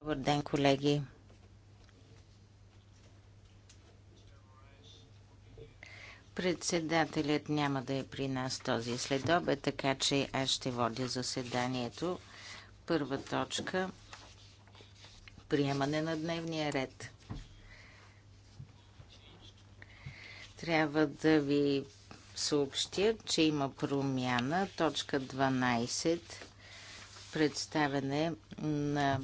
Добър ден, колеги. Председателят няма да е при нас този следобед, така че аз ще водя заседанието. Първа точка – приемане на дневния ред. Трябва да ви съобщя, че има промяна. Точка 12 представяне на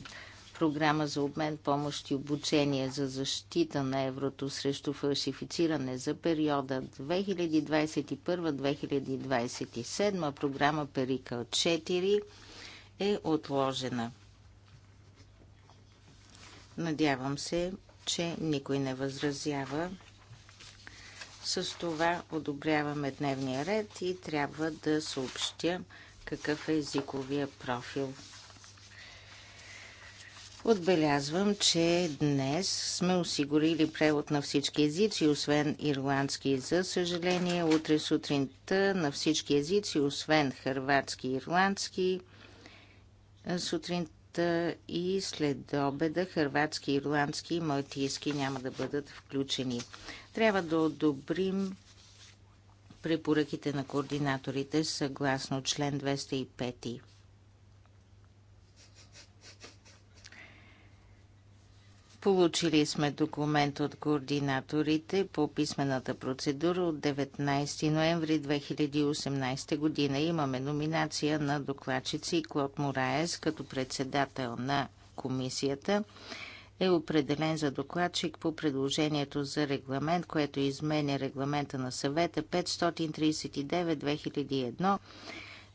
програма за обмен, помощ и обучение за защита на еврото срещу фалшифициране за периода 2021-2027, програма Перикъл 4 е отложена. Надявам се, че никой не възразява. С това одобряваме дневния ред и трябва да съобщя какъв е езиковия профил. Отбелязвам, че днес сме осигурили превод на всички езици, освен ирландски. За съжаление, утре сутринта на всички езици, освен хърватски и ирландски. Сутринта и след обеда хърватски, ирландски и малтийски няма да бъдат включени. Трябва да одобрим препоръките на координаторите съгласно член 205. Получили сме документ от координаторите по писмената процедура от 19 ноември 2018 година. Имаме номинация на докладчици Клод Мораес като председател на комисията е определен за докладчик по предложението за регламент, което изменя регламента на съвета 539-2001,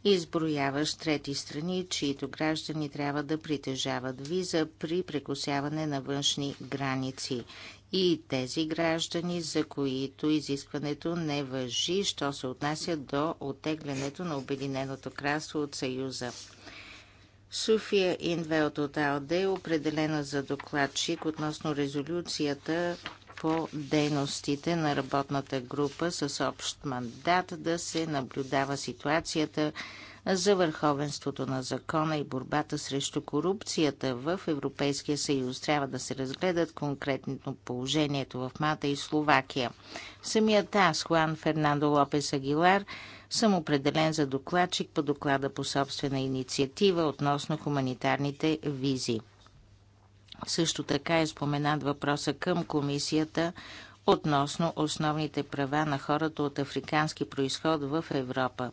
изброяващ трети страни, чието граждани трябва да притежават виза при прекусяване на външни граници и тези граждани, за които изискването не въжи, що се отнася до оттеглянето на Обединеното кралство от Съюза. Суфия Индвелт от АОД е определена за докладчик относно резолюцията по дейностите на работната група с общ мандат да се наблюдава ситуацията за върховенството на закона и борбата срещу корупцията в Европейския съюз. Трябва да се разгледат конкретно положението в Мата и Словакия. Самият аз, Хуан Фернандо Лопес Агилар, съм определен за докладчик по доклада по собствена инициатива относно хуманитарните визи. Също така е споменат въпроса към комисията относно основните права на хората от африкански происход в Европа.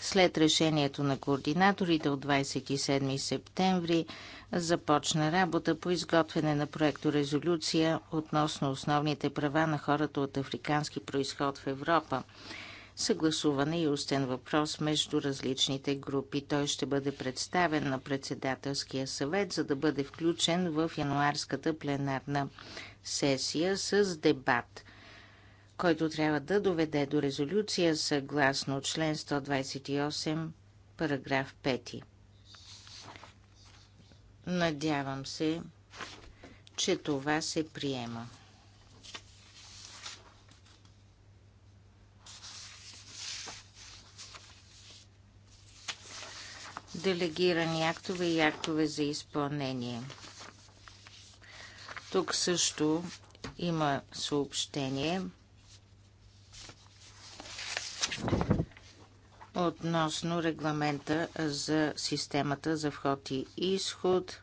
След решението на координаторите от 27 септември започна работа по изготвяне на проекто резолюция относно основните права на хората от африкански происход в Европа съгласуване и устен въпрос между различните групи. Той ще бъде представен на председателския съвет, за да бъде включен в януарската пленарна сесия с дебат, който трябва да доведе до резолюция съгласно член 128, параграф 5. Надявам се, че това се приема. делегирани актове и актове за изпълнение. Тук също има съобщение относно регламента за системата за вход и изход.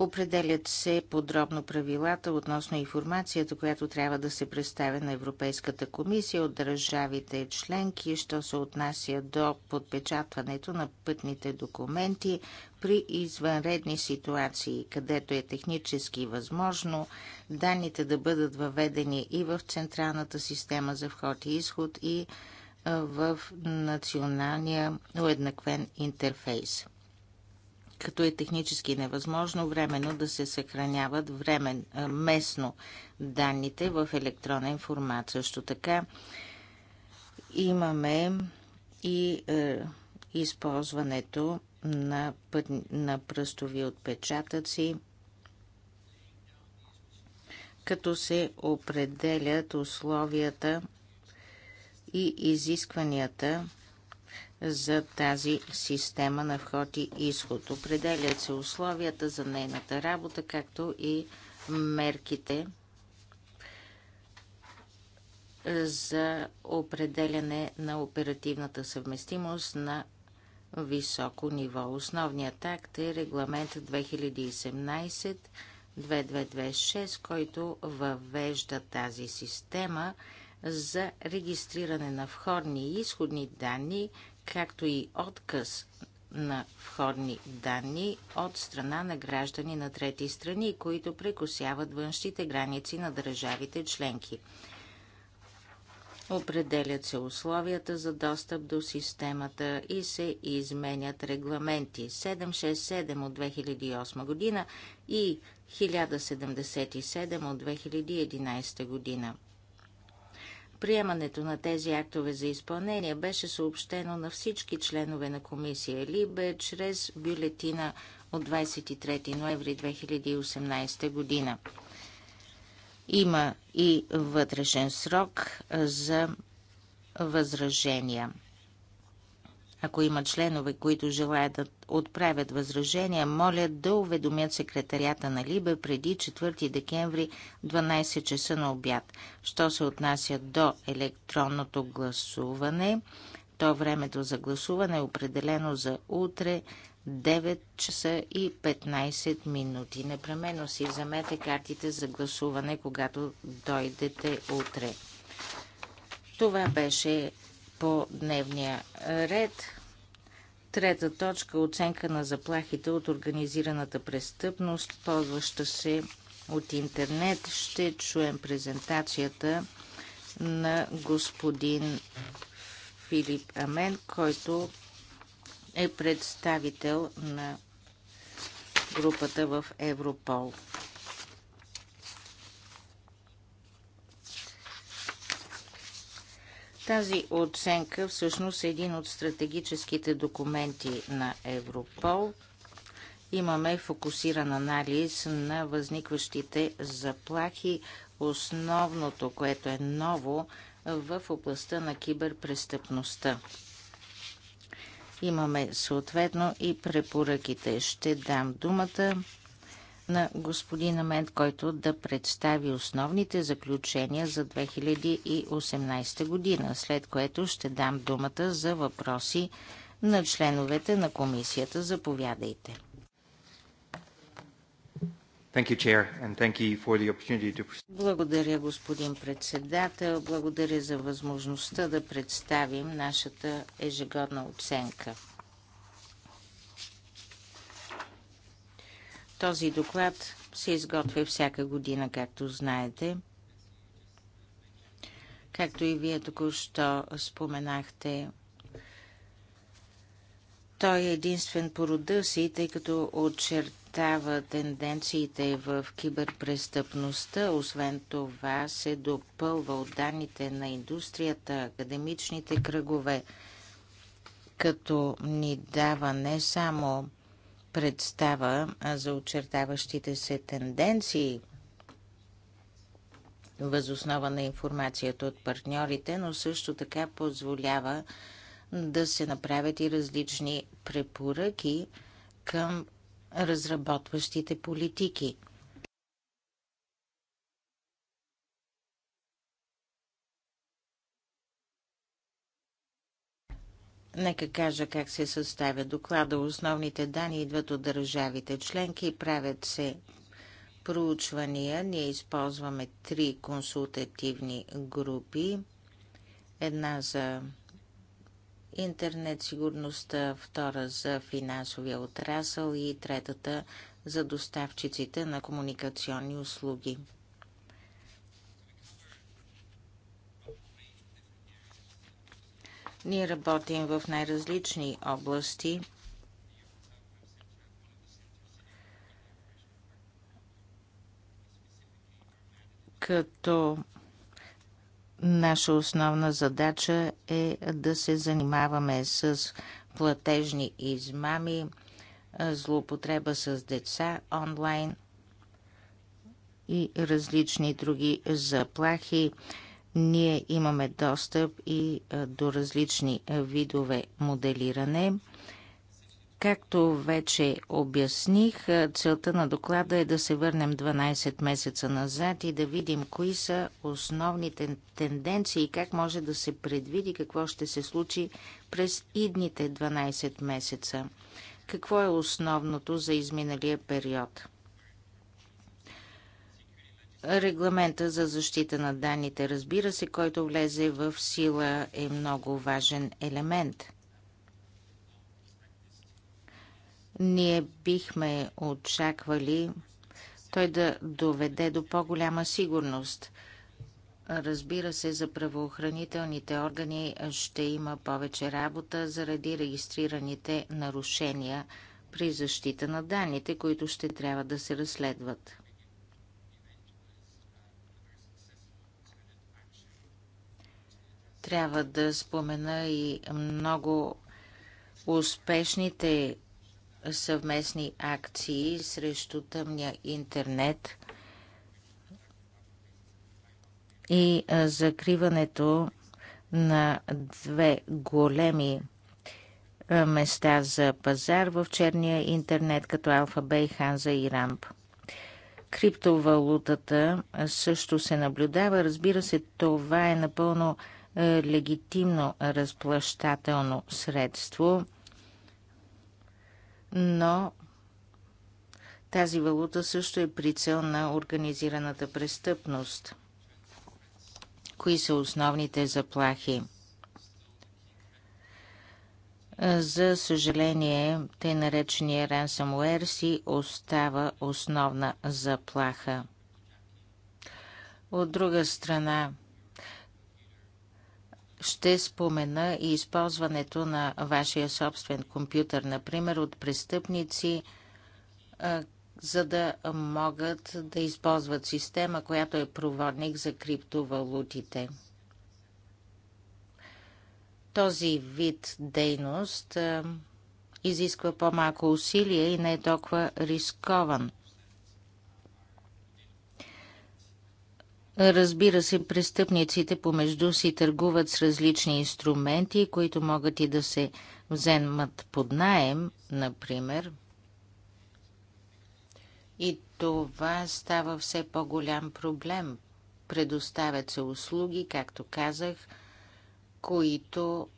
Определят се подробно правилата относно информацията, която трябва да се представя на Европейската комисия от държавите членки, що се отнася до подпечатването на пътните документи при извънредни ситуации, където е технически възможно данните да бъдат въведени и в Централната система за вход и изход и в националния уеднаквен интерфейс като е технически невъзможно временно да се съхраняват времен, местно данните в електронна информация. Също така имаме и е, използването на, път, на пръстови отпечатъци, като се определят условията и изискванията за тази система на вход и изход. Определят се условията за нейната работа, както и мерките за определяне на оперативната съвместимост на високо ниво. Основният акт е регламент 2017-2226, който въвежда тази система за регистриране на входни и изходни данни, както и отказ на входни данни от страна на граждани на трети страни, които прекусяват външните граници на държавите членки. Определят се условията за достъп до системата и се изменят регламенти 767 от 2008 година и 1077 от 2011 година. Приемането на тези актове за изпълнение беше съобщено на всички членове на комисия Либе чрез бюлетина от 23 ноември 2018 година. Има и вътрешен срок за възражения. Ако има членове, които желаят да отправят възражения, моля да уведомят секретарията на Либе преди 4 декември 12 часа на обяд. Що се отнася до електронното гласуване, то времето за гласуване е определено за утре 9 часа и 15 минути. Непременно си вземете картите за гласуване, когато дойдете утре. Това беше по дневния ред. Трета точка – оценка на заплахите от организираната престъпност, ползваща се от интернет. Ще чуем презентацията на господин Филип Амен, който е представител на групата в Европол. Тази оценка всъщност е един от стратегическите документи на Европол. Имаме фокусиран анализ на възникващите заплахи. Основното, което е ново в областта на киберпрестъпността. Имаме съответно и препоръките. Ще дам думата на господин Амент, който да представи основните заключения за 2018 година, след което ще дам думата за въпроси на членовете на комисията. Заповядайте. Благодаря, господин председател. Благодаря за възможността да представим нашата ежегодна оценка. Този доклад се изготвя всяка година, както знаете. Както и вие току-що споменахте, той е единствен по рода си, тъй като очертава тенденциите в киберпрестъпността. Освен това се допълва от данните на индустрията, академичните кръгове, като ни дава не само представа за очертаващите се тенденции възоснова на информацията от партньорите, но също така позволява да се направят и различни препоръки към разработващите политики – Нека кажа как се съставя доклада. Основните данни идват от държавите членки и правят се проучвания. Ние използваме три консултативни групи. Една за интернет сигурността, втора за финансовия отрасъл и третата за доставчиците на комуникационни услуги. Ние работим в най-различни области. Като наша основна задача е да се занимаваме с платежни измами, злоупотреба с деца онлайн и различни други заплахи. Ние имаме достъп и до различни видове моделиране. Както вече обясних, целта на доклада е да се върнем 12 месеца назад и да видим кои са основните тенденции и как може да се предвиди какво ще се случи през идните 12 месеца. Какво е основното за изминалия период? Регламента за защита на данните, разбира се, който влезе в сила, е много важен елемент. Ние бихме очаквали той да доведе до по-голяма сигурност. Разбира се, за правоохранителните органи ще има повече работа заради регистрираните нарушения при защита на данните, които ще трябва да се разследват. Трябва да спомена и много успешните съвместни акции срещу тъмния интернет и закриването на две големи места за пазар в черния интернет, като Алфабей, Ханза и Рамп. Криптовалутата също се наблюдава. Разбира се, това е напълно е, легитимно разплащателно средство, но тази валута също е прицел на организираната престъпност. Кои са основните заплахи? За съжаление, тъй наречения ransomware си остава основна заплаха. От друга страна, ще спомена и използването на вашия собствен компютър, например от престъпници, за да могат да използват система, която е проводник за криптовалутите. Този вид дейност изисква по-малко усилия и не е толкова рискован – Разбира се, престъпниците помежду си търгуват с различни инструменти, които могат и да се вземат под найем, например. И това става все по-голям проблем. Предоставят се услуги, както казах, които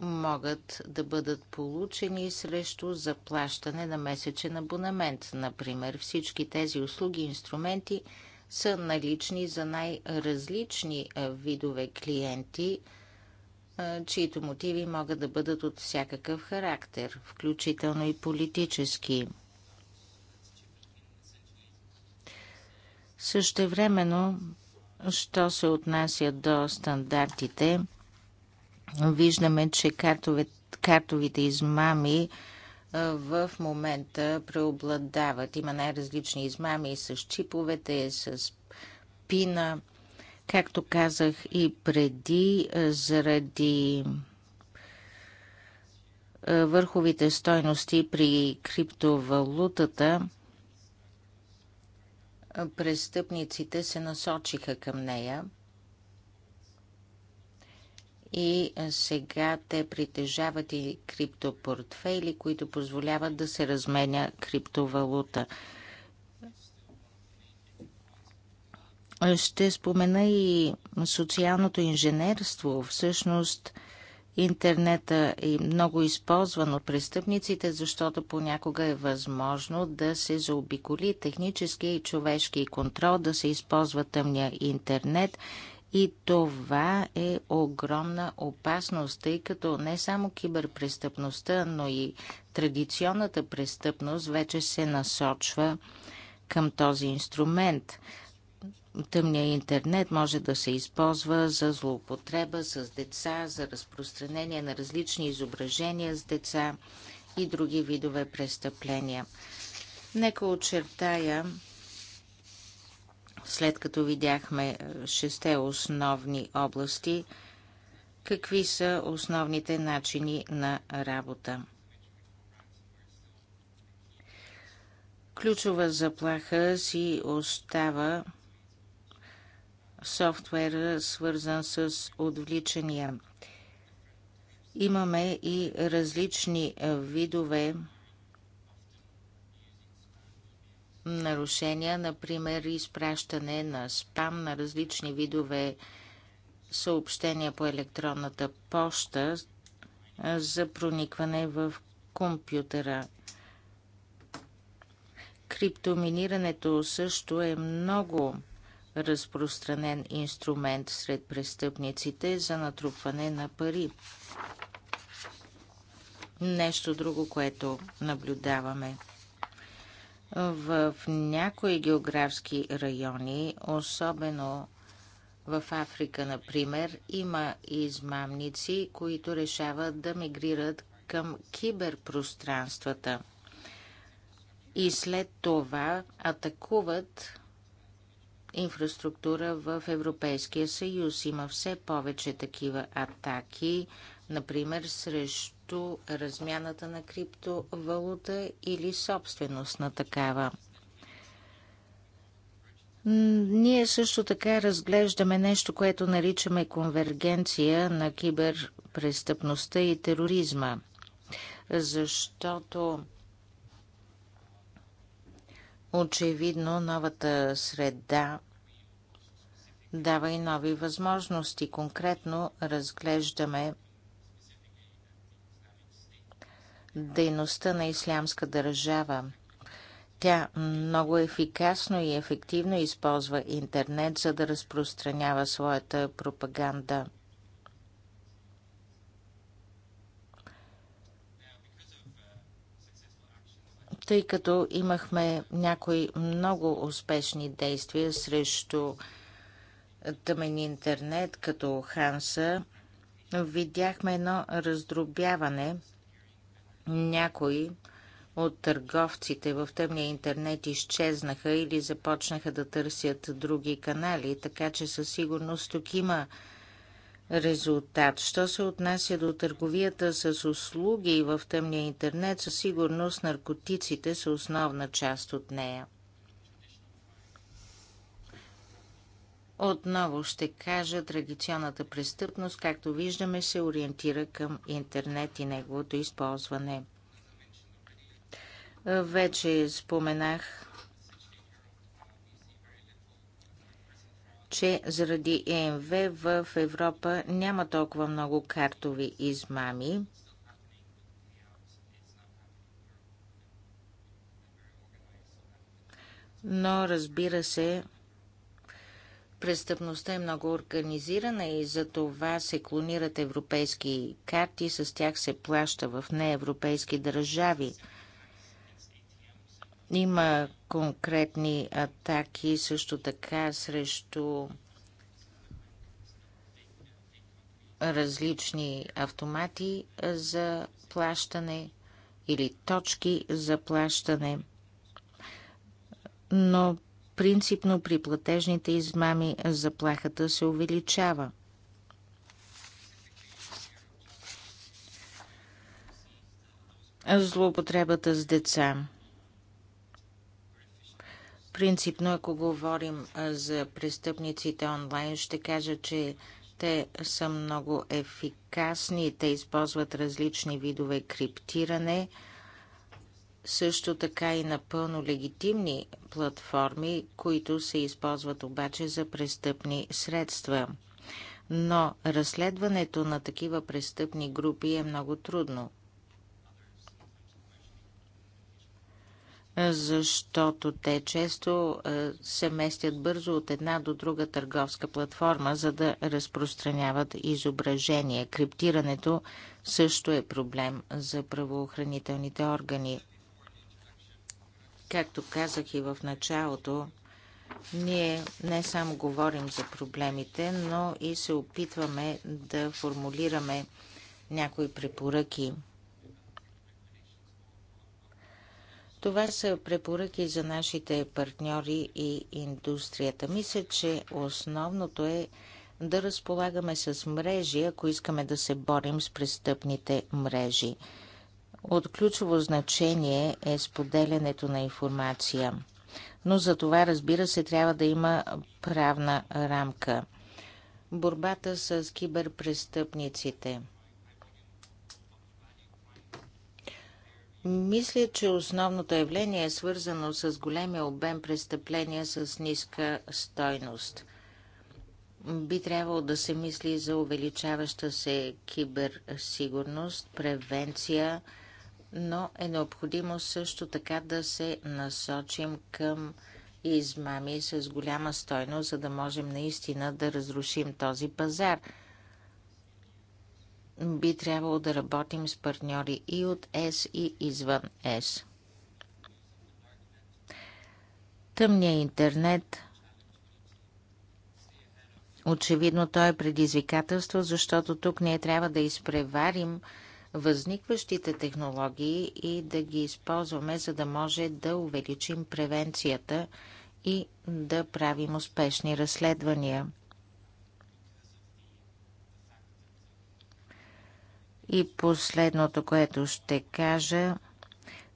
могат да бъдат получени срещу заплащане на месечен абонамент. Например, всички тези услуги и инструменти – са налични за най-различни видове клиенти, чието мотиви могат да бъдат от всякакъв характер, включително и политически. Същевременно, що се отнася до стандартите, виждаме, че картовите измами в момента преобладават. Има най-различни измами с чиповете, с пина. Както казах и преди, заради върховите стойности при криптовалутата, престъпниците се насочиха към нея – и е, сега те притежават и криптопортфейли, които позволяват да се разменя криптовалута. Ще спомена и социалното инженерство. Всъщност, интернета е много използван от престъпниците, защото понякога е възможно да се заобиколи техническия и човешки контрол, да се използва тъмния интернет и това е огромна опасност, тъй като не само киберпрестъпността, но и традиционната престъпност вече се насочва към този инструмент. Тъмния интернет може да се използва за злоупотреба с деца, за разпространение на различни изображения с деца и други видове престъпления. Нека очертая след като видяхме е, шесте основни области, какви са основните начини на работа. Ключова заплаха си остава софтуера, свързан с отвличания. Имаме и различни видове нарушения, например изпращане на спам на различни видове съобщения по електронната поща за проникване в компютъра. Криптоминирането също е много разпространен инструмент сред престъпниците за натрупване на пари. Нещо друго, което наблюдаваме – в някои географски райони, особено в Африка, например, има измамници, които решават да мигрират към киберпространствата и след това атакуват инфраструктура в Европейския съюз. Има все повече такива атаки, например срещу като размяната на криптовалута или собственост на такава. Ние също така разглеждаме нещо, което наричаме конвергенция на киберпрестъпността и тероризма, защото очевидно новата среда дава и нови възможности. Конкретно разглеждаме дейността на ислямска държава. Тя много ефикасно и ефективно използва интернет, за да разпространява своята пропаганда. Тъй като имахме някои много успешни действия срещу тъмен интернет, като Ханса, видяхме едно раздробяване – някои от търговците в тъмния интернет изчезнаха или започнаха да търсят други канали, така че със сигурност тук има резултат. Що се отнася до търговията с услуги в тъмния интернет, със сигурност наркотиците са основна част от нея. Отново ще кажа, традиционната престъпност, както виждаме, се ориентира към интернет и неговото използване. Вече споменах, че заради ЕМВ в Европа няма толкова много картови измами. Но разбира се, Престъпността е много организирана и за това се клонират европейски карти, с тях се плаща в неевропейски държави. Има конкретни атаки също така срещу различни автомати за плащане или точки за плащане. Но Принципно при платежните измами заплахата се увеличава. Злоупотребата с деца. Принципно, ако говорим за престъпниците онлайн, ще кажа, че те са много ефикасни. Те използват различни видове криптиране – също така и напълно легитимни платформи, които се използват обаче за престъпни средства. Но разследването на такива престъпни групи е много трудно. защото те често е, се местят бързо от една до друга търговска платформа, за да разпространяват изображения. Криптирането също е проблем за правоохранителните органи. Както казах и в началото, ние не само говорим за проблемите, но и се опитваме да формулираме някои препоръки. Това са препоръки за нашите партньори и индустрията. Мисля, че основното е да разполагаме с мрежи, ако искаме да се борим с престъпните мрежи. От ключово значение е споделянето на информация, но за това, разбира се, трябва да има правна рамка. Борбата с киберпрестъпниците. Мисля, че основното явление е свързано с големия обем престъпления с ниска стойност. Би трябвало да се мисли за увеличаваща се киберсигурност, превенция, но е необходимо също така да се насочим към измами с голяма стойност, за да можем наистина да разрушим този пазар. Би трябвало да работим с партньори и от ЕС, и извън ЕС. Тъмния интернет – Очевидно той е предизвикателство, защото тук ние трябва да изпреварим възникващите технологии и да ги използваме, за да може да увеличим превенцията и да правим успешни разследвания. И последното, което ще кажа,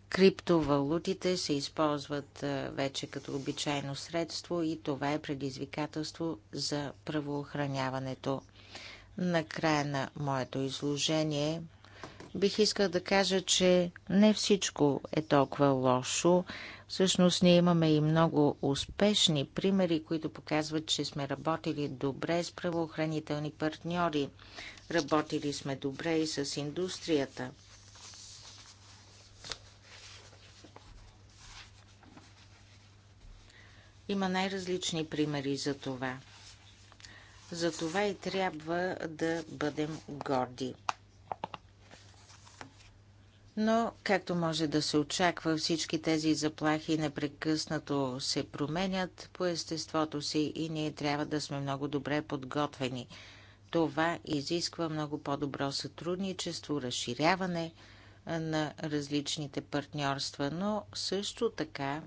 криптовалутите се използват вече като обичайно средство и това е предизвикателство за правоохраняването. Накрая на моето изложение бих искал да кажа, че не всичко е толкова лошо. Всъщност ние имаме и много успешни примери, които показват, че сме работили добре с правоохранителни партньори. Работили сме добре и с индустрията. Има най-различни примери за това. За това и трябва да бъдем горди. Но, както може да се очаква, всички тези заплахи непрекъснато се променят по естеството си и ние трябва да сме много добре подготвени. Това изисква много по-добро сътрудничество, разширяване на различните партньорства, но също така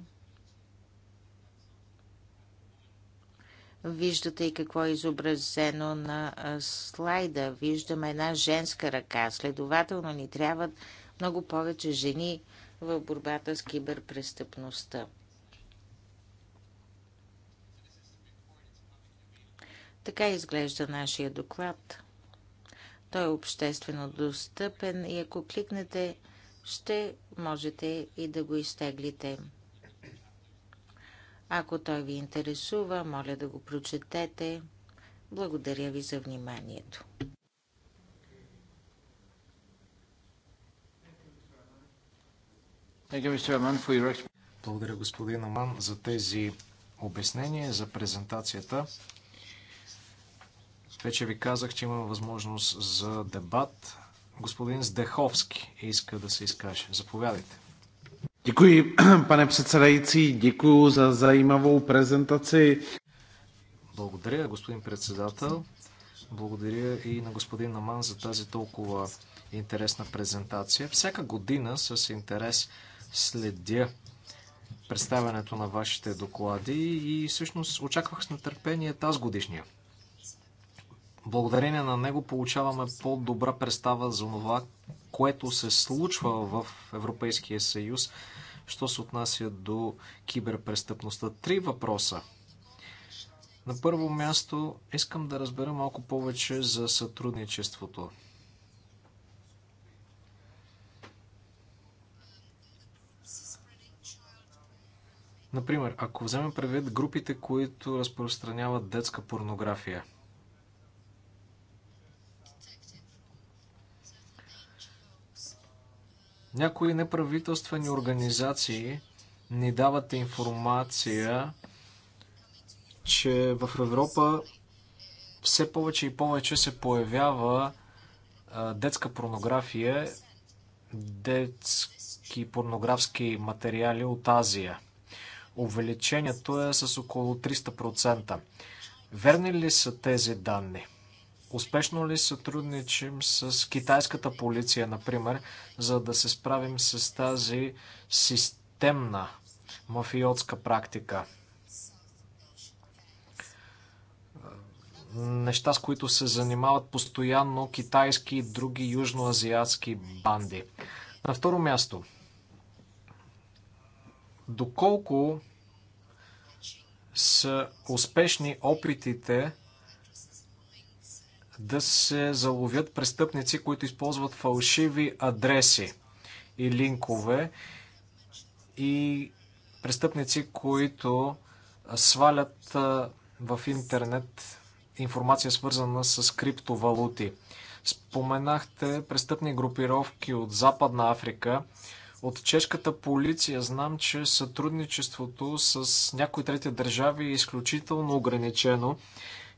Виждате и какво е изобразено на слайда. Виждаме една женска ръка. Следователно ни трябват много повече жени в борбата с киберпрестъпността. Така изглежда нашия доклад. Той е обществено достъпен и ако кликнете, ще можете и да го изтеглите. Ако той ви интересува, моля да го прочетете. Благодаря ви за вниманието. Благодаря, господин Аман, за тези обяснения, за презентацията. Вече ви казах, че имам възможност за дебат. Господин Здеховски иска да се изкаже. Заповядайте. Děkuji, pane předsedající, děkuji za zajímavou prezentaci. Благодаря, господин председател. Благодаря и на господин Аман за тази толкова интересна презентация. Всяка година с интерес следя представянето на вашите доклади и всъщност очаквах с нетърпение тази годишния. Благодарение на него получаваме по-добра представа за това, което се случва в Европейския съюз, що се отнася до киберпрестъпността. Три въпроса. На първо място искам да разбера малко повече за сътрудничеството. Например, ако вземем предвид групите, които разпространяват детска порнография. Някои неправителствени организации ни дават информация, че в Европа все повече и повече се появява детска порнография, детски порнографски материали от Азия – Увеличението е с около 300%. Верни ли са тези данни? Успешно ли сътрудничим с китайската полиция, например, за да се справим с тази системна мафиотска практика? Неща, с които се занимават постоянно китайски и други южноазиатски банди. На второ място, Доколко са успешни опитите да се заловят престъпници, които използват фалшиви адреси и линкове и престъпници, които свалят в интернет информация свързана с криптовалути. Споменахте престъпни групировки от Западна Африка. От чешката полиция знам, че сътрудничеството с някои трети държави е изключително ограничено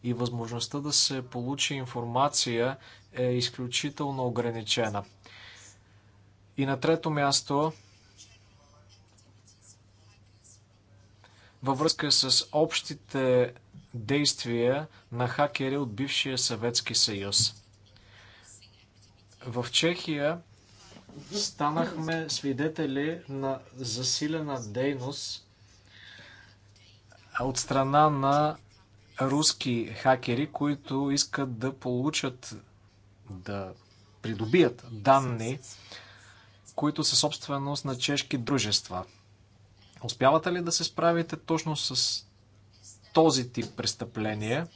и възможността да се получи информация е изключително ограничена. И на трето място, във връзка с общите действия на хакери от бившия Съветски съюз. В Чехия станахме свидетели на засилена дейност от страна на руски хакери, които искат да получат, да придобият данни, които са собственост на чешки дружества. Успявате ли да се справите точно с този тип престъпление?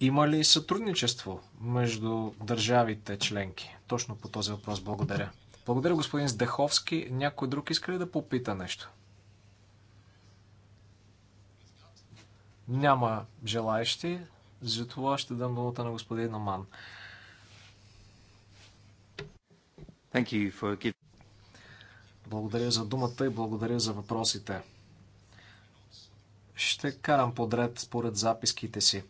Има ли сътрудничество между държавите членки? точно по този въпрос. Благодаря. Благодаря, господин Здеховски. Някой друг иска ли да попита нещо? Няма желаещи, затова ще дам думата на господин Аман. For... Благодаря за думата и благодаря за въпросите. Ще карам подред според записките си.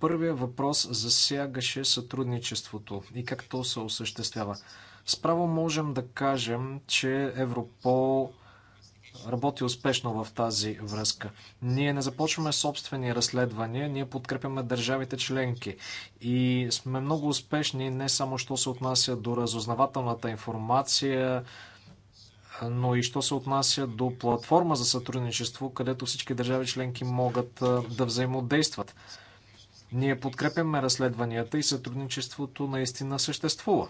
Първия въпрос засягаше сътрудничеството и как то се осъществява. Справо можем да кажем, че Европол работи успешно в тази връзка. Ние не започваме собствени разследвания, ние подкрепяме държавите членки и сме много успешни не само, що се отнася до разузнавателната информация, но и що се отнася до платформа за сътрудничество, където всички държави членки могат да взаимодействат. Ние подкрепяме разследванията и сътрудничеството наистина съществува.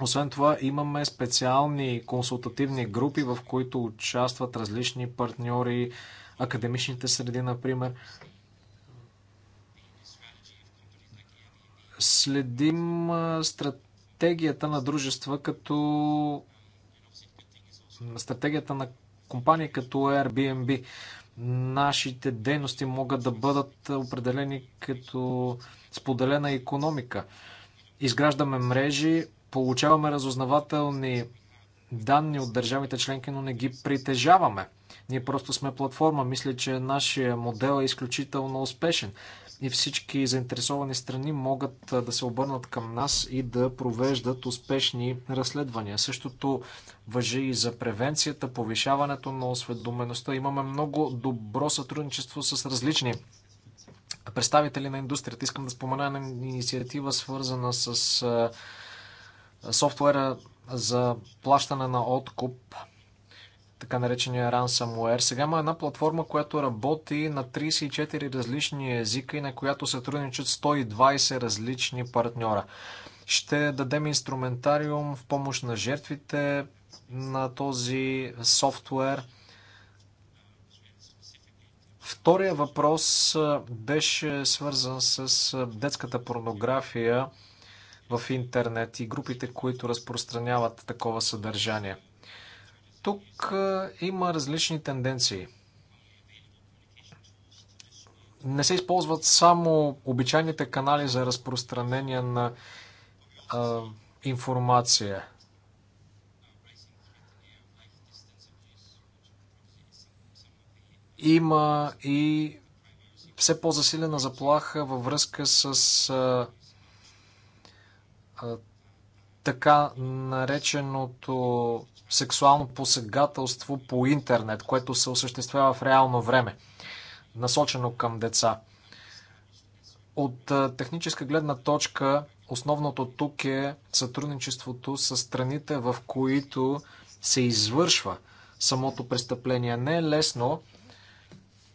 Освен това, имаме специални консултативни групи, в които участват различни партньори, академичните среди, например. Следим стратегията на дружества като стратегията на компании като Airbnb нашите дейности могат да бъдат определени като споделена економика. Изграждаме мрежи, получаваме разузнавателни данни от държавите членки, но не ги притежаваме. Ние просто сме платформа. Мисля, че нашия модел е изключително успешен и всички заинтересовани страни могат да се обърнат към нас и да провеждат успешни разследвания. Същото въжи и за превенцията, повишаването на осведомеността. Имаме много добро сътрудничество с различни представители на индустрията. Искам да спомена на инициатива, свързана с софтуера за плащане на откуп така наречения ransomware. Сега има една платформа, която работи на 34 различни езика и на която сътрудничат 120 различни партньора. Ще дадем инструментариум в помощ на жертвите на този софтуер. Втория въпрос беше свързан с детската порнография в интернет и групите, които разпространяват такова съдържание. Тук има различни тенденции. Не се използват само обичайните канали за разпространение на а, информация. Има и все по-засилена заплаха във връзка с а, а, така нареченото сексуално посегателство по интернет, което се осъществява в реално време, насочено към деца. От техническа гледна точка, основното тук е сътрудничеството с страните, в които се извършва самото престъпление. Не е лесно,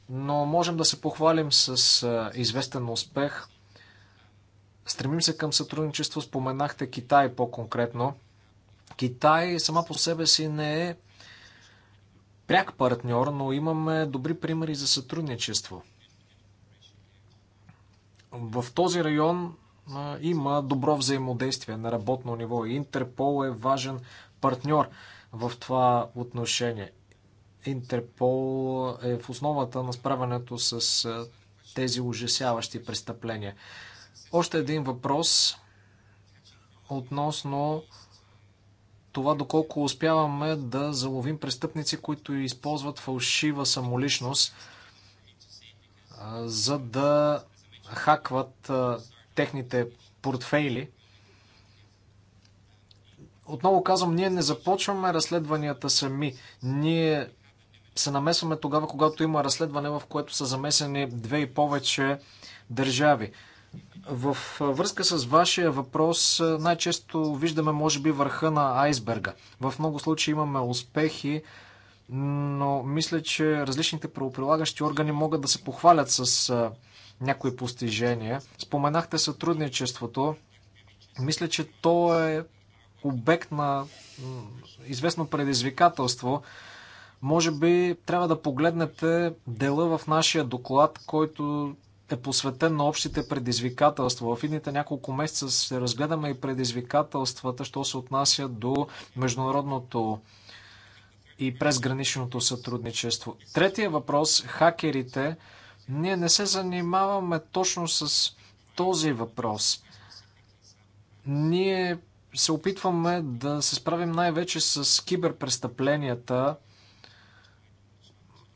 но можем да се похвалим с известен успех. Стремим се към сътрудничество, споменахте Китай по-конкретно – Китай сама по себе си не е пряк партньор, но имаме добри примери за сътрудничество. В този район има добро взаимодействие на работно ниво. Интерпол е важен партньор в това отношение. Интерпол е в основата на справянето с тези ужасяващи престъпления. Още един въпрос относно това доколко успяваме да заловим престъпници, които използват фалшива самоличност, за да хакват техните портфейли. Отново казвам, ние не започваме разследванията сами. Ние се намесваме тогава, когато има разследване, в което са замесени две и повече държави. В връзка с вашия въпрос, е, най-често виждаме, може би, върха на айсберга. В много случаи имаме успехи, но мисля, че различните правоприлагащи органи могат да се похвалят с е, някои постижения. Споменахте сътрудничеството. Мисля, че то е обект на известно предизвикателство. Може би трябва да погледнете дела в нашия доклад, който е посветен на общите предизвикателства. В едните няколко месеца ще разгледаме и предизвикателствата, що се отнася до международното и презграничното сътрудничество. Третия въпрос хакерите. Ние не се занимаваме точно с този въпрос. Ние се опитваме да се справим най-вече с киберпрестъпленията.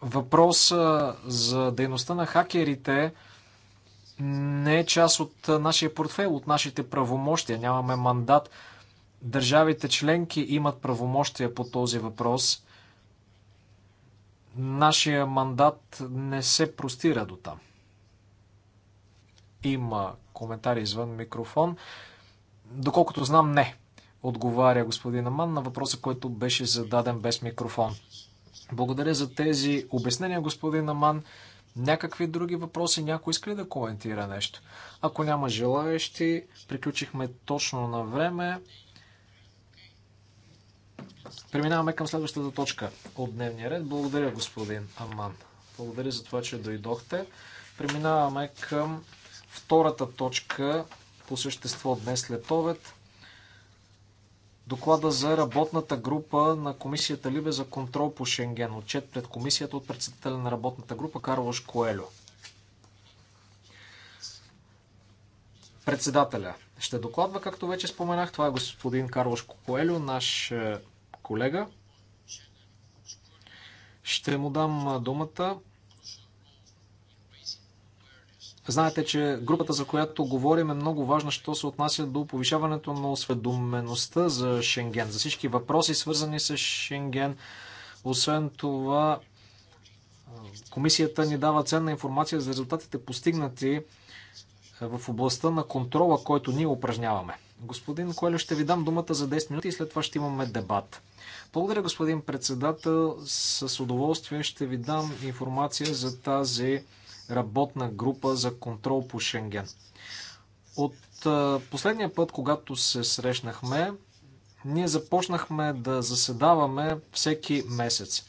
Въпроса за дейността на хакерите не е част от нашия портфел, от нашите правомощия. Нямаме мандат. Държавите членки имат правомощия по този въпрос. Нашия мандат не се простира до там. Има коментари извън микрофон. Доколкото знам, не. Отговаря господин Аман на въпроса, който беше зададен без микрофон. Благодаря за тези обяснения, господин Аман. Някакви други въпроси? Някой иска ли да коментира нещо? Ако няма желаещи, приключихме точно на време. Преминаваме към следващата точка от дневния ред. Благодаря, господин Аман. Благодаря за това, че дойдохте. Преминаваме към втората точка по същество днес след обед доклада за работната група на комисията Либе за контрол по Шенген. Отчет пред комисията от председателя на работната група Карлош Коелю. Председателя ще докладва, както вече споменах. Това е господин Карлош Коелю, наш е, колега. Ще му дам е, думата. Знаете, че групата, за която говорим, е много важна, що се отнася до повишаването на осведомеността за Шенген, за всички въпроси, свързани с Шенген. Освен това, комисията ни дава ценна информация за резултатите постигнати е, в областта на контрола, който ние упражняваме. Господин Коелев, ще ви дам думата за 10 минути и след това ще имаме дебат. Благодаря, господин председател. С удоволствие ще ви дам информация за тази работна група за контрол по Шенген. От последния път, когато се срещнахме, ние започнахме да заседаваме всеки месец.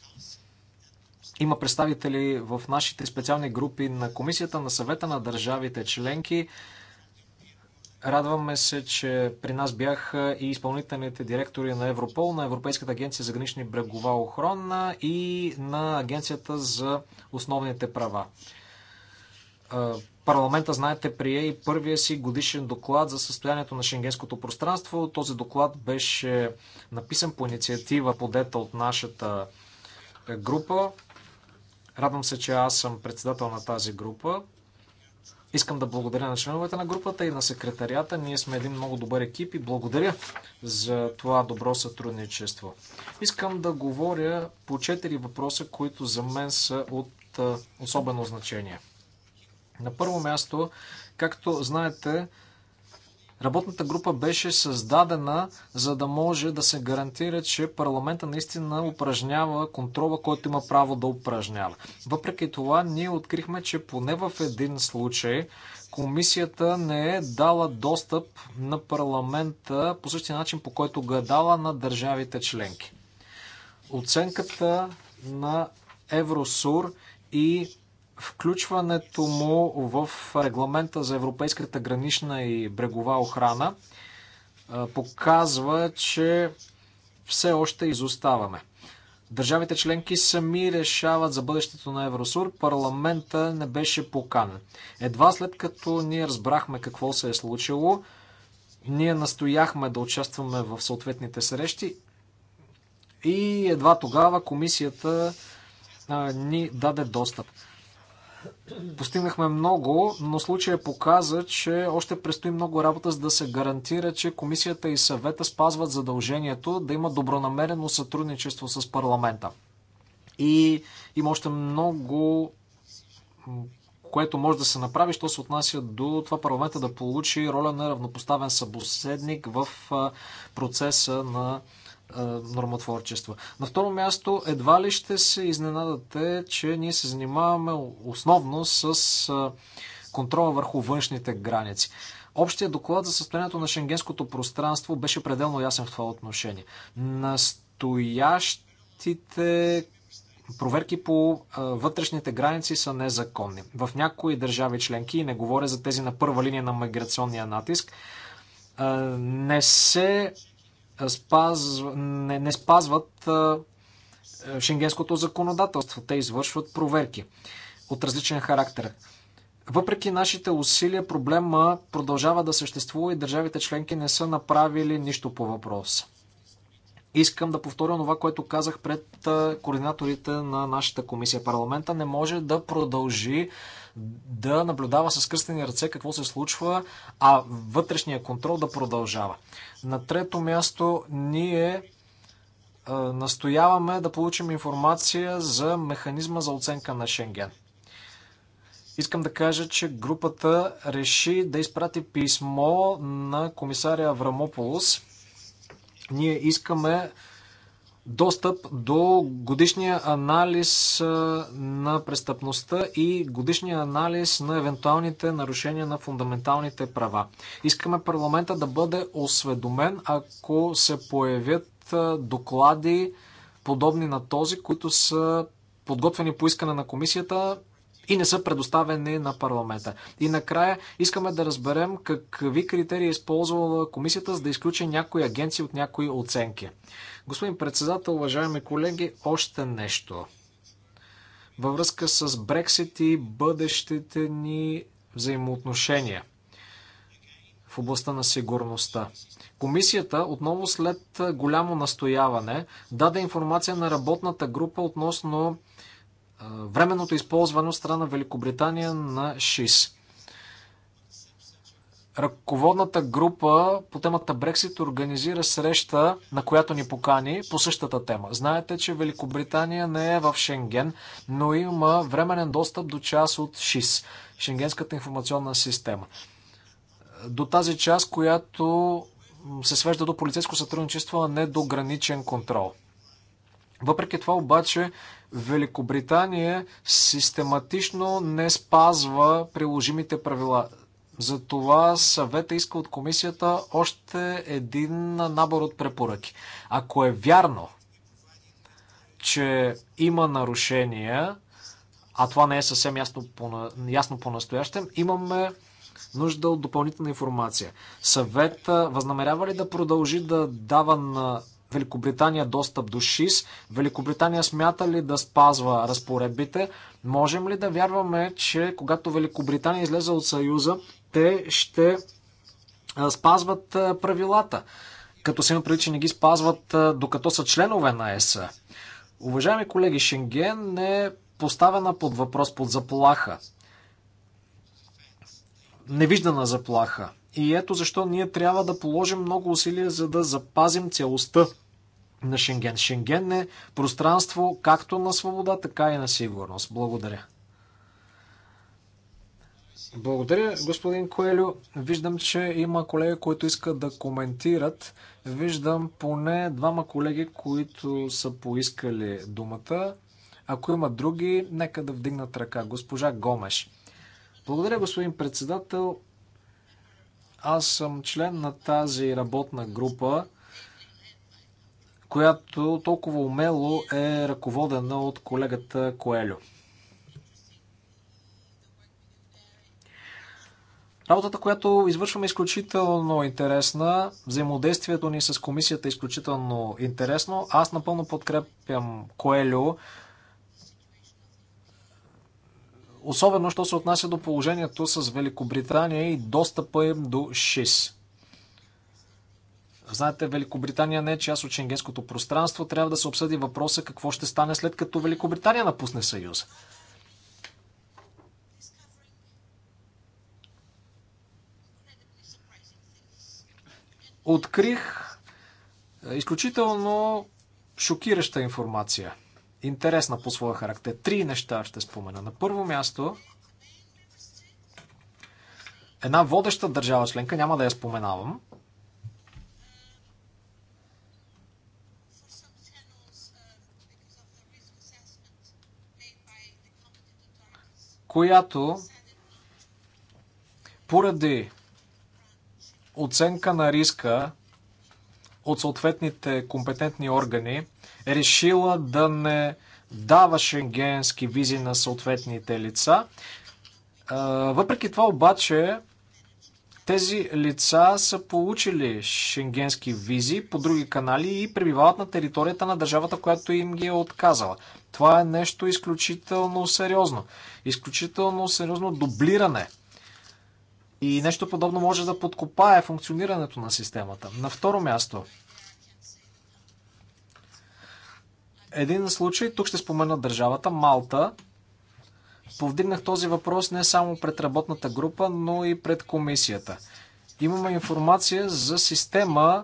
Има представители в нашите специални групи на Комисията на съвета на държавите членки. Радваме се, че при нас бяха и изпълнителните директори на Европол, на Европейската агенция за гранични брегова охрана и на Агенцията за основните права. Парламента, знаете, прие и първия си годишен доклад за състоянието на шенгенското пространство. Този доклад беше написан по инициатива, подета от нашата е, група. Радвам се, че аз съм председател на тази група. Искам да благодаря на членовете на групата и на секретарията. Ние сме един много добър екип и благодаря за това добро сътрудничество. Искам да говоря по четири въпроса, които за мен са от е, особено значение. На първо място, както знаете, Работната група беше създадена, за да може да се гарантира, че парламента наистина упражнява контрола, който има право да упражнява. Въпреки това, ние открихме, че поне в един случай комисията не е дала достъп на парламента по същия начин, по който го е дала на държавите членки. Оценката на Евросур и включването му в регламента за европейската гранична и брегова охрана показва, че все още изоставаме. Държавите членки сами решават за бъдещето на Евросур, парламента не беше поканен. Едва след като ние разбрахме какво се е случило, ние настояхме да участваме в съответните срещи и едва тогава комисията ни даде достъп. Постигнахме много, но случая показа, че още предстои много работа, за да се гарантира, че комисията и съвета спазват задължението да има добронамерено сътрудничество с парламента. И има още много, което може да се направи, що се отнася до това парламента да получи роля на равнопоставен събоседник в процеса на нормотворчество. На второ място, едва ли ще се изненадате, че ние се занимаваме основно с контрола върху външните граници. Общия доклад за състоянието на шенгенското пространство беше пределно ясен в това отношение. Настоящите проверки по вътрешните граници са незаконни. В някои държави членки, и не говоря за тези на първа линия на миграционния натиск, не се спазв... не, не спазват е, шенгенското законодателство. Те извършват проверки от различен характер. Въпреки нашите усилия, проблема продължава да съществува и държавите членки не са направили нищо по въпроса. Искам да повторя това, което казах пред координаторите на нашата комисия. Парламента не може да продължи да наблюдава с кръстени ръце какво се случва, а вътрешния контрол да продължава. На трето място ние е, настояваме да получим информация за механизма за оценка на Шенген. Искам да кажа, че групата реши да изпрати писмо на комисаря Аврамополос. Ние искаме достъп до годишния анализ на престъпността и годишния анализ на евентуалните нарушения на фундаменталните права. Искаме парламента да бъде осведомен, ако се появят доклади подобни на този, които са подготвени по искане на комисията и не са предоставени на парламента. И накрая искаме да разберем какви критерии е използвала комисията, за да изключи някои агенции от някои оценки. Господин председател, уважаеми колеги, още нещо. Във връзка с Брексит и бъдещите ни взаимоотношения в областта на сигурността. Комисията, отново след голямо настояване, даде информация на работната група относно временното използване от страна Великобритания на ШИС. Ръководната група по темата Брексит организира среща, на която ни покани по същата тема. Знаете, че Великобритания не е в Шенген, но има временен достъп до част от ШИС, Шенгенската информационна система. До тази част, която се свежда до полицейско сътрудничество, а не до граничен контрол. Въпреки това обаче Великобритания систематично не спазва приложимите правила. Затова съвета иска от комисията още един набор от препоръки. Ако е вярно, че има нарушения, а това не е съвсем ясно, по, ясно по-настоящем, имаме нужда от допълнителна информация. Съвет възнамерява ли да продължи да дава на Великобритания достъп до ШИС. Великобритания смята ли да спазва разпоредбите? Можем ли да вярваме, че когато Великобритания излезе от Съюза, те ще спазват правилата? Като се има преди, че не ги спазват докато са членове на ЕС. Уважаеми колеги, Шенген е поставена под въпрос, под заплаха. Невиждана заплаха. И ето защо ние трябва да положим много усилия, за да запазим целостта на Шенген. Шенген е пространство както на свобода, така и на сигурност. Благодаря. Благодаря, господин Коелю. Виждам, че има колеги, които искат да коментират. Виждам поне двама колеги, които са поискали думата. Ако има други, нека да вдигнат ръка. Госпожа Гомеш. Благодаря, господин председател. Аз съм член на тази работна група, която толкова умело е ръководена от колегата Коелю. Работата, която извършваме е изключително интересна. Взаимодействието ни с комисията е изключително интересно. Аз напълно подкрепям Коелю особено що се отнася до положението с Великобритания и достъпа им до ШИС. Знаете, Великобритания не е част от шенгенското пространство. Трябва да се обсъди въпроса какво ще стане след като Великобритания напусне съюз. Открих е, изключително шокираща информация – интересна по своя характер. Три неща ще спомена. На първо място, една водеща държава членка, няма да я споменавам, която поради оценка на риска от съответните компетентни органи решила да не дава шенгенски визи на съответните лица. Въпреки това обаче тези лица са получили шенгенски визи по други канали и пребивават на територията на държавата, която им ги е отказала. Това е нещо изключително сериозно. Изключително сериозно дублиране. И нещо подобно може да подкопае функционирането на системата. На второ място, Един случай, тук ще спомена държавата, Малта. Повдигнах този въпрос не само пред работната група, но и пред комисията. Имаме информация за система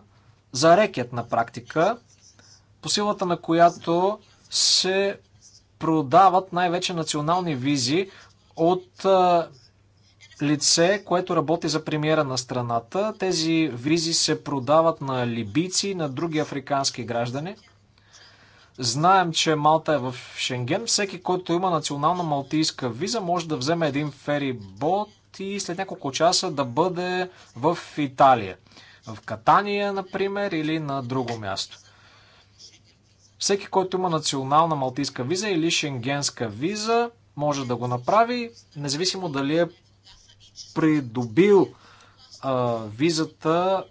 за рекет на практика, по силата на която се продават най-вече национални визи от лице, което работи за премиера на страната. Тези визи се продават на либийци и на други африкански граждани – Знаем, че Малта е в Шенген. Всеки, който има национална малтийска виза, може да вземе един ферибот и след няколко часа да бъде в Италия. В Катания, например, или на друго място. Всеки, който има национална малтийска виза или шенгенска виза, може да го направи, независимо дали е придобил а, визата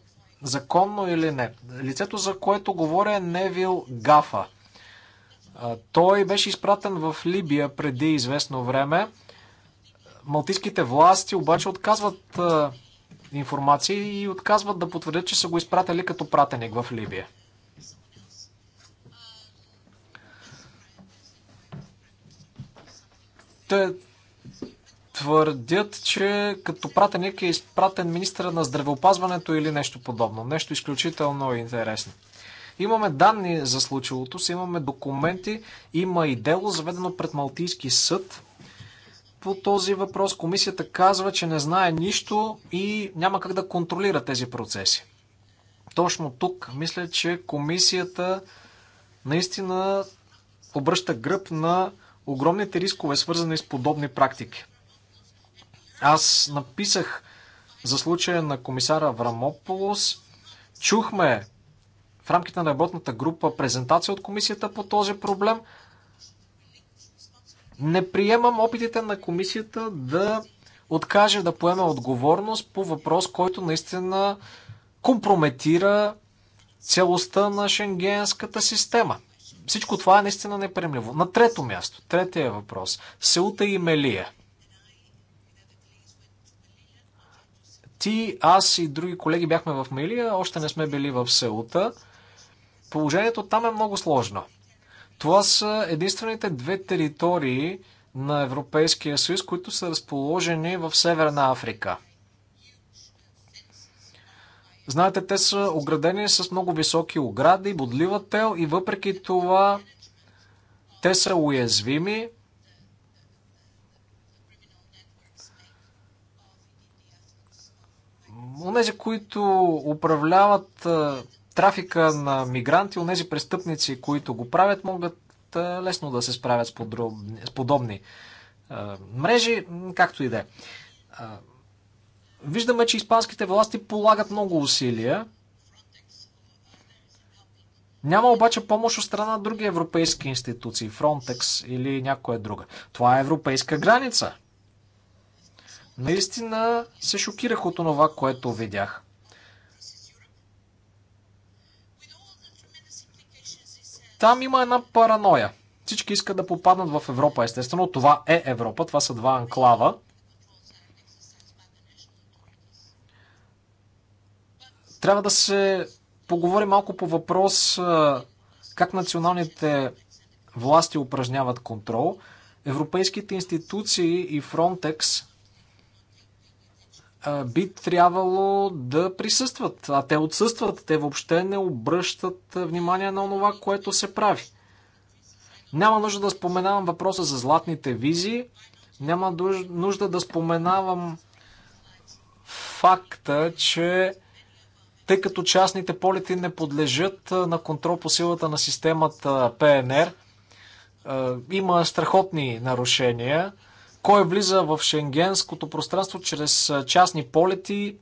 законно или не. Лицето, за което говоря е Невил Гафа. Той беше изпратен в Либия преди известно време. Малтийските власти обаче отказват информация и отказват да потвърдят, че са го изпратили като пратеник в Либия. Те твърдят, че като пратеник е изпратен министра на здравеопазването или нещо подобно. Нещо изключително интересно. Имаме данни за случилото се, имаме документи, има и дело заведено пред Малтийски съд по този въпрос. Комисията казва, че не знае нищо и няма как да контролира тези процеси. Точно тук мисля, че комисията наистина обръща гръб на огромните рискове, свързани с подобни практики. Аз написах за случая на комисара Врамополос. Чухме в рамките на работната група презентация от комисията по този проблем. Не приемам опитите на комисията да откаже да поеме отговорност по въпрос, който наистина компрометира целостта на шенгенската система. Всичко това е наистина неприемливо. На трето място, третия въпрос. Сеута и Мелия. Ти, аз и други колеги бяхме в Мелия, още не сме били в Сеута. Положението там е много сложно. Това са единствените две територии на Европейския съюз, които са разположени в Северна Африка. Знаете, те са оградени с много високи огради, бодлива тел и въпреки това те са уязвими. Онези, които управляват трафика на мигранти, от тези престъпници, които го правят, могат лесно да се справят с, подробни, с подобни мрежи, както и да е. Виждаме, че испанските власти полагат много усилия. Няма обаче помощ от страна на други европейски институции, Frontex или някоя друга. Това е европейска граница. Наистина се шокирах от това, което видях. Там има една параноя. Всички искат да попаднат в Европа, естествено. Това е Европа, това са два анклава. Трябва да се поговори малко по въпрос как националните власти упражняват контрол. Европейските институции и Фронтекс би трябвало да присъстват, а те отсъстват. Те въобще не обръщат внимание на това, което се прави. Няма нужда да споменавам въпроса за златните визи, няма нужда да споменавам факта, че тъй като частните полети не подлежат на контрол по силата на системата ПНР, има страхотни нарушения – кой влиза в шенгенското пространство чрез частни полети?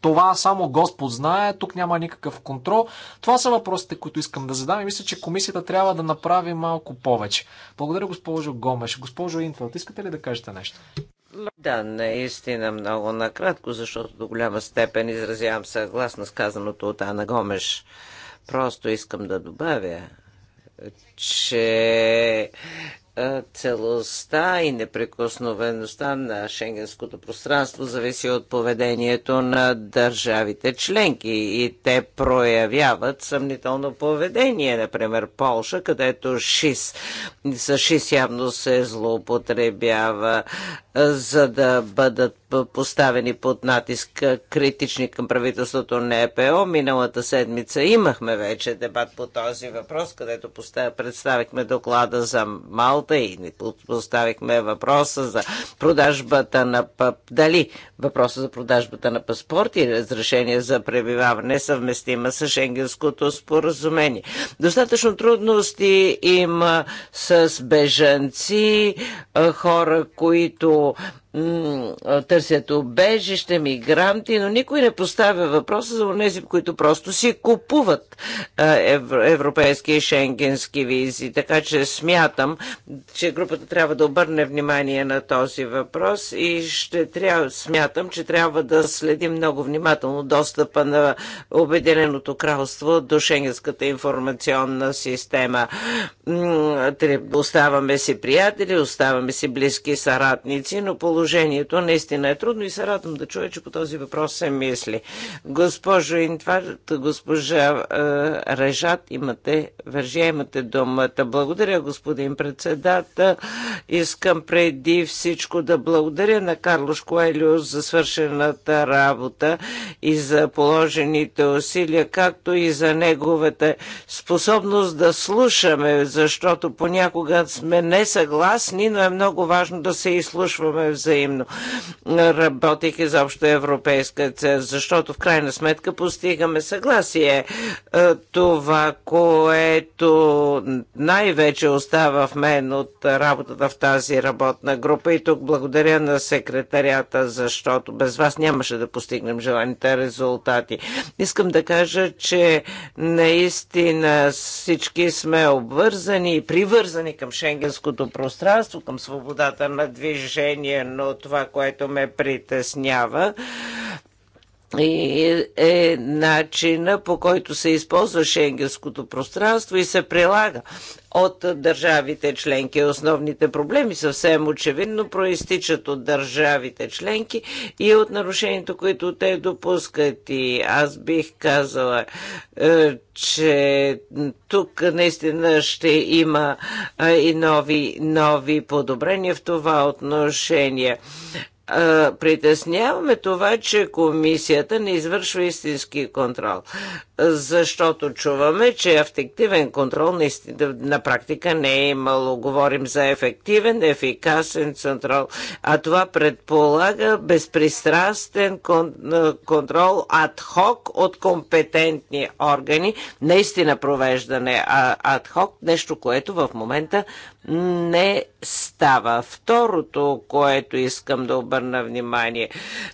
Това само Господ знае, тук няма никакъв контрол. Това са въпросите, които искам да задам и мисля, че комисията трябва да направи малко повече. Благодаря, госпожо Гомеш. Госпожо Инфелд, искате ли да кажете нещо? Да, наистина много накратко, защото до голяма степен изразявам съгласна с казаното от Ана Гомеш. Просто искам да добавя, че целостта и неприкосновеността на шенгенското пространство зависи от поведението на държавите членки и те проявяват съмнително поведение. Например, Полша, където ШИС, с ШИС явно се злоупотребява, за да бъдат поставени под натиск критични към правителството на ЕПО. Миналата седмица имахме вече дебат по този въпрос, където представихме доклада за Малта работа и поставихме въпроса за продажбата на дали въпроса за продажбата на паспорт и разрешение за пребиваване е съвместима с Шенгенското споразумение. Достатъчно трудности има с бежанци, хора, които търсят обежище, мигранти, но никой не поставя въпроса за тези, които просто си купуват европейски и шенгенски визи. Така че смятам, че групата трябва да обърне внимание на този въпрос и ще трябва, смятам, че трябва да следим много внимателно достъпа на Обединеното кралство до шенгенската информационна система. Оставаме си приятели, оставаме си близки съратници, но положението наистина е трудно и се радвам да чуя, че по този въпрос се мисли. Госпожо Интварт, госпожа е, Режат, имате, вържия, имате думата. Благодаря, господин председател. Искам преди всичко да благодаря на Карлош Коелю за свършената работа и за положените усилия, както и за неговата способност да слушаме, защото понякога сме несъгласни, но е много важно да се изслушваме взаимно взаимно. Работих изобщо европейска цел, защото в крайна сметка постигаме съгласие. Е, това, което най-вече остава в мен от работата в тази работна група и тук благодаря на секретарята, защото без вас нямаше да постигнем желаните резултати. Искам да кажа, че наистина всички сме обвързани и привързани към шенгенското пространство, към свободата на движение, именно това, което ме притеснява и е начина по който се използва шенгенското пространство и се прилага от държавите членки. Основните проблеми съвсем очевидно проистичат от държавите членки и от нарушението, които те допускат. И аз бих казала, е, че тук наистина ще има е, и нови, нови подобрения в това отношение притесняваме това, че комисията не извършва истински контрол защото чуваме, че ефективен контрол наистина, на практика не е имало. Говорим за ефективен, ефикасен контрол, а това предполага безпристрастен контрол адхок от компетентни органи, наистина провеждане адхок, нещо, което в момента не става. Второто, което искам да обърна внимание,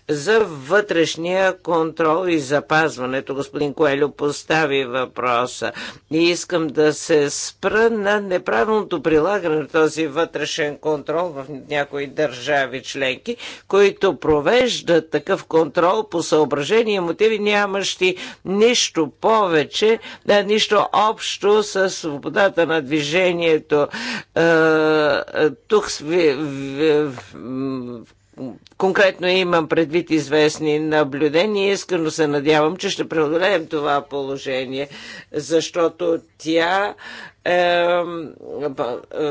за вътрешния контрол и запазването, господин Коелю постави въпроса. И искам да се спра на неправилното прилагане на този вътрешен контрол в някои държави членки, които провеждат такъв контрол по съображение и мотиви, нямащи нищо повече, да, нищо общо с свободата на движението. Е, е, тук Конкретно имам предвид известни наблюдения. Искрено се надявам, че ще преодолеем това положение, защото тя е, е,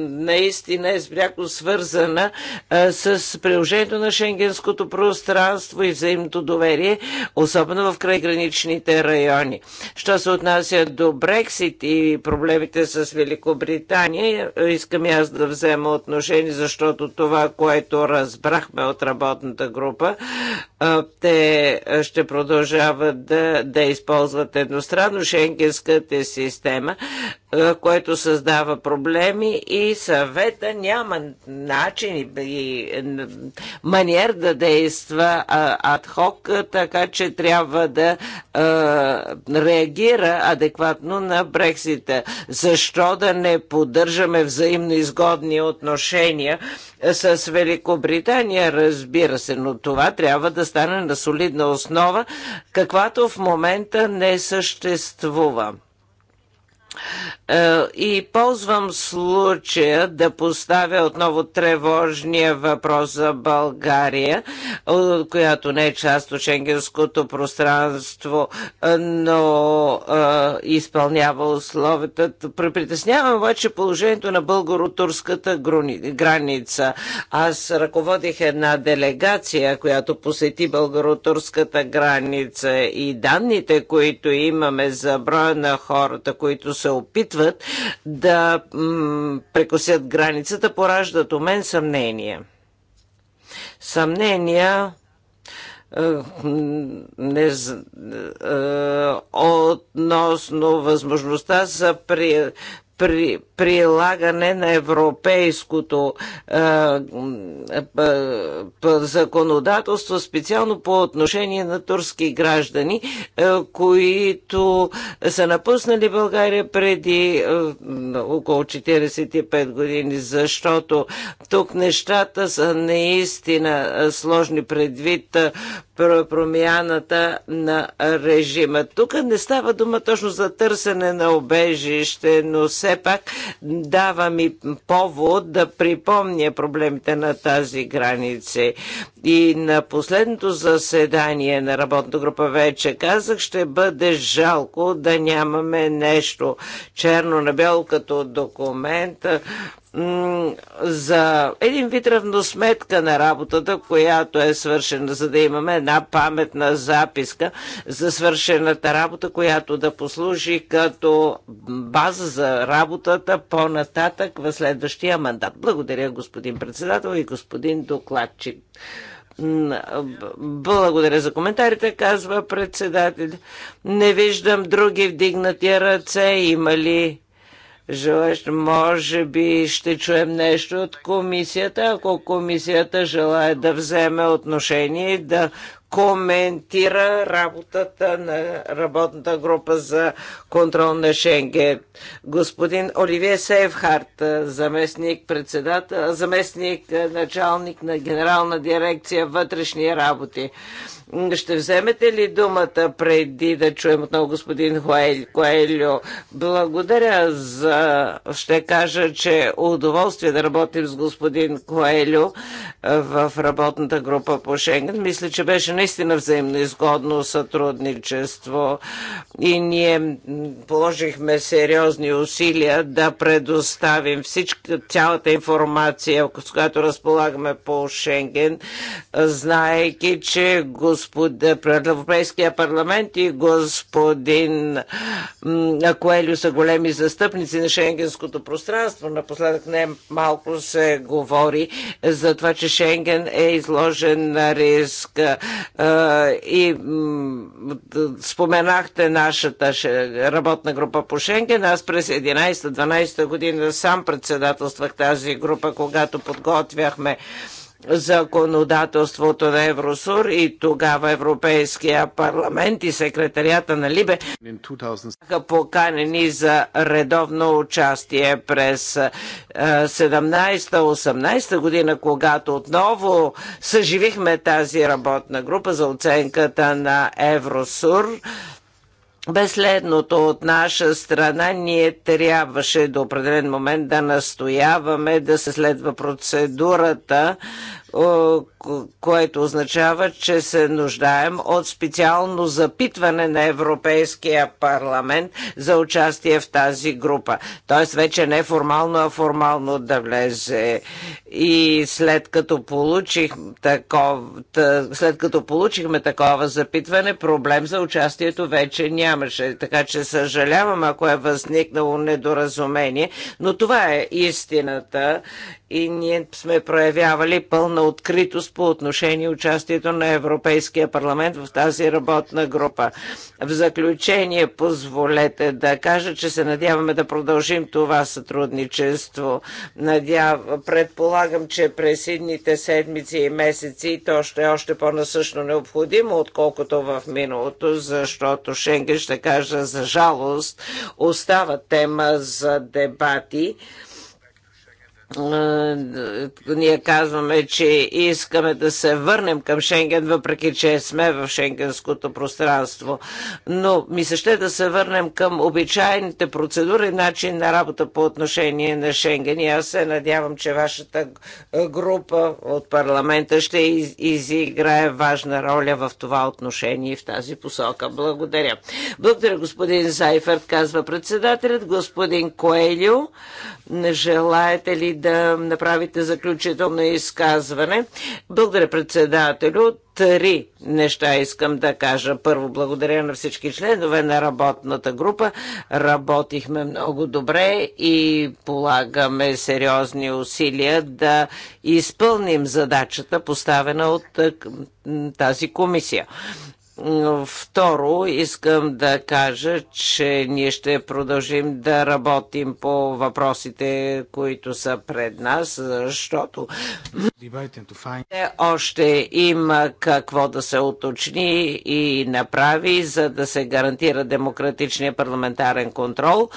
наистина е спряко свързана е, с приложението на шенгенското пространство и взаимното доверие, особено в крайграничните райони. Що се отнася до Брексит и проблемите с Великобритания, искам и аз да взема отношение, защото това, което разбрахме от работната група, те ще продължават да, да използват едностранно шенгенската система, което създава проблеми и съвета няма начин и маниер да действа адхок, така че трябва да реагира адекватно на Брексита. Защо да не поддържаме взаимно изгодни отношения с Великобритания, разбира се, но това трябва да стане на солидна основа, каквато в момента не съществува. Е, и ползвам случая да поставя отново тревожния въпрос за България, е, която не е част от шенгенското пространство, е, но изпълнява условията. Притеснявам обаче положението на българо-турската граница. Аз ръководих една делегация, която посети българо-турската граница и данните, които имаме за броя на хората, които са се опитват да прекосят границата, пораждат у мен съмнение. Съмнения е, не, е, е, относно възможността за при, при, прилагане на европейското е, е, е, законодателство, специално по отношение на турски граждани, е, които са напуснали България преди е, около 45 години, защото тук нещата са наистина е, сложни предвид промяната на режима. Тук не става дума точно за търсене на обежище, но все пак дава ми повод да припомня проблемите на тази граница. И на последното заседание на работната група вече казах, ще бъде жалко да нямаме нещо черно на бяло като документ за един вид равносметка на работата, която е свършена, за да имаме една паметна записка за свършената работа, която да послужи като база за работата по-нататък в следващия мандат. Благодаря, господин председател и господин докладчик. Благодаря за коментарите, казва председател. Не виждам други вдигнати ръце. Има ли Желаш, може би ще чуем нещо от комисията, ако комисията желая да вземе отношение и да коментира работата на работната група за контрол на Шенген. Господин Оливие Сейфхарт, заместник председател, заместник началник на Генерална дирекция вътрешни работи. Ще вземете ли думата преди да чуем отново господин Коелю? Благодаря за... Ще кажа, че удоволствие да работим с господин Коелю в работната група по Шенген. Мисля, че беше наистина взаимно изгодно сътрудничество и ние положихме сериозни усилия да предоставим всички, цялата информация, с която разполагаме по Шенген, знаеки, че господин господ... Е, пред Европейския парламент и господин Коелю са големи застъпници на шенгенското пространство. Напоследък не малко се говори за това, че Шенген е изложен на риск. Е, и споменахте нашата работна група по Шенген. Аз през 11-12 година сам председателствах тази група, когато подготвяхме законодателството на Евросур и тогава Европейския парламент и секретарията на Либе бяха поканени за редовно участие през 17-18 е, година, когато отново съживихме тази работна група за оценката на Евросур. Безследното от наша страна ние трябваше до определен момент да настояваме да се следва процедурата което означава, че се нуждаем от специално запитване на Европейския парламент за участие в тази група. Тоест вече не формално, а формално да влезе. И след като, получих таков, след като получихме такова запитване, проблем за участието вече нямаше. Така че съжалявам, ако е възникнало недоразумение, но това е истината и ние сме проявявали пълна на откритост по отношение участието на Европейския парламент в тази работна група. В заключение, позволете да кажа, че се надяваме да продължим това сътрудничество. Надяв... Предполагам, че през идните седмици и месеци то ще е още по-насъщно необходимо, отколкото в миналото, защото Шенген ще кажа за жалост остава тема за дебати ние казваме, че искаме да се върнем към Шенген, въпреки че сме в шенгенското пространство. Но ми се ще да се върнем към обичайните процедури, начин на работа по отношение на Шенген. И аз се надявам, че вашата група от парламента ще изиграе важна роля в това отношение и в тази посока. Благодаря. Благодаря, господин Зайферт, казва председателят. Господин Коелю, не желаете ли да направите заключително изказване. Благодаря председателю. Три неща искам да кажа. Първо, благодаря на всички членове на работната група. Работихме много добре и полагаме сериозни усилия да изпълним задачата, поставена от е, тази комисия. Второ, искам да кажа, че ние ще продължим да работим по въпросите, които са пред нас, защото още има какво да се уточни и направи, за да се гарантира демократичния парламентарен контрол.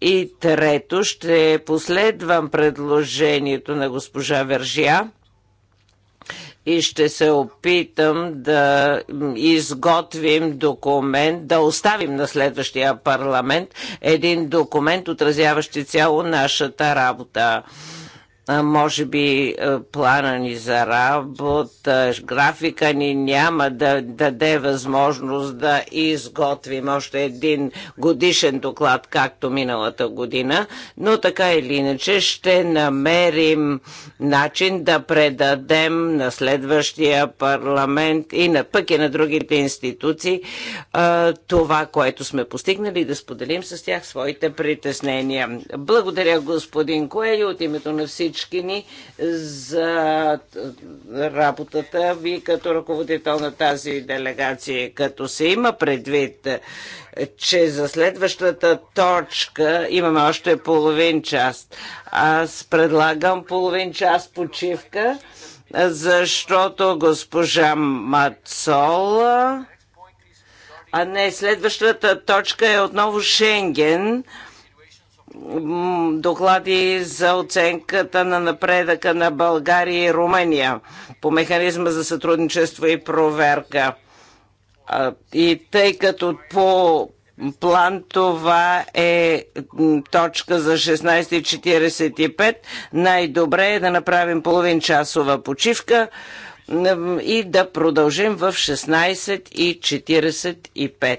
И трето, ще последвам предложението на госпожа Вержия и ще се опитам да изготвим документ, да оставим на следващия парламент един документ, отразяващи цяло нашата работа може би плана ни за работа, графика ни няма да даде възможност да изготвим още един годишен доклад, както миналата година, но така или иначе ще намерим начин да предадем на следващия парламент и на пък и на другите институции това, което сме постигнали, да споделим с тях своите притеснения. Благодаря господин Коели от името на всички всички ни за работата ви като ръководител на тази делегация. Като се има предвид, че за следващата точка имаме още половин час. Аз предлагам половин час почивка, защото госпожа Мацола... А не, следващата точка е отново Шенген доклади за оценката на напредъка на България и Румъния по механизма за сътрудничество и проверка. И тъй като по план това е точка за 16.45, най-добре е да направим половин часова почивка и да продължим в 16.45.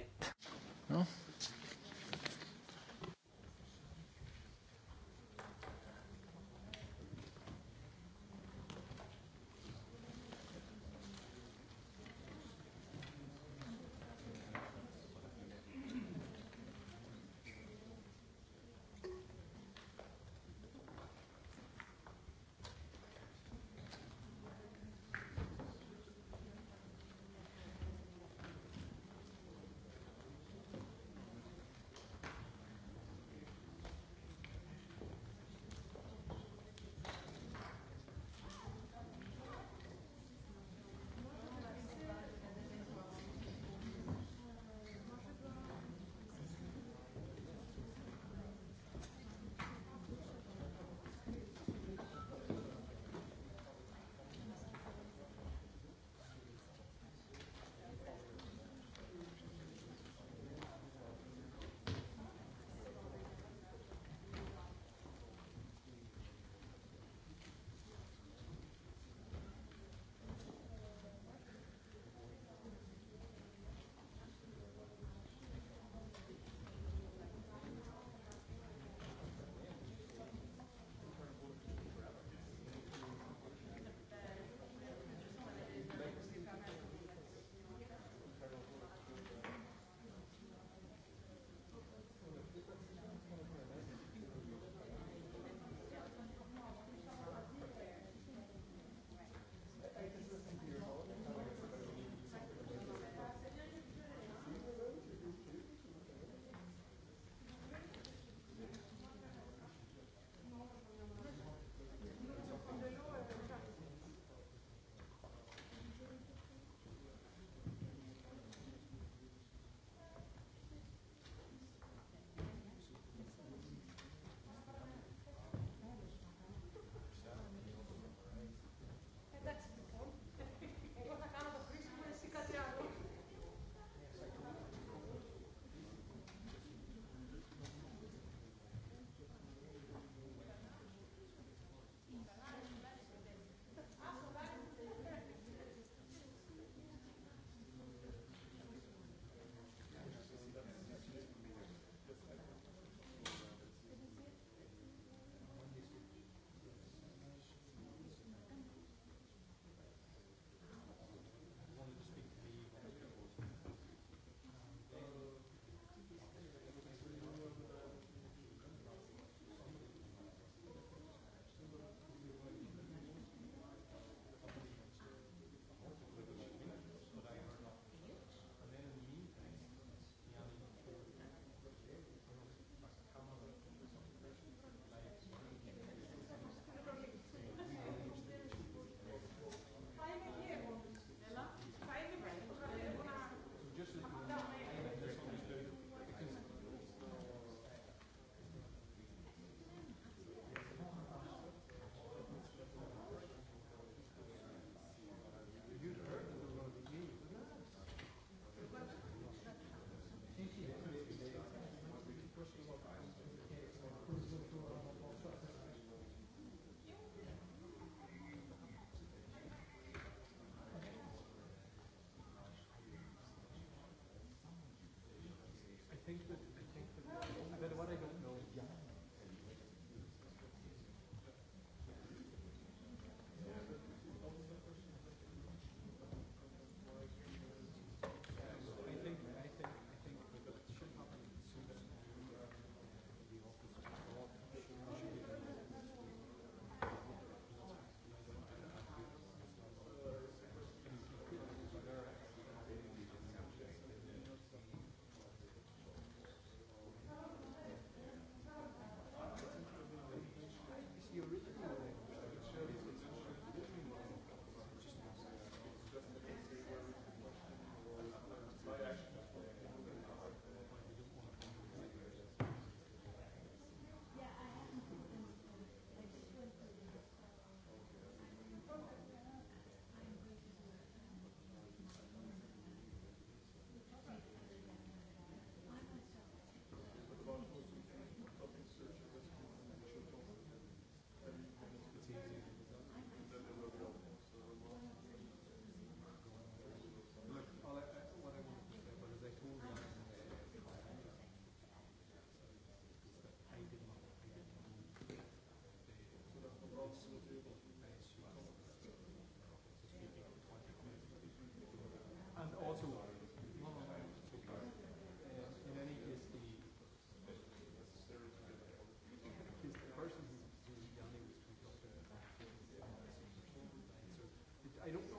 i don't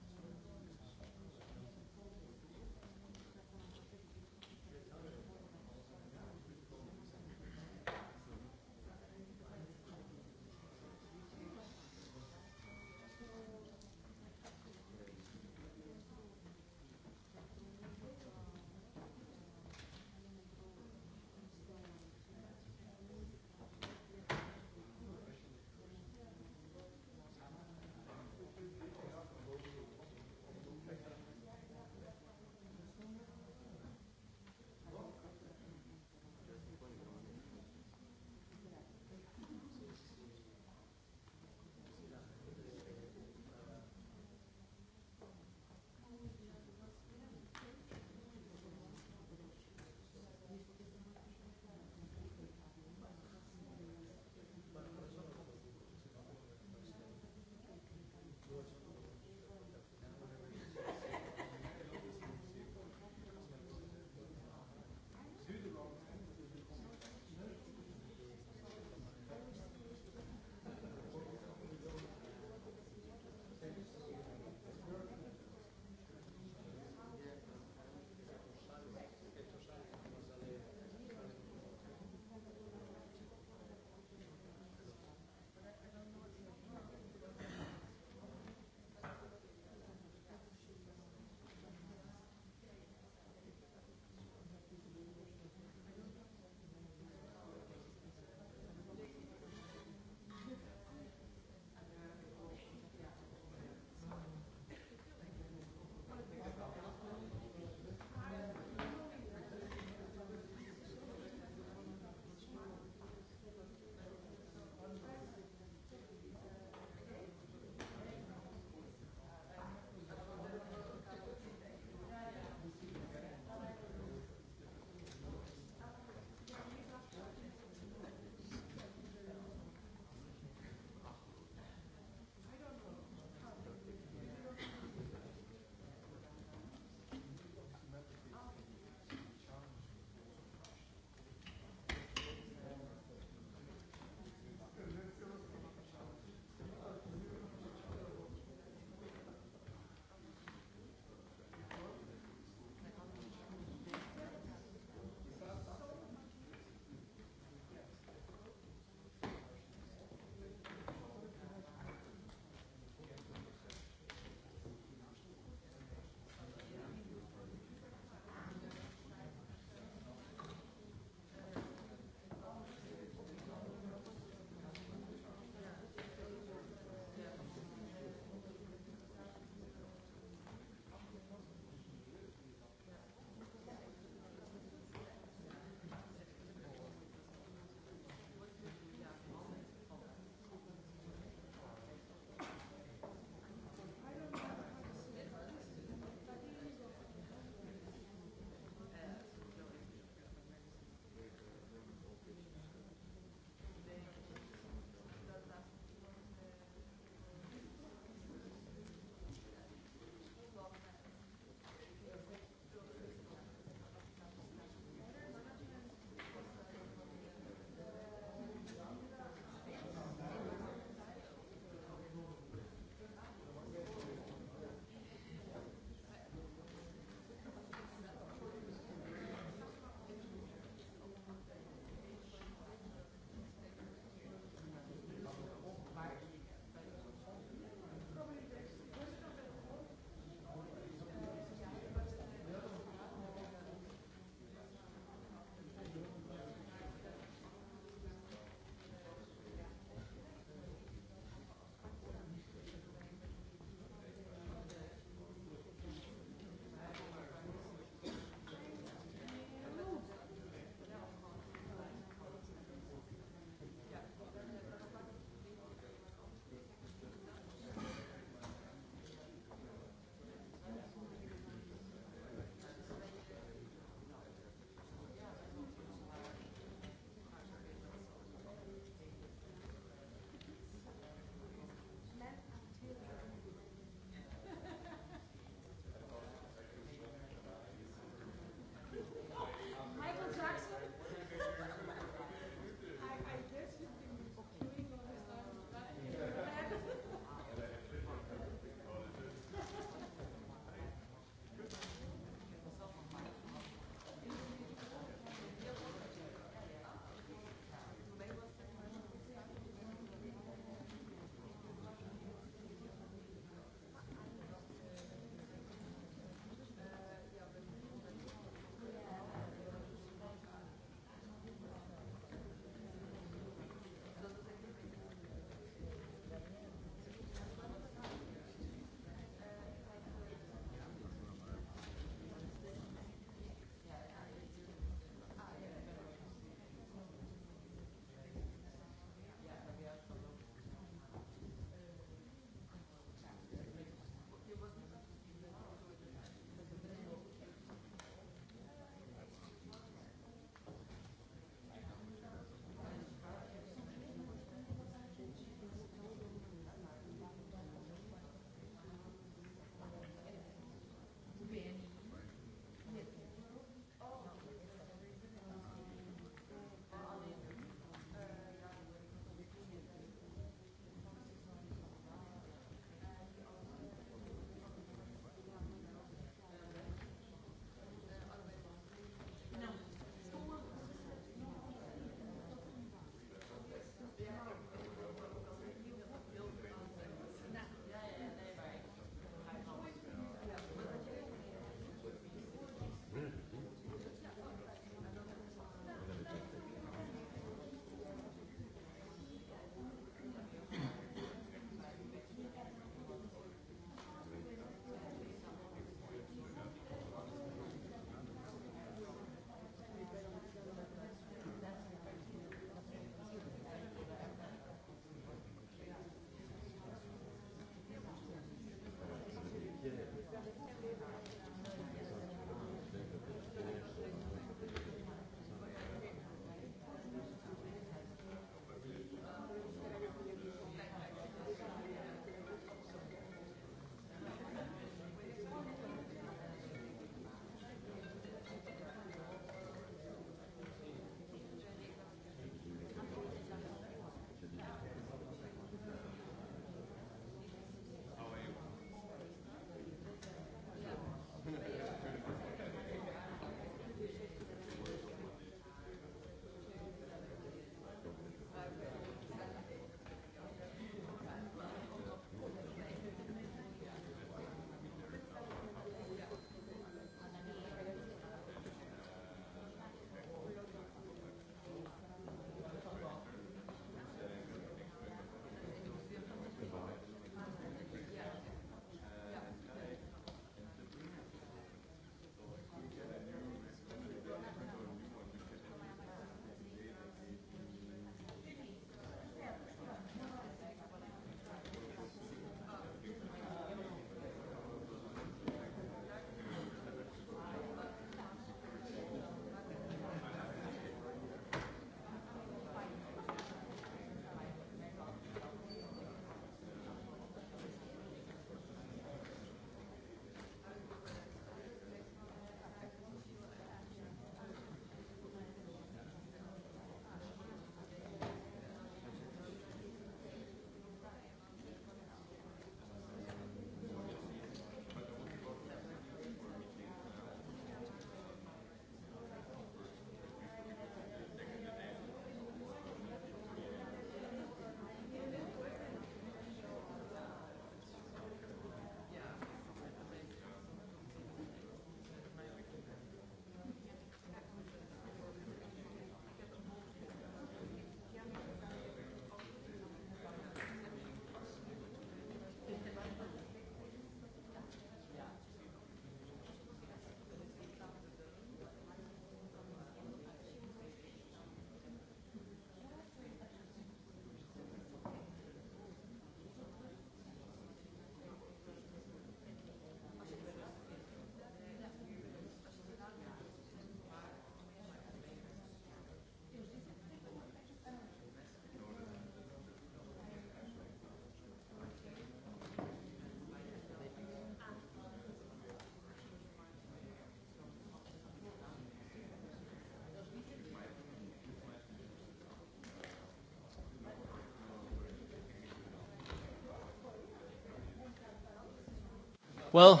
Well,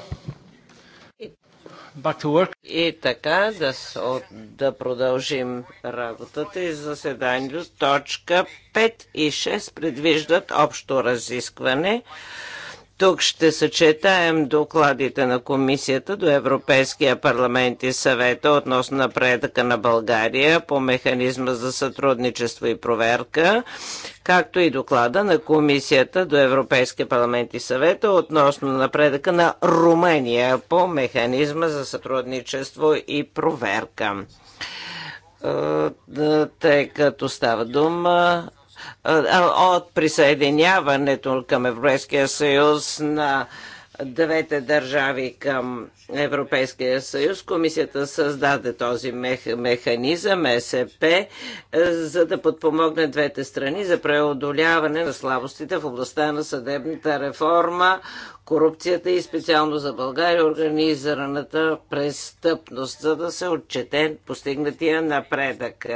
back to work. И така да, да продължим работата и заседанието. Точка 5 и 6 предвиждат общо разискване. Тук ще съчетаем докладите на Комисията до Европейския парламент и съвета относно напредъка на България по механизма за сътрудничество и проверка, както и доклада на Комисията до Европейския парламент и съвета относно напредъка на Румъния по механизма за сътрудничество и проверка. Е, тъй като става дума е, от присъединяването към Европейския съюз на двете държави към Европейския съюз. Комисията създаде този механизъм СП, е, за да подпомогне двете страни за преодоляване на слабостите в областта на съдебната реформа, корупцията и специално за България организираната престъпност, за да се отчете постигнатия напредък.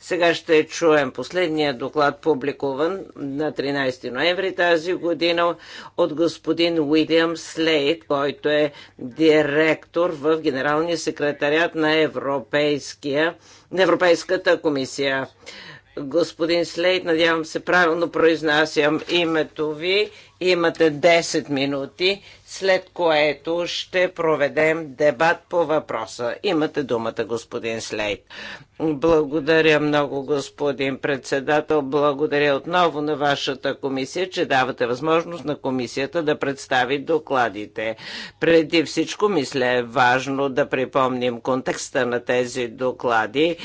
Сега ще чуем последния доклад, публикуван на 13 ноември тази година от господин Уилям Слейд, който е директор в Генералния секретарят на, Европейския, на Европейската комисия. Господин Слейд, надявам се правилно произнасям името ви Имате 10 минути, след което ще проведем дебат по въпроса. Имате думата, господин Слейт. Благодаря много, господин председател. Благодаря отново на вашата комисия, че давате възможност на комисията да представи докладите. Преди всичко, мисля, е важно да припомним контекста на тези доклади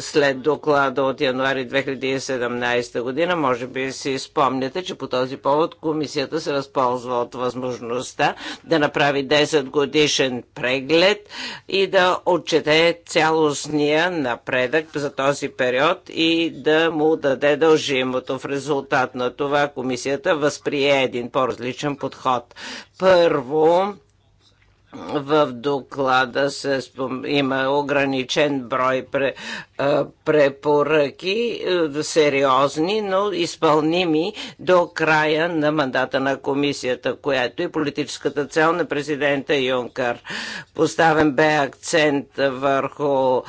след доклада от януари 2017 година. Може би си спомняте, че по този повод комисията се разползва от възможността да направи 10 годишен преглед и да отчете цялостния напредък за този период и да му даде дължимото. В резултат на това комисията възприе един по-различен подход. Първо, в доклада се спом... има ограничен брой пре... препоръки, сериозни, но изпълними до края на мандата на комисията, която е политическата цел на президента Юнкър. Поставен бе акцент върху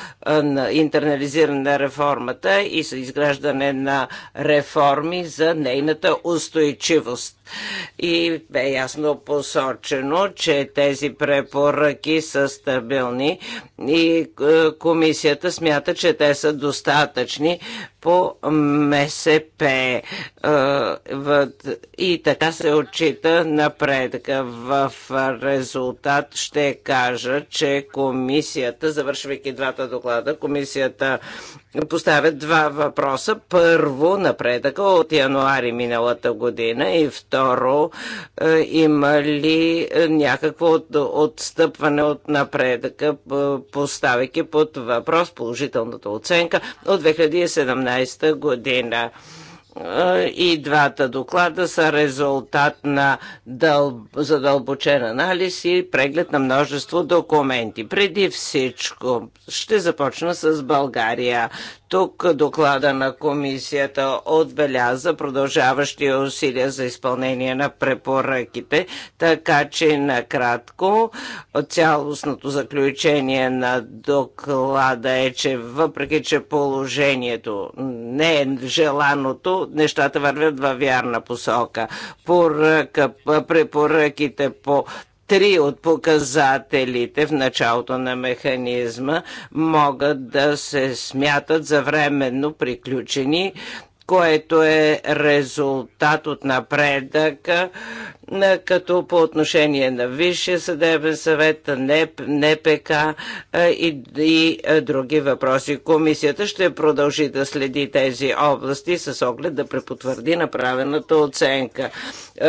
на интернализиране на реформата и изграждане на реформи за нейната устойчивост. И бе ясно посочено, че тези препоръки препоръки са стабилни и е, комисията смята, че те са достатъчни по МСП. Е, и така се отчита напредка. В резултат ще кажа, че комисията, завършвайки двата доклада, комисията поставя два въпроса. Първо, напредъка от януари миналата година и второ, е, има ли някакво отстъпване от напредъка, е, поставяйки под въпрос положителната оценка от 2017 2012 година. И двата доклада са резултат на дъл... задълбочен анализ и преглед на множество документи. Преди всичко ще започна с България. Тук доклада на комисията отбеляза продължаващи усилия за изпълнение на препоръките, така че накратко цялостното заключение на доклада е, че въпреки, че положението не е желаното, нещата вървят във вярна посока. Поръка, препоръките по три от показателите в началото на механизма могат да се смятат за временно приключени което е резултат от напредъка като по отношение на Висшия съдебен съвет, НЕП, НПК и, и други въпроси. Комисията ще продължи да следи тези области с оглед да препотвърди направената оценка.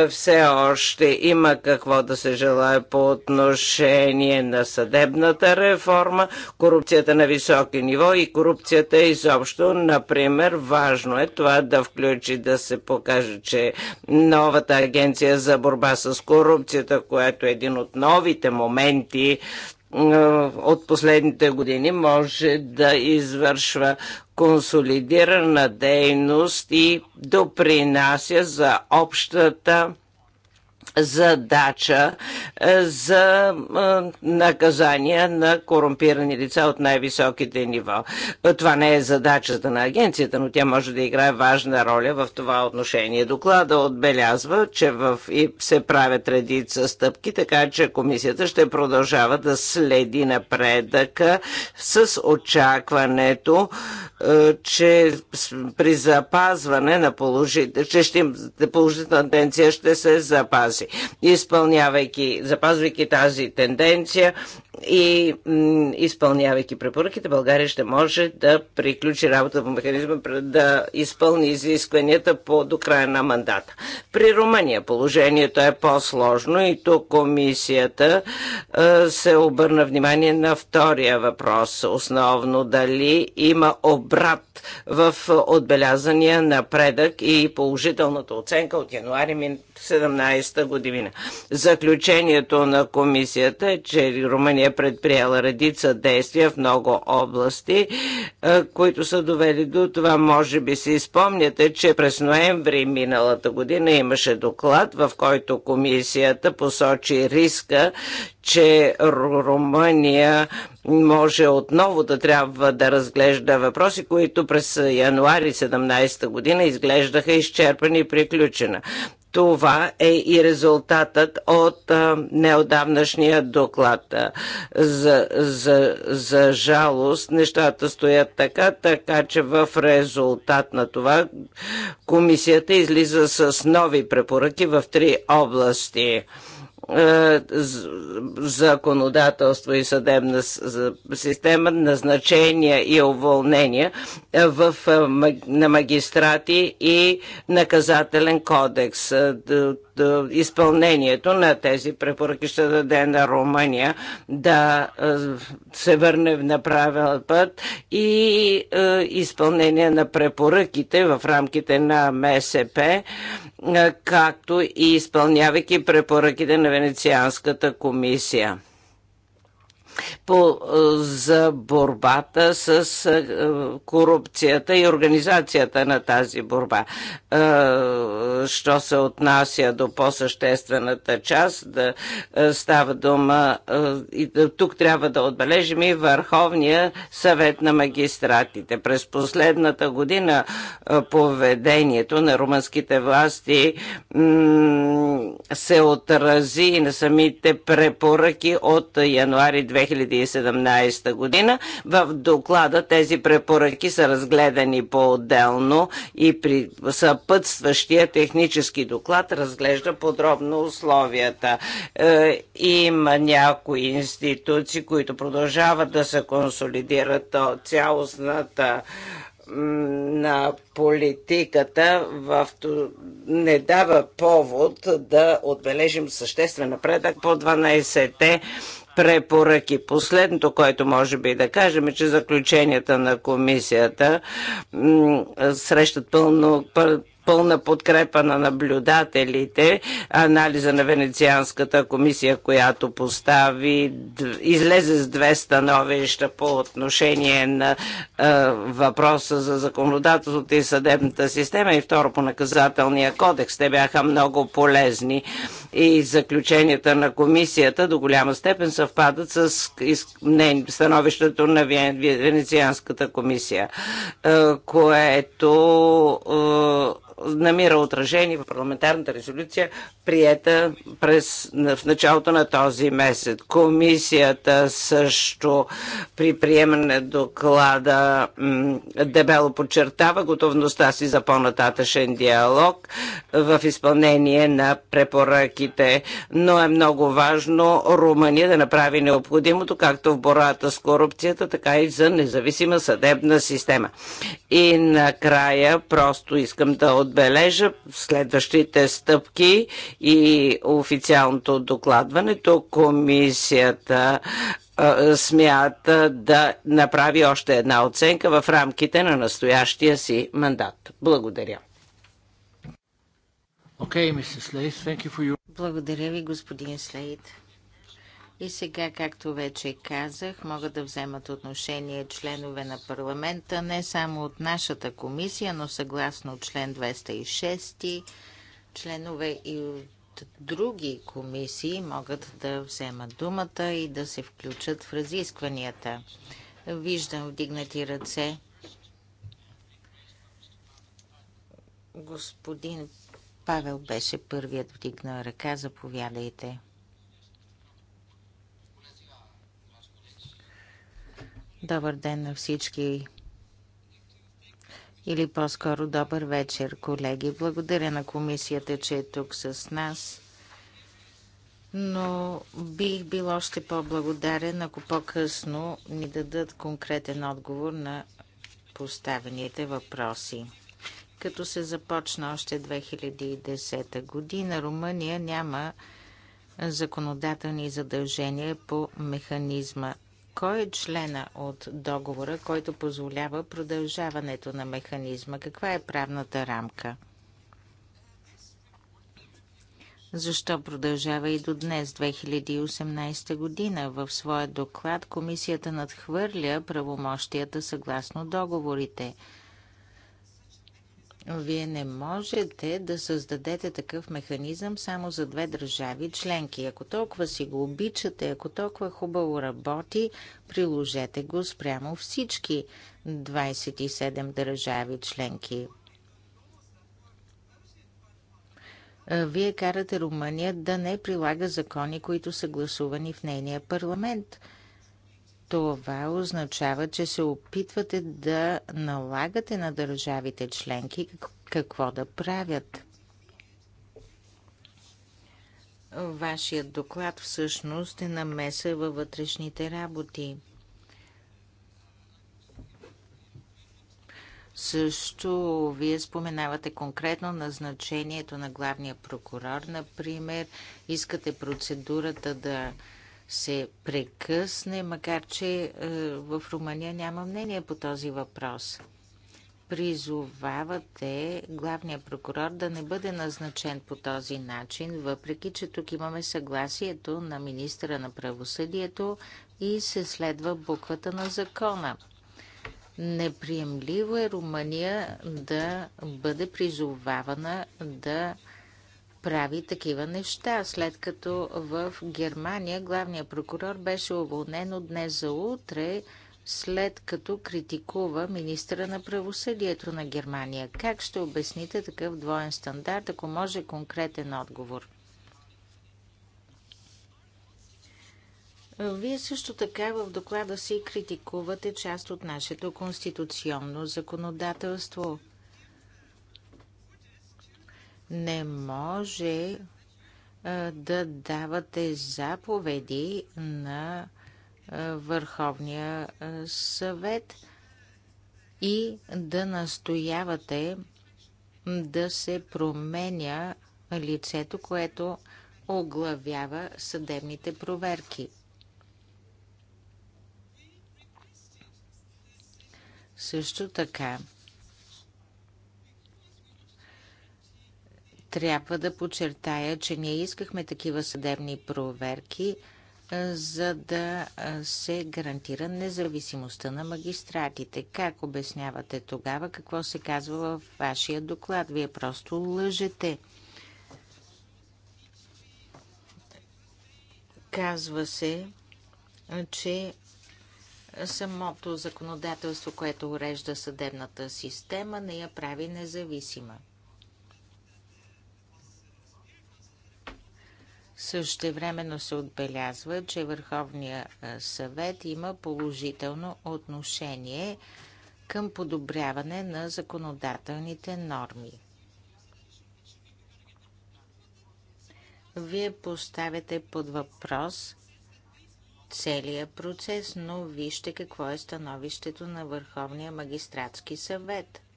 Все още има какво да се желая по отношение на съдебната реформа, корупцията на високи ниво и корупцията изобщо. Например, важно е това да включи да се покаже, че новата агенция за борба борба с корупцията, което е един от новите моменти е, от последните години може да извършва консолидирана дейност и допринася за общата задача е, за е, наказания на корумпирани лица от най-високите нива. Е, това не е задачата на агенцията, но тя може да играе важна роля в това отношение. Доклада отбелязва, че в и се правят редица стъпки, така че комисията ще продължава да следи напредъка с очакването е, че при запазване на положителната, че ще, положителна тенденция ще се запази. Изпълнявайки, запазвайки тази тенденция и изпълнявайки препоръките, България ще може да приключи работа по механизма, да изпълни изискванията по, до края на мандата. При Румъния положението е по-сложно и тук комисията е, се обърна внимание на втория въпрос. Основно дали има об брат в отбелязания напредък и положителната оценка от януари 17 година. Заключението на комисията е, че Румъния е предприела редица действия в много области, е, които са довели до това. Може би си спомняте, че през ноември миналата година имаше доклад, в който комисията посочи риска, че Румъния може отново да трябва да разглежда въпроси, които през януари 17 година изглеждаха изчерпани и приключена. Това е и резултатът от а, неодавнашния доклад. За, за, за жалост нещата стоят така, така че в резултат на това комисията излиза с нови препоръки в три области – е, законодателство и съдебна система, назначения и уволнения в, е, на магистрати и наказателен кодекс. Е, е, изпълнението на тези препоръки ще даде на Румъния да е, се върне на правил път и е, изпълнение на препоръките в рамките на МСП, както и изпълнявайки препоръките на Венецианската комисия по, е, за борбата с е, корупцията и организацията на тази борба. Е, що се отнася до по-съществената част, да става дума и тук трябва да отбележим и Върховния съвет на магистратите. През последната година поведението на румънските власти се отрази и на самите препоръки от януари 2000 2017 година. В доклада тези препоръки са разгледани по-отделно и при съпътстващия технически доклад разглежда подробно условията. Е, има някои институции, които продължават да се консолидират цялостната на политиката в, не дава повод да отбележим съществен напредък по 12-те препоръки. Последното, което може би да кажем е, че заключенията на комисията срещат пълно, пълна подкрепа на наблюдателите, анализа на Венецианската комисия, която постави, излезе с две становища по отношение на е, въпроса за законодателството и съдебната система и второ по наказателния кодекс. Те бяха много полезни и заключенията на комисията до голяма степен съвпадат с не, становището на Венецианската комисия, е, което е, намира отражение в парламентарната резолюция, приета през, в началото на този месец. Комисията също при приемане доклада дебело подчертава готовността си за по-нататъчен диалог в изпълнение на препоръките, но е много важно Румъния да направи необходимото както в бората с корупцията, така и за независима съдебна система. И накрая просто искам да отбележа следващите стъпки и официалното докладване. комисията смята да направи още една оценка в рамките на настоящия си мандат. Благодаря. Okay, Mrs. thank you for your... Благодаря ви, господин Слейд. И сега, както вече казах, могат да вземат отношение членове на парламента не само от нашата комисия, но съгласно член 206, членове и от други комисии могат да вземат думата и да се включат в разискванията. Виждам вдигнати ръце. Господин Павел беше първият вдигнал ръка. Заповядайте. Добър ден на всички. Или по-скоро добър вечер, колеги. Благодаря на комисията, че е тук с нас. Но бих бил още по-благодарен, ако по-късно ни дадат конкретен отговор на поставените въпроси като се започна още 2010 година, Румъния няма законодателни задължения по механизма кой е члена от договора, който позволява продължаването на механизма? Каква е правната рамка? Защо продължава и до днес, 2018 година? В своя доклад комисията надхвърля правомощията съгласно договорите – вие не можете да създадете такъв механизъм само за две държави членки. Ако толкова си го обичате, ако толкова хубаво работи, приложете го спрямо всички 27 държави членки. Вие карате Румъния да не прилага закони, които са гласувани в нейния парламент – това означава, че се опитвате да налагате на държавите членки какво да правят. Вашият доклад всъщност е намеса във вътрешните работи. Също вие споменавате конкретно назначението на главния прокурор, например. Искате процедурата да се прекъсне, макар че е, в Румъния няма мнение по този въпрос. Призовавате главния прокурор да не бъде назначен по този начин, въпреки че тук имаме съгласието на министра на правосъдието и се следва буквата на закона. Неприемливо е Румъния да бъде призовавана да прави такива неща, след като в Германия главният прокурор беше уволнен от днес за утре, след като критикува министра на правосъдието на Германия. Как ще обясните такъв двоен стандарт, ако може конкретен отговор? Вие също така в доклада си критикувате част от нашето конституционно законодателство – не може да давате заповеди на Върховния съвет и да настоявате да се променя лицето, което оглавява съдебните проверки. Също така Трябва да подчертая, че ние искахме такива съдебни проверки, за да се гарантира независимостта на магистратите. Как обяснявате тогава какво се казва в вашия доклад? Вие просто лъжете. Казва се, че самото законодателство, което урежда съдебната система, не я прави независима. Също времено се отбелязва, че Върховния съвет има положително отношение към подобряване на законодателните норми. Вие поставяте под въпрос целият процес, но вижте какво е становището на Върховния магистратски съвет –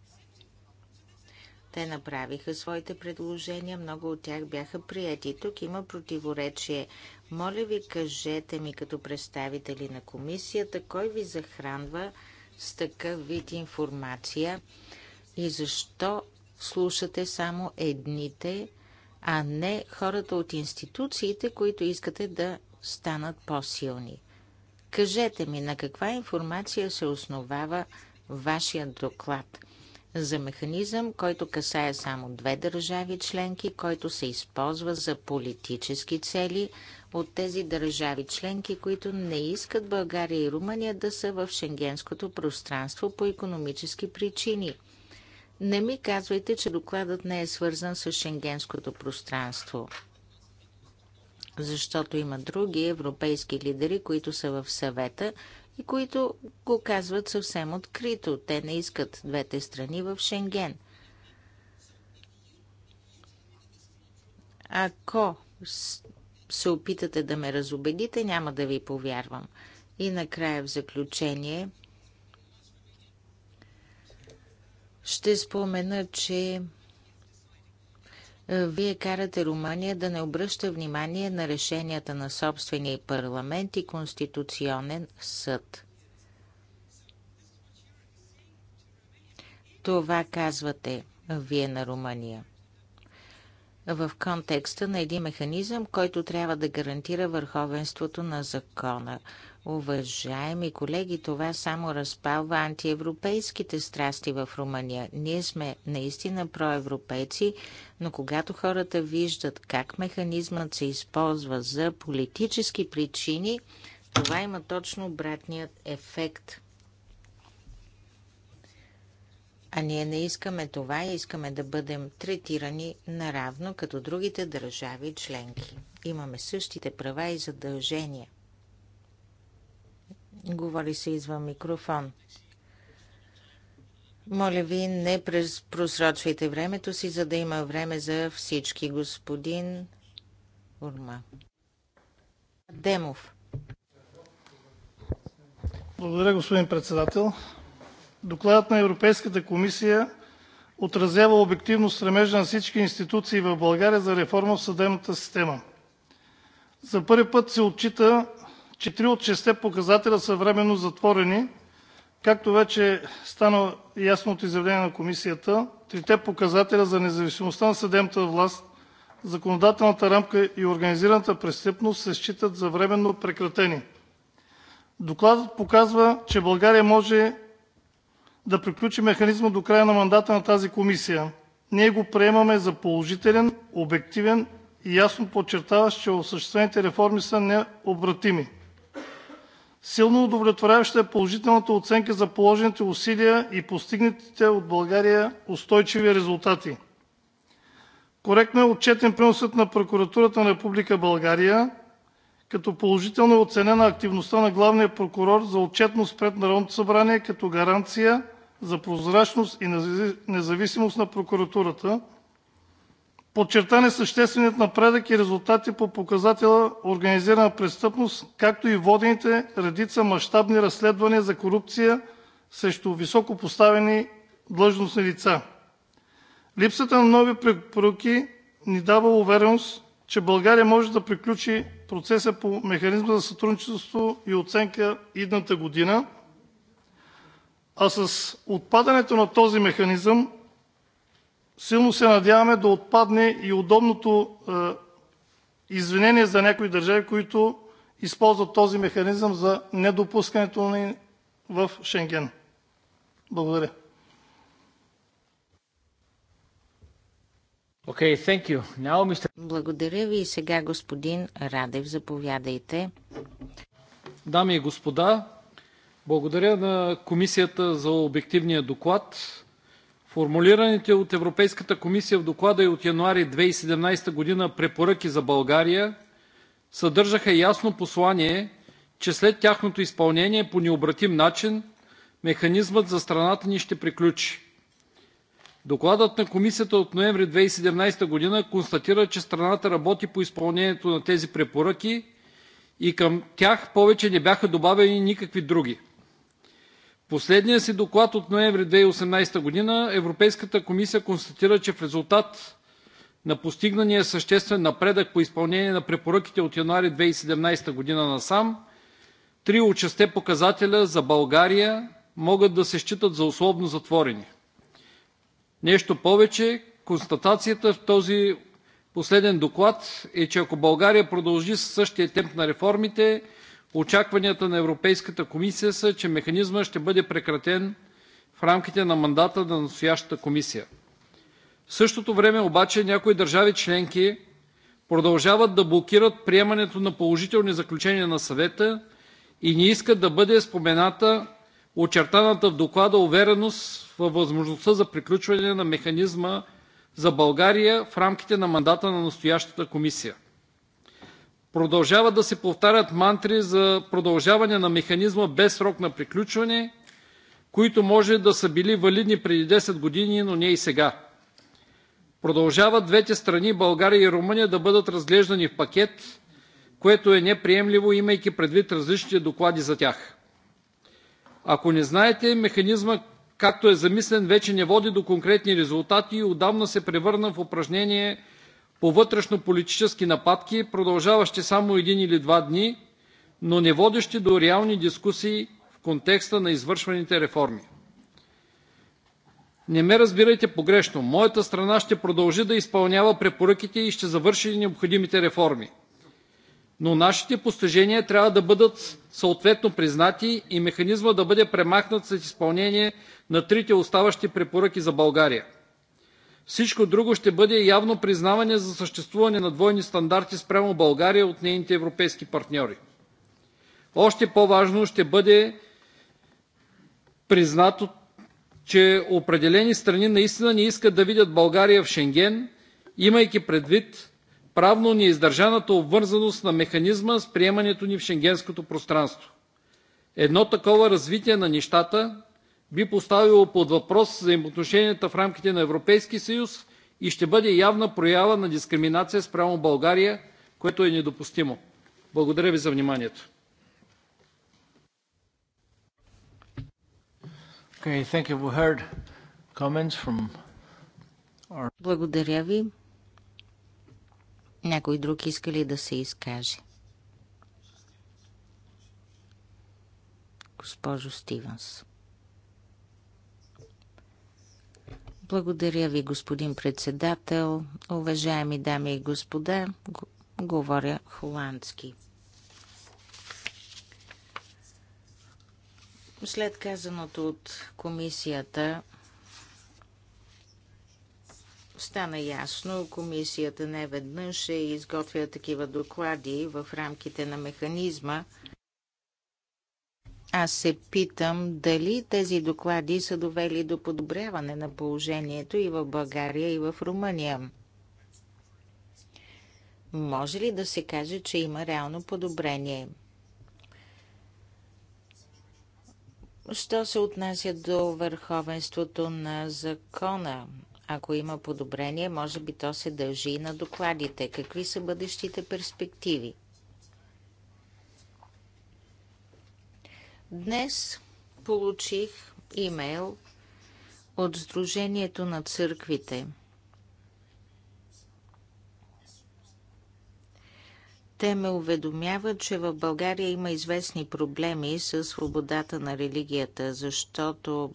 те направиха своите предложения, много от тях бяха прияти. Тук има противоречие. Моля ви, кажете ми като представители на комисията, кой ви захранва с такъв вид информация и защо слушате само едните, а не хората от институциите, които искате да станат по-силни. Кажете ми, на каква информация се основава вашия доклад – за механизъм, който касае само две държави членки, който се използва за политически цели от тези държави членки, които не искат България и Румъния да са в шенгенското пространство по економически причини. Не ми казвайте, че докладът не е свързан с шенгенското пространство, защото има други европейски лидери, които са в съвета, и които го казват съвсем открито. Те не искат двете страни в Шенген. Ако се опитате да ме разобедите, няма да ви повярвам. И накрая в заключение ще спомена, че вие карате Румъния да не обръща внимание на решенията на собствения парламент и Конституционен съд. Това казвате вие на Румъния в контекста на един механизъм, който трябва да гарантира върховенството на закона. Уважаеми колеги, това само разпалва антиевропейските страсти в Румъния. Ние сме наистина проевропейци, но когато хората виждат как механизмът се използва за политически причини, това има точно обратният ефект. А ние не искаме това и искаме да бъдем третирани наравно като другите държави членки. Имаме същите права и задължения. Говори се извън микрофон. Моля ви, не просрочвайте времето си, за да има време за всички. Господин Урма. Демов. Благодаря, господин председател. Докладът на Европейската комисия отразява обективно стремежа на всички институции в България за реформа в съдебната система. За първи път се отчита че три от шестте показателя са временно затворени. Както вече стана ясно от изявление на Комисията, трите показателя за независимостта на съдебната власт, законодателната рамка и организираната престъпност се считат за временно прекратени. Докладът показва, че България може да приключи механизма до края на мандата на тази комисия. Ние го приемаме за положителен, обективен и ясно подчертаващ, че осъществените реформи са необратими. Силно удовлетворяваща е положителната оценка за положените усилия и постигнатите от България устойчиви резултати. Коректно е отчетен приносът на Прокуратурата на Република България, като положително е оценена активността на главния прокурор за отчетност пред Народното събрание като гаранция за прозрачност и независимост на прокуратурата, Подчертан е същественият напредък и резултати по показателя „Организирана престъпност“, както и водените редица мащабни разследвания за корупция срещу високопоставени длъжностни лица. Липсата на нови препоръки ни дава увереност, че България може да приключи процеса по Механизма за сътрудничество и оценка идната година, а с отпадането на този механизъм Силно се надяваме да отпадне и удобното е, извинение за някои държави, които използват този механизъм за недопускането ни в Шенген. Благодаря. Okay, thank you. Now, Mr... Благодаря ви и сега господин Радев, заповядайте. Дами и господа, благодаря на комисията за обективния доклад. Формулираните от Европейската комисия в доклада и от януари 2017 година препоръки за България съдържаха ясно послание, че след тяхното изпълнение по необратим начин механизмът за страната ни ще приключи. Докладът на комисията от ноември 2017 година констатира, че страната работи по изпълнението на тези препоръки и към тях повече не бяха добавени никакви други последния си доклад от ноември 2018 година Европейската комисия констатира, че в резултат на постигнания съществен напредък по изпълнение на препоръките от януари 2017 година насам, три от шестте показателя за България могат да се считат за условно затворени. Нещо повече, констатацията в този последен доклад е, че ако България продължи със същия темп на реформите, Очакванията на Европейската комисия са, че механизмът ще бъде прекратен в рамките на мандата на настоящата комисия. В същото време обаче някои държави членки продължават да блокират приемането на положителни заключения на съвета и не искат да бъде спомената очертаната в доклада увереност във възможността за приключване на механизма за България в рамките на мандата на настоящата комисия. Продължават да се повтарят мантри за продължаване на механизма без срок на приключване, които може да са били валидни преди 10 години, но не и сега. Продължават двете страни, България и Румъния, да бъдат разглеждани в пакет, което е неприемливо, имайки предвид различните доклади за тях. Ако не знаете, механизма, както е замислен, вече не води до конкретни резултати и отдавна се превърна в упражнение – по вътрешно политически нападки, продължаващи само един или два дни, но не водещи до реални дискусии в контекста на извършваните реформи. Не ме разбирайте погрешно. Моята страна ще продължи да изпълнява препоръките и ще завърши необходимите реформи. Но нашите постижения трябва да бъдат съответно признати и механизма да бъде премахнат след изпълнение на трите оставащи препоръки за България – всичко друго ще бъде явно признаване за съществуване на двойни стандарти спрямо България от нейните европейски партньори. Още по-важно ще бъде признато, че определени страни наистина не искат да видят България в Шенген, имайки предвид правно неиздържаната обвързаност на механизма с приемането ни в Шенгенското пространство. Едно такова развитие на нещата би поставило под въпрос взаимоотношенията в рамките на Европейския съюз и ще бъде явна проява на дискриминация спрямо България, което е недопустимо. Благодаря ви за вниманието. Благодаря ви. Някой друг иска ли да се изкаже? Госпожо Стивенс. Благодаря ви, господин председател. Уважаеми дами и господа, говоря холандски. След казаното от комисията, стана ясно, комисията не веднъж е изготвя такива доклади в рамките на механизма аз се питам дали тези доклади са довели до подобряване на положението и в България, и в Румъния. Може ли да се каже, че има реално подобрение? Що се отнася до върховенството на закона? Ако има подобрение, може би то се дължи и на докладите. Какви са бъдещите перспективи? Днес получих имейл от Сдружението на църквите. Те ме уведомяват, че в България има известни проблеми с свободата на религията, защото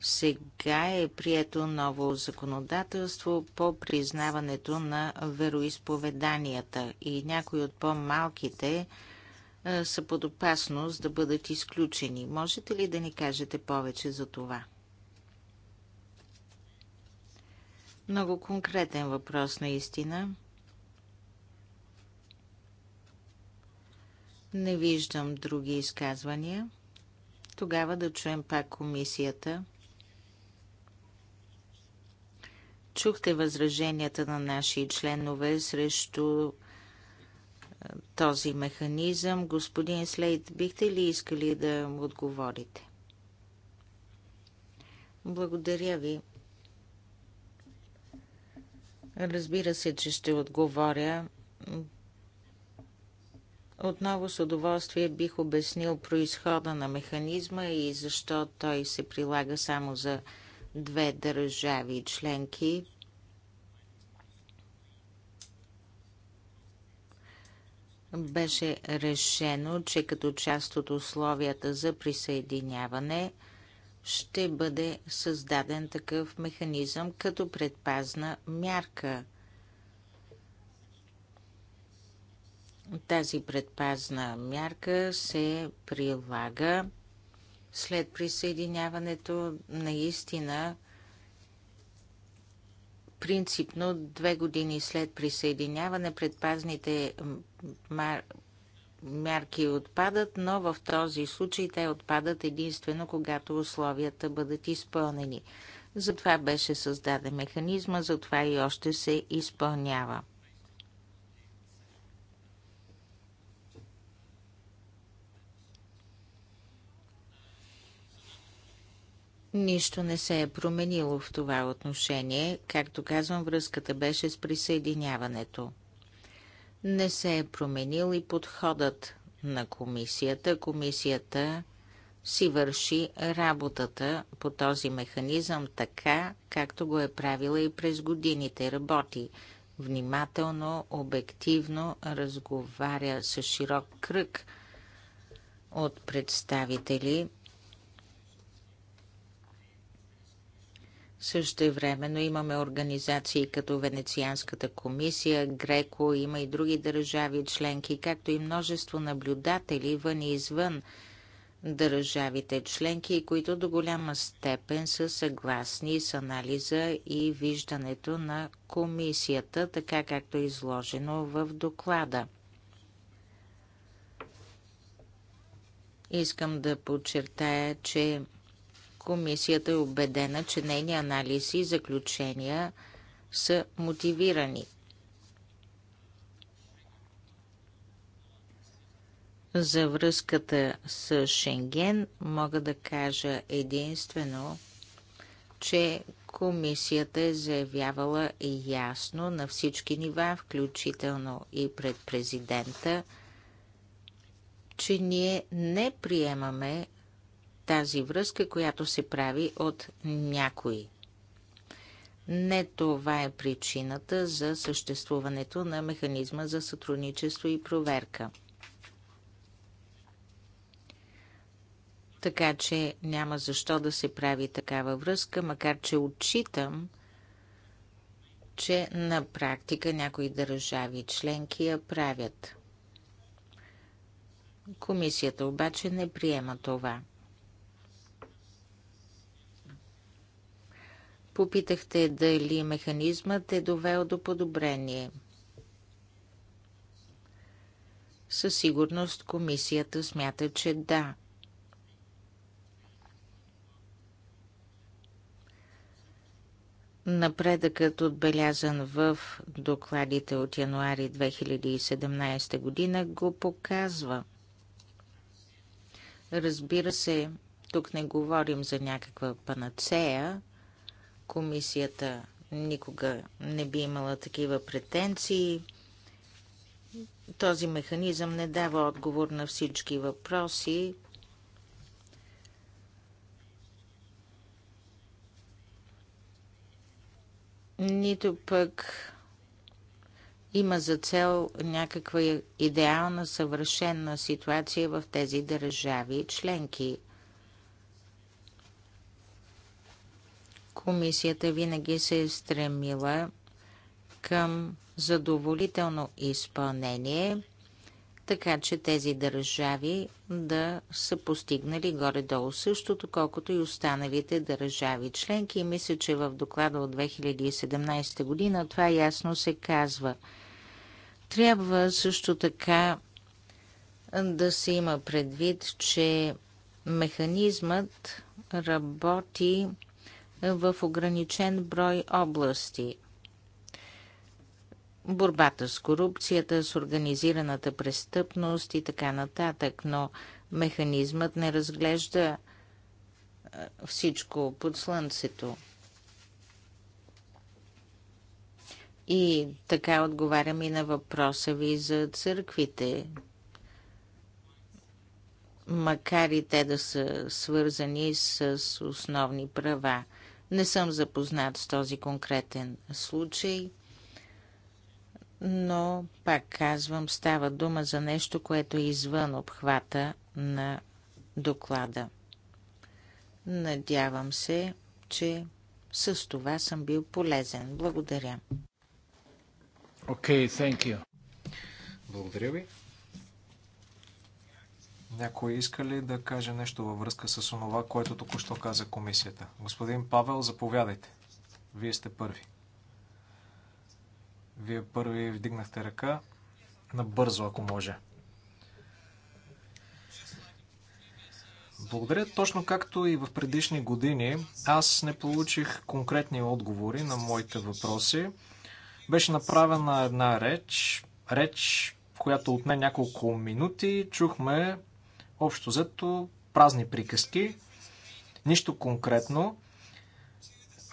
сега е прието ново законодателство по признаването на вероисповеданията и някои от по-малките е, са под опасност да бъдат изключени. Можете ли да ни кажете повече за това? Много конкретен въпрос наистина. Не виждам други изказвания. Тогава да чуем пак комисията. Чухте възраженията на наши членове срещу този механизъм. Господин Слейд, бихте ли искали да отговорите? Благодаря ви. Разбира се, че ще отговоря. Отново с удоволствие бих обяснил происхода на механизма и защо той се прилага само за две държави членки. беше решено, че като част от условията за присъединяване ще бъде създаден такъв механизъм като предпазна мярка. Тази предпазна мярка се прилага след присъединяването наистина принципно две години след присъединяване предпазните мерки отпадат, но в този случай те отпадат единствено когато условията бъдат изпълнени. Затова беше създаден механизма, затова и още се изпълнява. Нищо не се е променило в това отношение. Както казвам, връзката беше с присъединяването не се е променил и подходът на комисията. Комисията си върши работата по този механизъм така, както го е правила и през годините. Работи внимателно, обективно, разговаря с широк кръг от представители Също времено имаме организации като Венецианската комисия, Греко, има и други държави членки, както и множество наблюдатели вън и извън държавите членки, които до голяма степен са съгласни с анализа и виждането на комисията, така както е изложено в доклада. Искам да подчертая, че Комисията е убедена, че нейни анализи и заключения са мотивирани. За връзката с Шенген мога да кажа единствено, че комисията е заявявала ясно на всички нива, включително и пред президента, че ние не приемаме тази връзка, която се прави от някои. Не това е причината за съществуването на механизма за сътрудничество и проверка. Така че няма защо да се прави такава връзка, макар че отчитам, че на практика някои държави членки я правят. Комисията обаче не приема това. Попитахте дали механизмът е довел до подобрение. Със сигурност комисията смята, че да. Напредъкът отбелязан в докладите от януари 2017 година го показва. Разбира се, тук не говорим за някаква панацея, Комисията никога не би имала такива претенции. Този механизъм не дава отговор на всички въпроси. Нито пък има за цел някаква идеална, съвършена ситуация в тези държави членки. Комисията винаги се е стремила към задоволително изпълнение, така че тези държави да са постигнали горе-долу същото, колкото и останалите държави членки. И мисля, че в доклада от 2017 година това ясно се казва. Трябва също така да се има предвид, че механизмът работи в ограничен брой области. Борбата с корупцията, с организираната престъпност и така нататък, но механизмът не разглежда е, всичко под слънцето. И така отговарям и на въпроса ви за църквите. Макар и те да са свързани с основни права. Не съм запознат с този конкретен случай, но, пак казвам, става дума за нещо, което е извън обхвата на доклада. Надявам се, че с това съм бил полезен. Благодаря. Окей, okay, thank you. Благодаря ви. Някой иска ли да каже нещо във връзка с онова, което току-що каза комисията? Господин Павел, заповядайте. Вие сте първи. Вие първи вдигнахте ръка. Набързо, ако може. Благодаря. Точно както и в предишни години, аз не получих конкретни отговори на моите въпроси. Беше направена една реч, реч, която отне няколко минути. Чухме Общо взето празни приказки, нищо конкретно.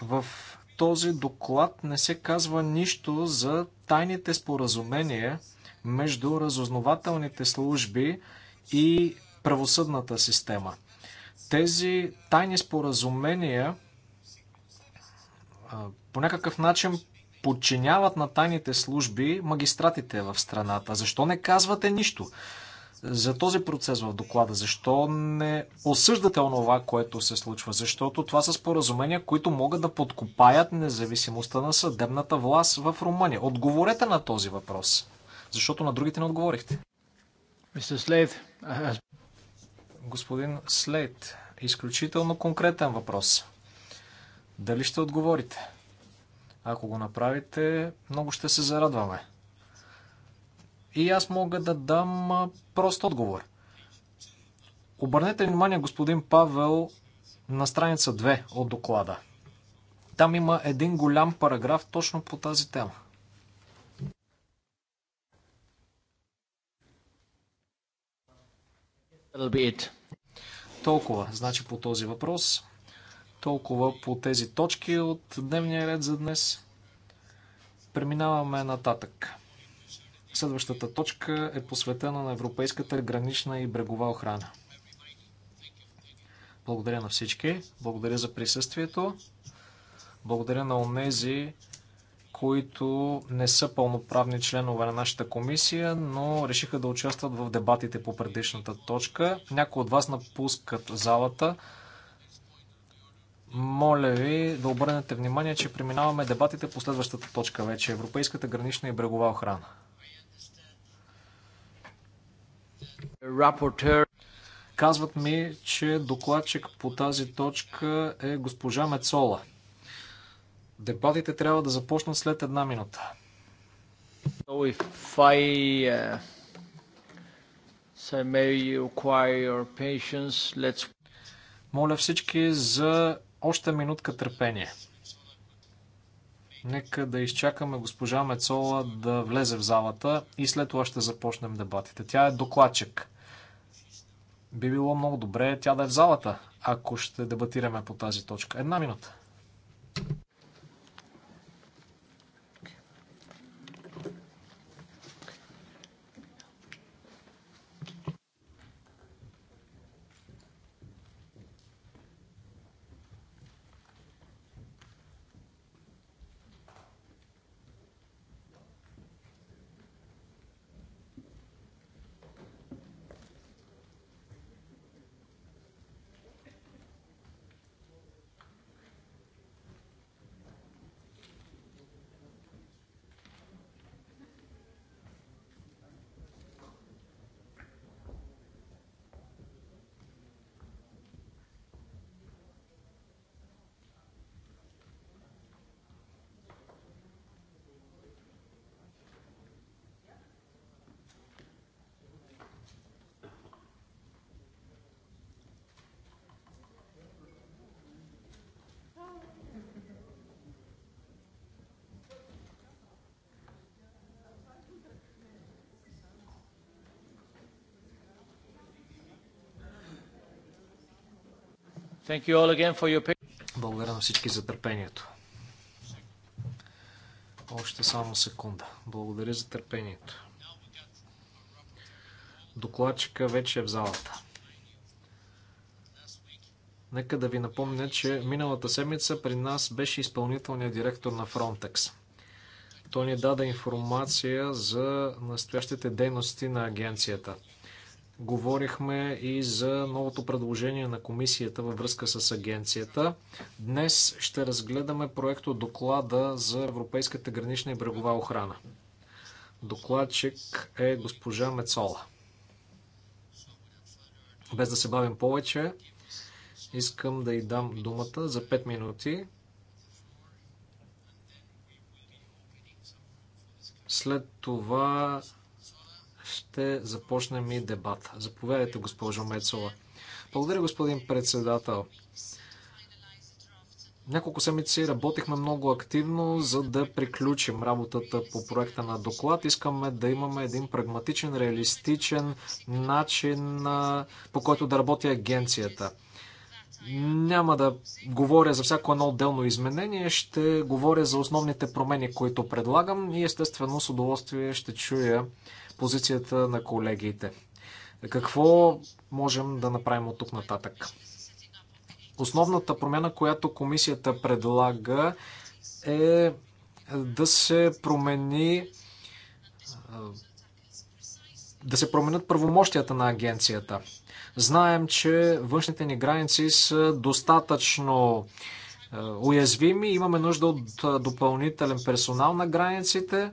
В този доклад не се казва нищо за тайните споразумения между разузнавателните служби и правосъдната система. Тези тайни споразумения по някакъв начин подчиняват на тайните служби магистратите в страната. Защо не казвате нищо? за този процес в доклада? Защо не осъждате онова, което се случва? Защото това са споразумения, които могат да подкопаят независимостта на съдебната власт в Румъния. Отговорете на този въпрос, защото на другите не отговорихте. Господин Слейт, изключително конкретен въпрос. Дали ще отговорите? Ако го направите, много ще се зарадваме. И аз мога да дам прост отговор. Обърнете внимание, господин Павел, на страница 2 от доклада. Там има един голям параграф точно по тази тема. Толкова, значи по този въпрос. Толкова по тези точки от дневния ред за днес. Преминаваме нататък. Следващата точка е посветена на Европейската гранична и брегова охрана. Благодаря на всички. Благодаря за присъствието. Благодаря на онези, които не са пълноправни членове на нашата комисия, но решиха да участват в дебатите по предишната точка. Някои от вас напускат залата. Моля ви да обърнете внимание, че преминаваме дебатите по следващата точка вече Европейската гранична и брегова охрана. Рапортер. Казват ми, че докладчик по тази точка е госпожа Мецола. Дебатите трябва да започнат след една минута. So if I, uh, so may you your patience, let's... Моля всички за още минутка търпение. Нека да изчакаме госпожа Мецола да влезе в залата и след това ще започнем дебатите. Тя е докладчик. Би било много добре тя да е в залата, ако ще дебатираме по тази точка. Една минута. Your... Благодаря на всички за търпението. Още само секунда. Благодаря за търпението. Докладчика вече е в залата. Нека да ви напомня, че миналата седмица при нас беше изпълнителният директор на Frontex. Той ни даде информация за настоящите дейности на агенцията. Говорихме и за новото предложение на комисията във връзка с агенцията. Днес ще разгледаме проекто доклада за Европейската гранична и брегова охрана. Докладчик е госпожа Мецола. Без да се бавим повече, искам да й дам думата за 5 минути. След това ще започнем и дебат. Заповядайте, госпожо Мецова. Благодаря, господин председател. Няколко седмици работихме много активно, за да приключим работата по проекта на доклад. Искаме да имаме един прагматичен, реалистичен начин, по който да работи агенцията. Няма да говоря за всяко едно отделно изменение, ще говоря за основните промени, които предлагам и естествено с удоволствие ще чуя позицията на колегите. Какво можем да направим от тук нататък? Основната промяна, която комисията предлага е да се промени да се променят правомощията на агенцията. Знаем, че външните ни граници са достатъчно уязвими. Имаме нужда от допълнителен персонал на границите.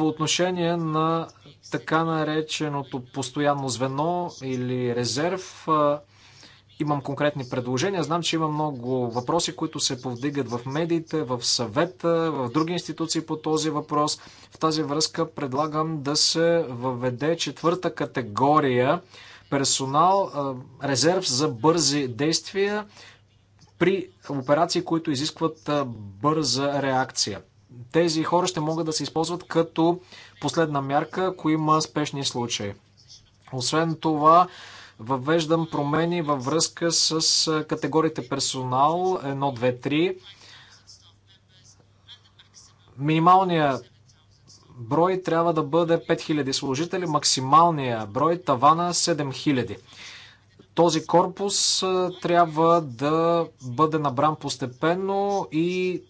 По отношение на така нареченото постоянно звено или резерв, имам конкретни предложения. Знам, че има много въпроси, които се повдигат в медиите, в съвета, в други институции по този въпрос. В тази връзка предлагам да се въведе четвърта категория персонал, резерв за бързи действия при операции, които изискват бърза реакция тези хора ще могат да се използват като последна мярка, ако има спешни случаи. Освен това, въвеждам промени във връзка с категориите персонал 1, 2, 3. Минималният брой трябва да бъде 5000 служители, максималният брой тавана 7000. Този корпус трябва да бъде набран постепенно и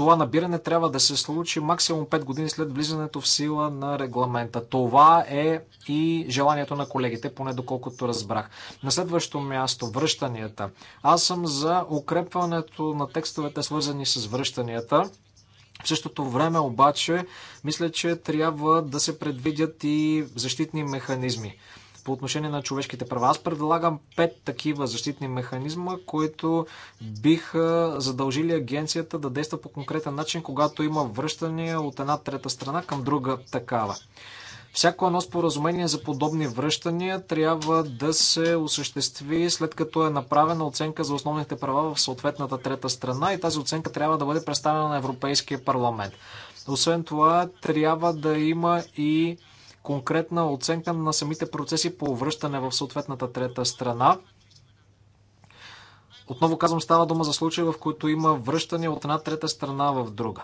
това набиране трябва да се случи максимум 5 години след влизането в сила на регламента. Това е и желанието на колегите, поне доколкото разбрах. На следващо място, връщанията. Аз съм за укрепването на текстовете, свързани с връщанията. В същото време обаче, мисля, че трябва да се предвидят и защитни механизми по отношение на човешките права. Аз предлагам пет такива защитни механизма, които биха задължили агенцията да действа по конкретен начин, когато има връщания от една трета страна към друга такава. Всяко едно споразумение за подобни връщания трябва да се осъществи след като е направена оценка за основните права в съответната трета страна и тази оценка трябва да бъде представена на Европейския парламент. Освен това, трябва да има и конкретна оценка на самите процеси по връщане в съответната трета страна. Отново казвам, става дума за случаи, в които има връщане от една трета страна в друга.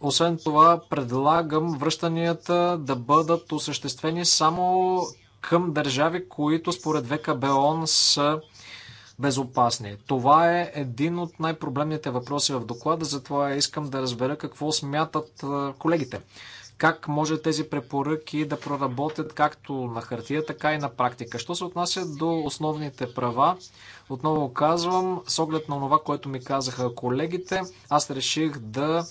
Освен това, предлагам връщанията да бъдат осъществени само към държави, които според ВКБОН са безопасни. Това е един от най-проблемните въпроси в доклада, затова искам да разбера какво смятат колегите как може тези препоръки да проработят както на хартия, така и на практика. Що се отнася до основните права, отново казвам, с оглед на това, което ми казаха колегите, аз реших да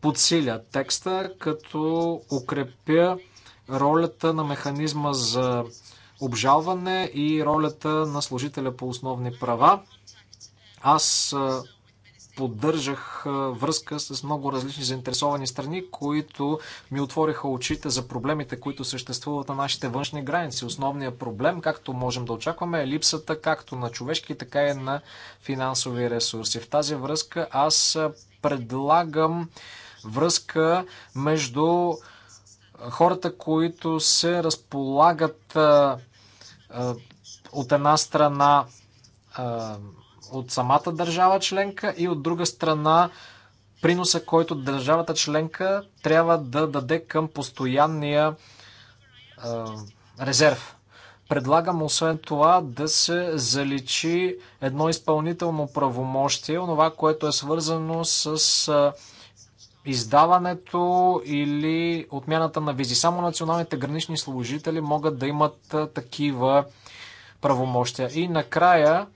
подсиля текста, като укрепя ролята на механизма за обжалване и ролята на служителя по основни права. Аз поддържах връзка с много различни заинтересовани страни, които ми отвориха очите за проблемите, които съществуват на нашите външни граници. Основният проблем, както можем да очакваме, е липсата както на човешки, така и на финансови ресурси. В тази връзка аз предлагам връзка между хората, които се разполагат от една страна от самата държава членка и от друга страна приноса, който държавата членка трябва да даде към постоянния е, резерв. Предлагам освен това да се заличи едно изпълнително правомощие, онова, което е свързано с издаването или отмяната на визи. Само националните гранични служители могат да имат такива правомощия. И накрая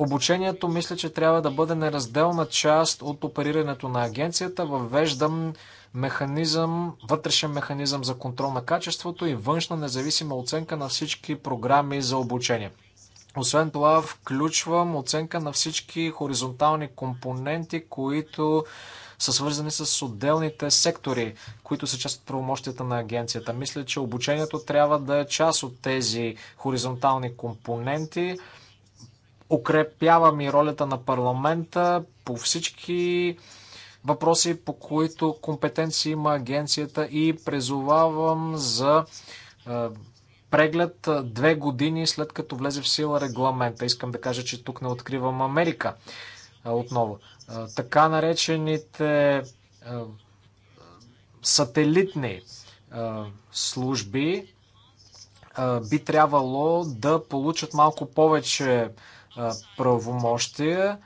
Обучението мисля, че трябва да бъде неразделна част от оперирането на агенцията. Въвеждам механизъм, вътрешен механизъм за контрол на качеството и външна независима оценка на всички програми за обучение. Освен това, включвам оценка на всички хоризонтални компоненти, които са свързани с отделните сектори, които са част от правомощията на агенцията. Мисля, че обучението трябва да е част от тези хоризонтални компоненти. Укрепявам и ролята на парламента по всички въпроси, по които компетенции има агенцията и призовавам за е, преглед е, две години след като влезе в сила регламента. Искам да кажа, че тук не откривам Америка е, отново. Така наречените сателитни служби би трябвало да получат малко повече правомощия.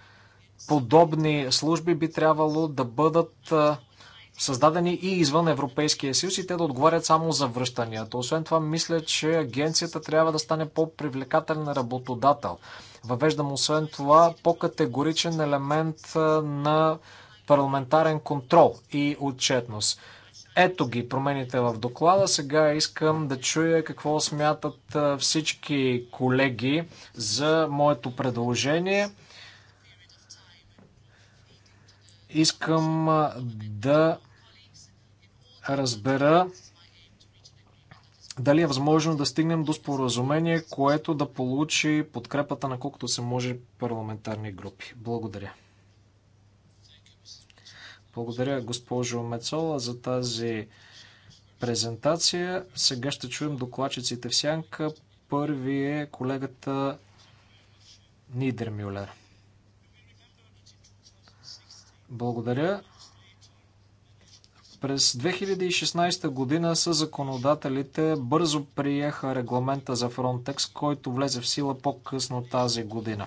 Подобни служби би трябвало да бъдат създадени и извън Европейския съюз и те да отговарят само за връщанията. Освен това, мисля, че агенцията трябва да стане по-привлекателен работодател. Въвеждам освен това по-категоричен елемент на парламентарен контрол и отчетност. Ето ги промените в доклада. Сега искам да чуя какво смятат всички колеги за моето предложение. Искам да разбера дали е възможно да стигнем до споразумение, което да получи подкрепата на колкото се може парламентарни групи. Благодаря. Благодаря, госпожо Мецола, за тази презентация. Сега ще чуем докладчиците в сянка. Първи е колегата Нидермюлер. Благодаря. През 2016 година са законодателите бързо приеха регламента за Frontex, който влезе в сила по-късно тази година.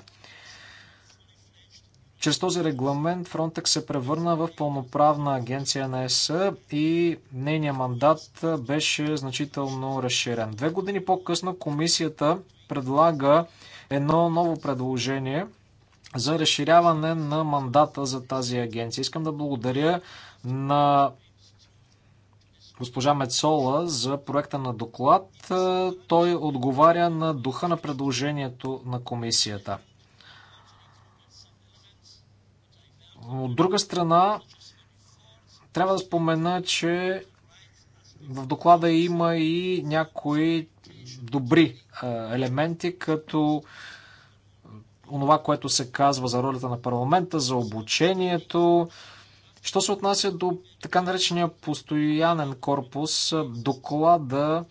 Чрез този регламент Frontex се превърна в пълноправна агенция на ЕС и нейният мандат беше значително разширен. Две години по-късно комисията предлага едно ново предложение за разширяване на мандата за тази агенция. Искам да благодаря на госпожа Мецола за проекта на доклад. Той отговаря на духа на предложението на комисията. От друга страна, трябва да спомена, че в доклада има и някои добри е, елементи, като онова, което се казва за ролята на парламента, за обучението. Що се отнася до така наречения постоянен корпус, доклада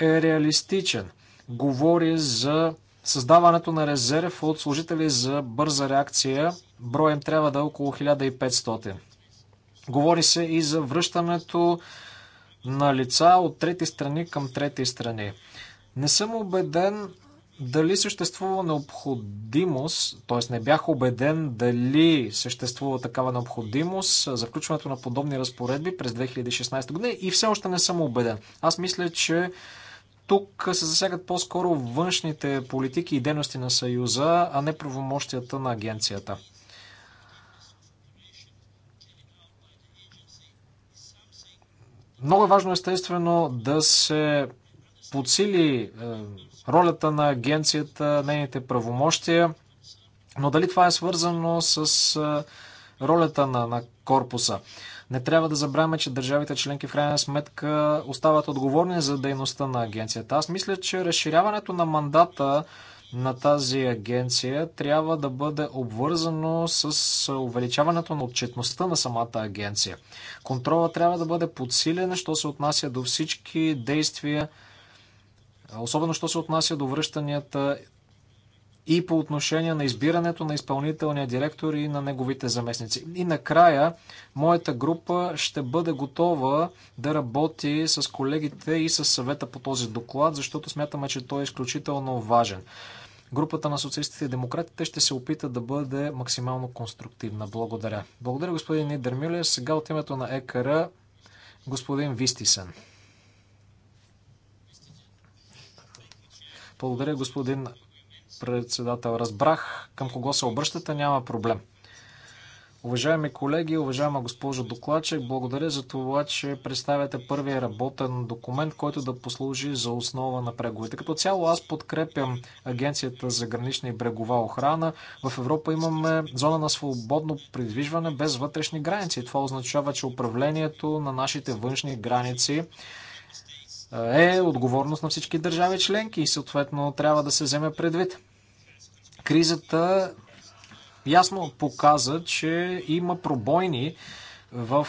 е реалистичен. Говори за създаването на резерв от служители за бърза реакция броем трябва да е около 1500. Говори се и за връщането на лица от трети страни към трети страни. Не съм убеден дали съществува необходимост, т.е. не бях убеден дали съществува такава необходимост за включването на подобни разпоредби през 2016 година и все още не съм убеден. Аз мисля, че тук се засягат по-скоро външните политики и дейности на Съюза, а не правомощията на агенцията. Много е важно, естествено, да се подсили е, ролята на агенцията, нейните правомощия, но дали това е свързано с е, ролята на, на корпуса. Не трябва да забравяме, че държавите членки в крайна сметка остават отговорни за дейността на агенцията. Аз мисля, че разширяването на мандата на тази агенция трябва да бъде обвързано с увеличаването на отчетността на самата агенция. Контрола трябва да бъде подсилен, що се отнася до всички действия, особено що се отнася до връщанията и по отношение на избирането на изпълнителния директор и на неговите заместници. И накрая, моята група ще бъде готова да работи с колегите и с съвета по този доклад, защото смятаме, че той е изключително важен. Групата на социалистите и демократите ще се опита да бъде максимално конструктивна. Благодаря. Благодаря, господин Нидермюле. Сега от името на ЕКР, господин Вистисен. Благодаря, господин председател. Разбрах към кого се обръщате, няма проблем. Уважаеми колеги, уважаема госпожо докладчик, благодаря за това, че представяте първия работен документ, който да послужи за основа на преговорите. Като цяло аз подкрепям Агенцията за гранична и брегова охрана. В Европа имаме зона на свободно придвижване без вътрешни граници. Това означава, че управлението на нашите външни граници е отговорност на всички държави членки и съответно трябва да се вземе предвид. Кризата ясно показа, че има пробойни в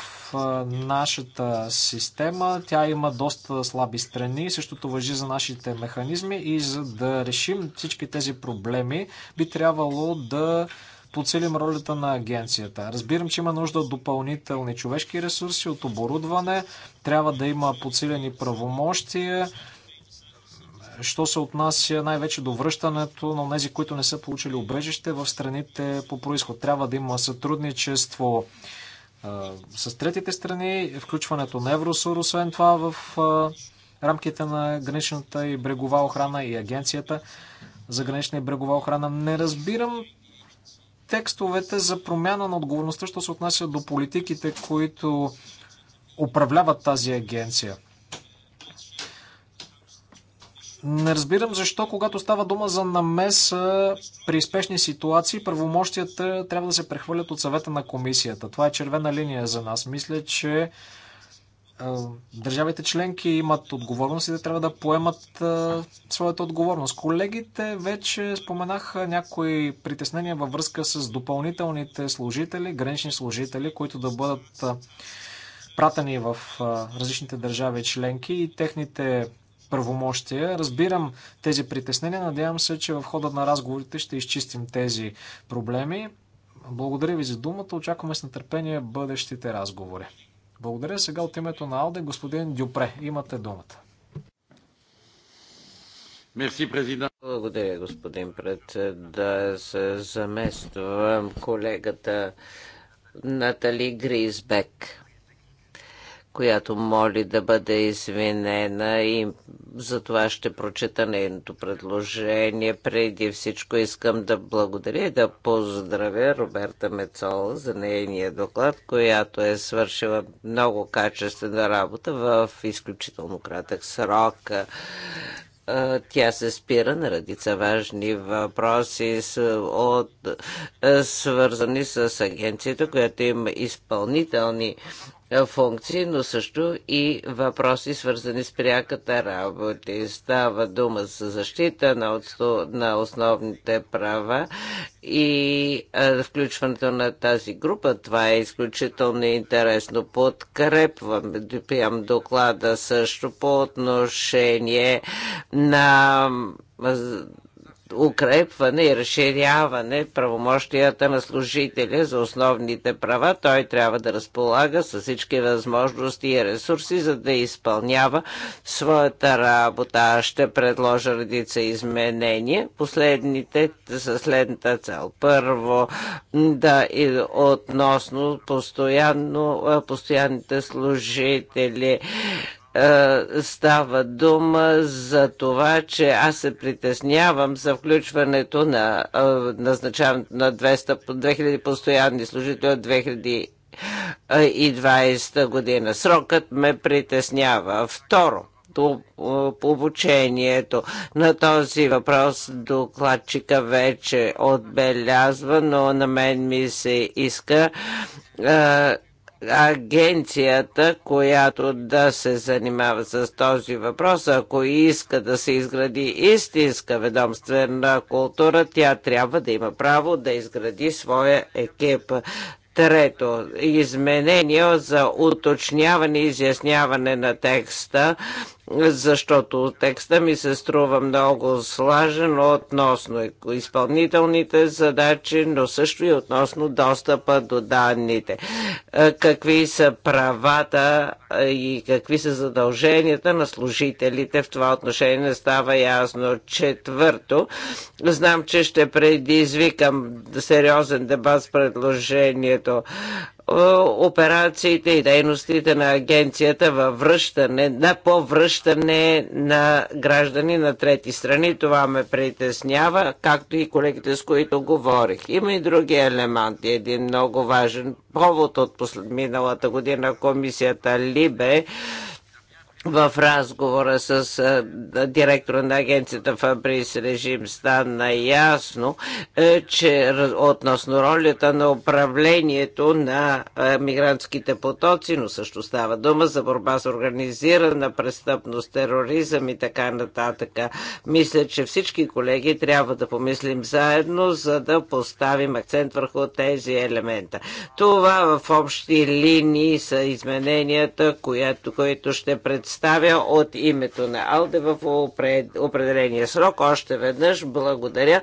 нашата система. Тя има доста слаби страни. Същото въжи за нашите механизми и за да решим всички тези проблеми, би трябвало да подсилим ролята на агенцията. Разбирам, че има нужда от допълнителни човешки ресурси, от оборудване, трябва да има подсилени правомощия, що се отнася най-вече до връщането на тези, които не са получили убежище в страните по происход. Трябва да има сътрудничество с третите страни, включването на Евросур, освен това в рамките на граничната и брегова охрана и агенцията за гранична и брегова охрана. Не разбирам текстовете за промяна на отговорността, що се отнася до политиките, които управляват тази агенция. Не разбирам защо, когато става дума за намеса при спешни ситуации, правомощията трябва да се прехвърлят от съвета на комисията. Това е червена линия за нас. Мисля, че е, държавите членки имат отговорност и те трябва да поемат е, своята отговорност. Колегите вече споменаха някои притеснения във връзка с допълнителните служители, гранични служители, които да бъдат е, пратени в е, различните държави членки и техните правомощия. Разбирам тези притеснения. Надявам се, че в хода на разговорите ще изчистим тези проблеми. Благодаря ви за думата. Очакваме с нетърпение бъдещите разговори. Благодаря сега от името на Алде, господин Дюпре. Имате думата. Мерси, президент. Благодаря, господин председател. Да се замествам колегата Натали Гризбек която моли да бъде извинена и за това ще прочета нейното предложение. Преди всичко искам да благодаря и да поздравя Роберта Мецола за нейния доклад, която е свършила много качествена работа в изключително кратък срок. Тя се спира на редица важни въпроси, от, свързани с агенцията, която има изпълнителни е, функции, но също и въпроси, свързани с пряката работа. Става дума за защита на, отсто... на основните права и а, е, включването на тази група. Това е изключително интересно. Подкрепвам пиям доклада също по отношение на укрепване и разширяване правомощията на служителя за основните права. Той трябва да разполага с всички възможности и ресурси, за да изпълнява своята работа. Аз ще предложа редица изменения. Последните са следната цел. Първо, да и относно постоянно, постоянните служители е, става дума за това, че аз се притеснявам за включването на е, назначаването на 200, 2000 постоянни служители от 2020 година. Срокът ме притеснява. Второ, е, по обучението. На този въпрос докладчика вече отбелязва, но на мен ми се иска агенцията, която да се занимава с този въпрос. Ако иска да се изгради истинска ведомствена култура, тя трябва да има право да изгради своя екип. Трето, изменение за уточняване и изясняване на текста защото текста ми се струва много слажен относно изпълнителните задачи, но също и относно достъпа до данните. Е, какви са правата е, и какви са задълженията на служителите в това отношение става ясно. Четвърто, знам, че ще предизвикам сериозен дебат с предложението. Е, операциите и дейностите на агенцията във връщане, на повръщане на граждани на трети страни. Това ме притеснява, както и колегите, с които говорих. Има и други елементи. Един много важен повод от миналата година комисията Либе в разговора с директора на агенцията Фабрис Режим стана ясно, че относно ролята на управлението на мигрантските потоци, но също става дума за борба с организирана престъпност, тероризъм и така нататък. Мисля, че всички колеги трябва да помислим заедно, за да поставим акцент върху тези елемента. Това в общи линии са измененията, които ще представим представя от името на Алде в определения срок. Още веднъж благодаря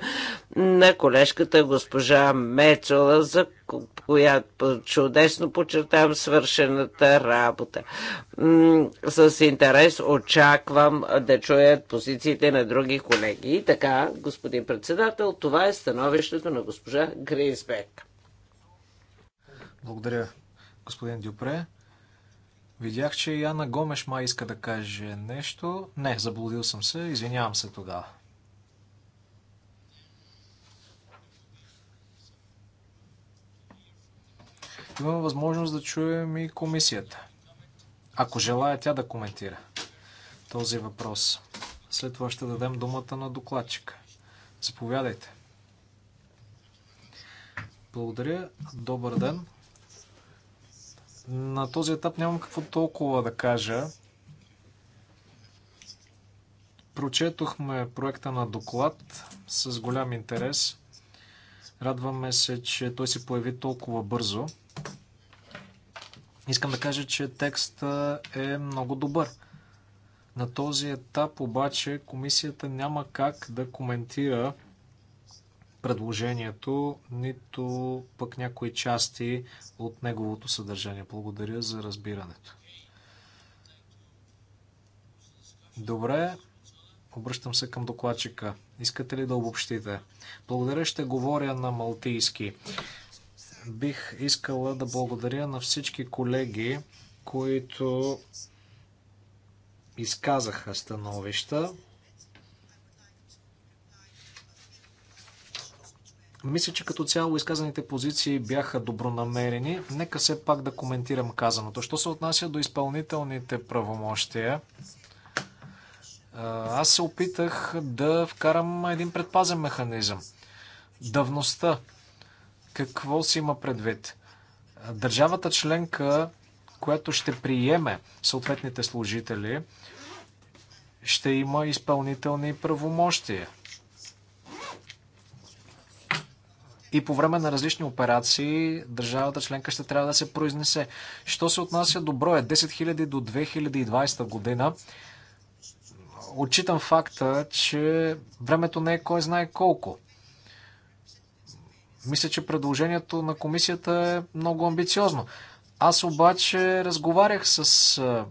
на колежката госпожа Мецола за която чудесно подчертавам свършената работа. С интерес очаквам да чуят позициите на други колеги. И така, господин председател, това е становището на госпожа Гринсбек. Благодаря, господин Дюпре. Видях, че Яна Гомеш май иска да каже нещо. Не, заблудил съм се. Извинявам се тогава. Имам възможност да чуем и комисията. Ако желая тя да коментира този въпрос. След това ще дадем думата на докладчика. Заповядайте. Благодаря. Добър ден. На този етап нямам какво толкова да кажа. Прочетохме проекта на доклад с голям интерес. Радваме се, че той се появи толкова бързо. Искам да кажа, че текста е много добър. На този етап обаче комисията няма как да коментира предложението, нито пък някои части от неговото съдържание. Благодаря за разбирането. Добре, обръщам се към докладчика. Искате ли да обобщите? Благодаря, ще говоря на малтийски. Бих искала да благодаря на всички колеги, които изказаха становища. Мисля, че като цяло изказаните позиции бяха добронамерени. Нека все пак да коментирам казаното. Що се отнася до изпълнителните правомощия, аз се опитах да вкарам един предпазен механизъм. Давността. Какво си има предвид? Държавата членка, която ще приеме съответните служители, ще има изпълнителни правомощия. И по време на различни операции държавата членка ще трябва да се произнесе. Що се отнася до броя 10 000 до 2020 година, отчитам факта, че времето не е кой знае колко. Мисля, че предложението на комисията е много амбициозно. Аз обаче разговарях с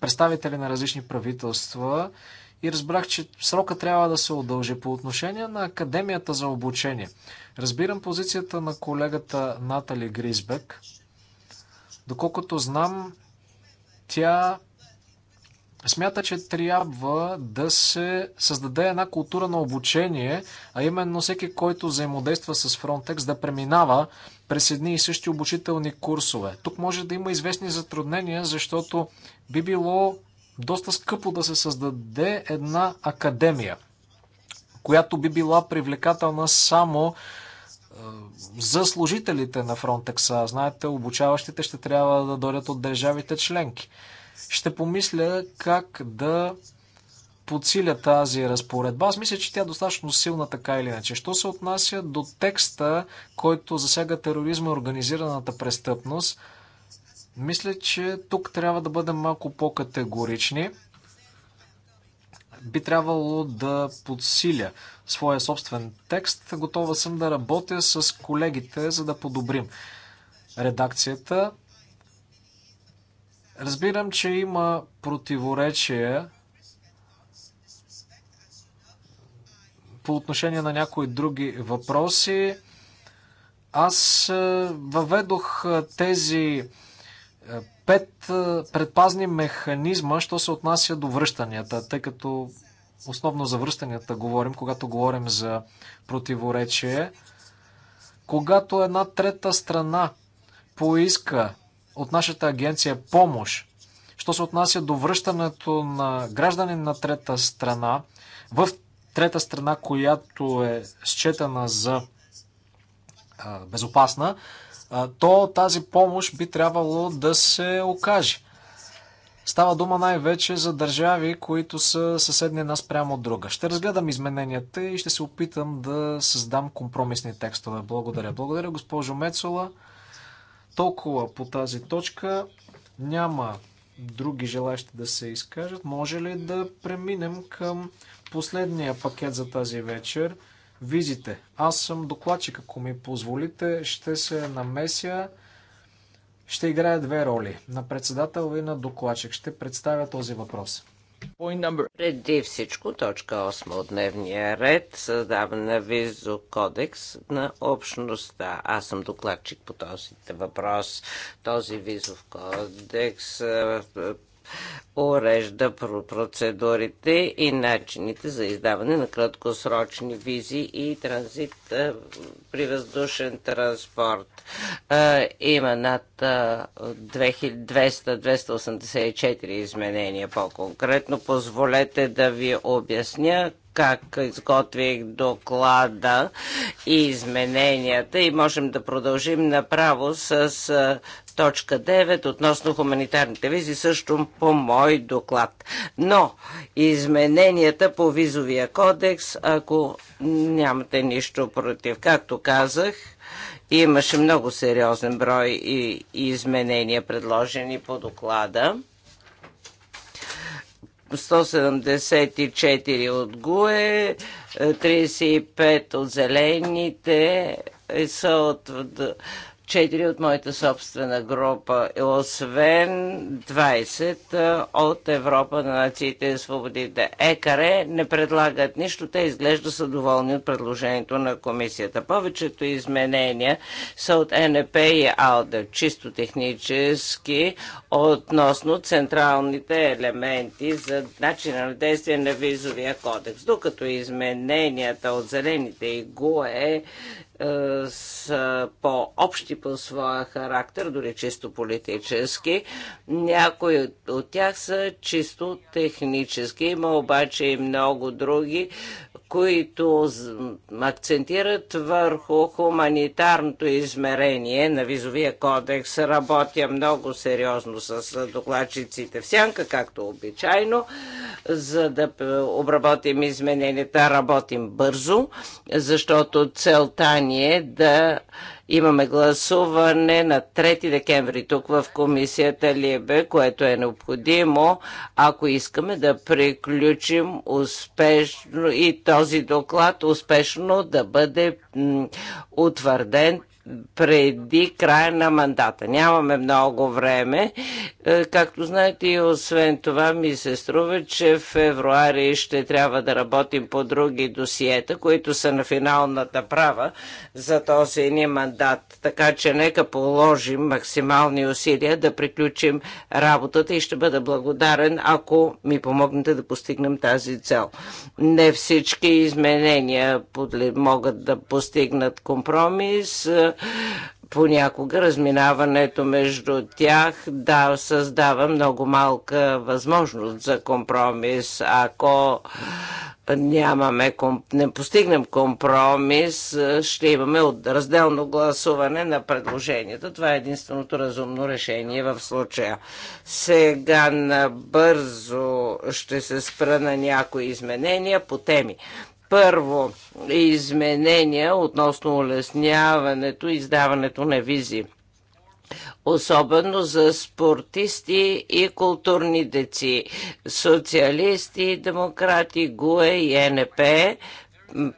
представители на различни правителства и разбрах, че срока трябва да се удължи по отношение на Академията за обучение. Разбирам позицията на колегата Натали Гризбек. Доколкото знам, тя смята, че трябва да се създаде една култура на обучение, а именно всеки, който взаимодейства с Frontex, да преминава през едни и същи обучителни курсове. Тук може да има известни затруднения, защото би било доста скъпо да се създаде една академия, която би била привлекателна само е, за служителите на Фронтекса. Знаете, обучаващите ще трябва да дойдат от държавите членки. Ще помисля как да подсиля тази разпоредба. Аз мисля, че тя е достатъчно силна така или иначе. Що се отнася до текста, който засяга тероризма и организираната престъпност, мисля, че тук трябва да бъдем малко по-категорични. Би трябвало да подсиля своя собствен текст. Готова съм да работя с колегите, за да подобрим редакцията. Разбирам, че има противоречие по отношение на някои други въпроси. Аз е, въведох е, тези пет предпазни механизма, що се отнася до връщанията, тъй като основно за връщанията говорим, когато говорим за противоречие. Когато една трета страна поиска от нашата агенция помощ, що се отнася до връщането на граждани на трета страна, в трета страна, която е счетена за безопасна, то тази помощ би трябвало да се окаже. Става дума най-вече за държави, които са съседни нас прямо от друга. Ще разгледам измененията и ще се опитам да създам компромисни текстове. Благодаря. Благодаря, госпожо Мецола. Толкова по тази точка. Няма други желащи да се изкажат. Може ли да преминем към последния пакет за тази вечер? визите. Аз съм докладчик, ако ми позволите, ще се намеся. Ще играя две роли на председател и на докладчик. Ще представя този въпрос. Преди всичко, точка 8 от дневния ред, създаване визо кодекс на общността. Аз съм докладчик по този въпрос. Този визов кодекс урежда процедурите и начините за издаване на краткосрочни визи и транзит при въздушен транспорт. има над 200-284 изменения по-конкретно. Позволете да ви обясня как изготвих доклада и измененията и можем да продължим направо с точка 9 относно хуманитарните визи, също по мой доклад. Но измененията по визовия кодекс, ако нямате нищо против, както казах, имаше много сериозен брой и изменения предложени по доклада. 174 от ГУЕ, 35 от зелените, е, са от 4 от моята собствена група, освен 20 от Европа на нациите и свободите. ЕКАРЕ не предлагат нищо, те изглежда са доволни от предложението на комисията. Повечето изменения са от НП и АЛДА, чисто технически, относно централните елементи за начина на действие на визовия кодекс, докато измененията от зелените и ГУЕ е, са по-общи по своя характер, дори чисто политически. Някои от тях са чисто технически. Има обаче и много други, които акцентират върху хуманитарното измерение на визовия кодекс. Работя много сериозно с докладчиците в сянка, както обичайно за да обработим измененията. Работим бързо, защото целта ни е да имаме гласуване на 3 декември тук в комисията Либе, което е необходимо, ако искаме да приключим успешно и този доклад успешно да бъде утвърден преди края на мандата. Нямаме много време. Е, както знаете и освен това ми се струва, че в февруари ще трябва да работим по други досиета, които са на финалната права за този ни мандат. Така че нека положим максимални усилия да приключим работата и ще бъда благодарен, ако ми помогнете да постигнем тази цел. Не всички изменения могат да постигнат компромис е, понякога разминаването между тях да създава много малка възможност за компромис. Ако нямаме, не постигнем компромис, ще имаме разделно гласуване на предложението. Това е единственото разумно решение в случая. Сега набързо ще се спра на някои изменения по теми. Първо, изменения относно улесняването и издаването на визи особено за спортисти и културни деци, социалисти, демократи, ГУЕ и НП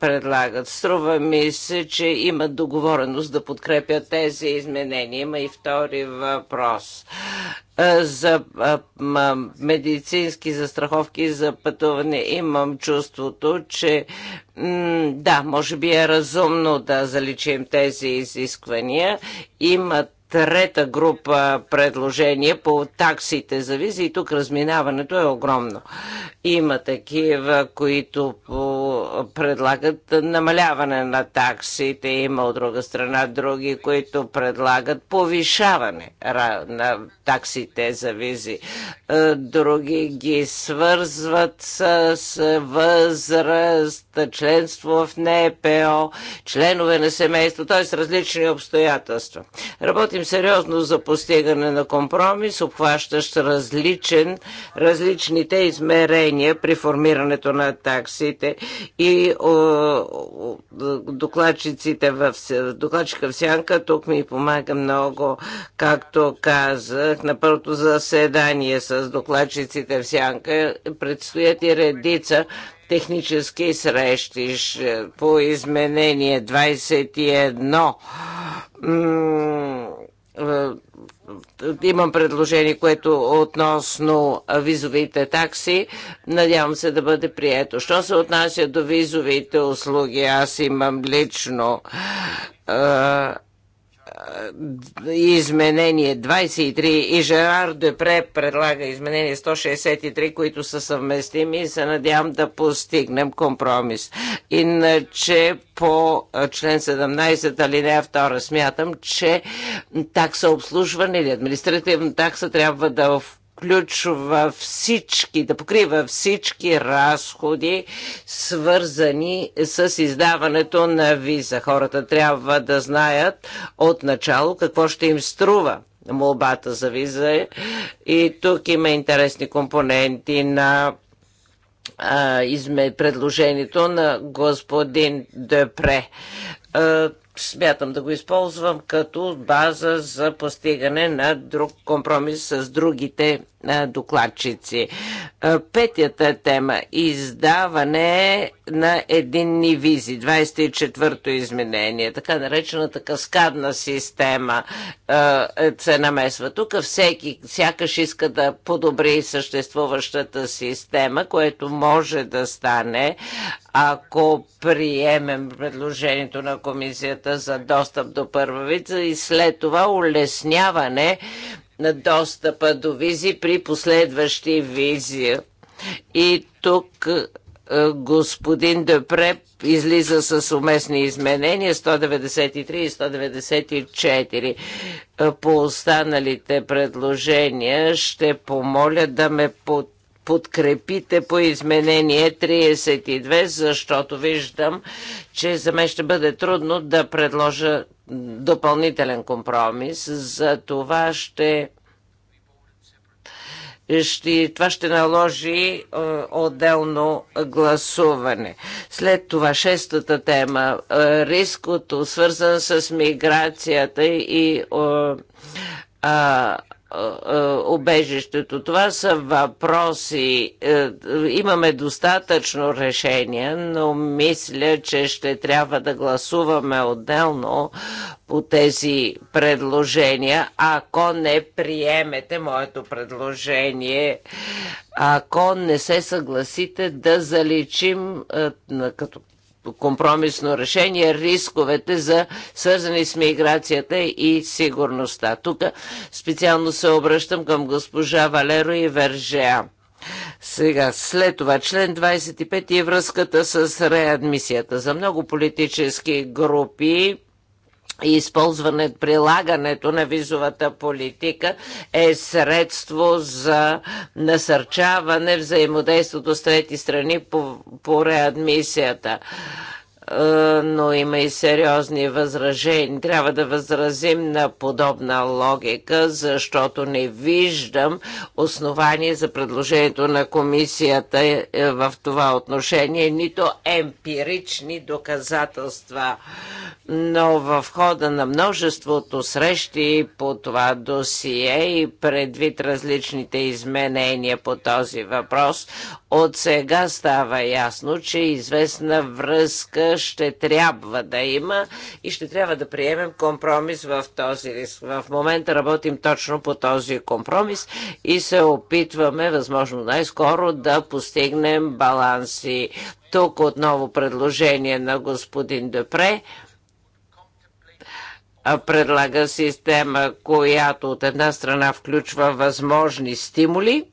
предлагат. Струва ми се, че имат договореност да подкрепят тези изменения. Има и втори въпрос е, за е, медицински застраховки за пътуване. Имам чувството, че да, може би е разумно да заличим тези изисквания. Имат трета група предложения по таксите за визи и тук разминаването е огромно. Има такива, които предлагат намаляване на таксите, има от друга страна други, които предлагат повишаване на таксите за визи. Е, други ги свързват с възраст, членство в НПО, членове на семейство, т.е. различни обстоятелства. Работи работим сериозно за постигане на компромис, обхващащ различен, различните измерения при формирането на таксите и о, о, докладчиците в, докладчика в Сянка тук ми помага много, както казах, на първото заседание с докладчиците в Сянка предстоят и редица технически срещи по изменение 21 е, имам предложение, което относно визовите такси. Надявам се да бъде прието. Що се отнася до визовите услуги, аз имам лично е, изменение 23 и Жерар Депре предлага изменение 163, които са съвместими и се надявам да постигнем компромис. Иначе по член 17 алинея 2 смятам, че такса обслужване или административна такса трябва да включва всички, да покрива всички разходи, свързани с издаването на виза. Хората трябва да знаят от начало какво ще им струва молбата за виза. И тук има интересни компоненти на а, изме, предложението на господин Депре. А, смятам да го използвам като база за постигане на друг компромис с другите е, докладчици. Е, Петята е тема – издаване на единни визи, 24-то изменение, така наречената каскадна система се намесва. Тук всеки сякаш иска да подобри съществуващата система, което може да стане, ако приемем предложението на комисията за достъп до първа вид и след това улесняване на достъпа до визи при последващи визи. И тук е, господин Депре излиза с уместни изменения 193 и 194. Е, по останалите предложения ще помоля да ме под подкрепите по изменение 32, защото виждам, че за мен ще бъде трудно да предложа допълнителен компромис. За това ще ще, това ще наложи е, отделно гласуване. След това шестата тема е, риското, свързан с миграцията и е, е, е, обежището. Това са въпроси. Е, имаме достатъчно решения, но мисля, че ще трябва да гласуваме отделно по тези предложения, ако не приемете моето предложение, ако не се съгласите да заличим като компромисно решение рисковете за свързани с миграцията и сигурността. Тук специално се обръщам към госпожа Валеро и Вержеа. Сега, след това, член 25 и връзката с реадмисията. За много политически групи и използване, прилагането на визовата политика е средство за насърчаване взаимодействието с трети страни по, по реадмисията. Е, но има и сериозни възражения. Трябва да възразим на подобна логика, защото не виждам основание за предложението на комисията е, в това отношение, нито емпирични доказателства. Но в хода на множеството срещи по това досие и предвид различните изменения по този въпрос, от сега става ясно, че известна връзка ще трябва да има и ще трябва да приемем компромис в този риск. В момента работим точно по този компромис и се опитваме, възможно най-скоро, да постигнем баланси. Тук отново предложение на господин Депре предлага система, която от една страна включва възможни стимули,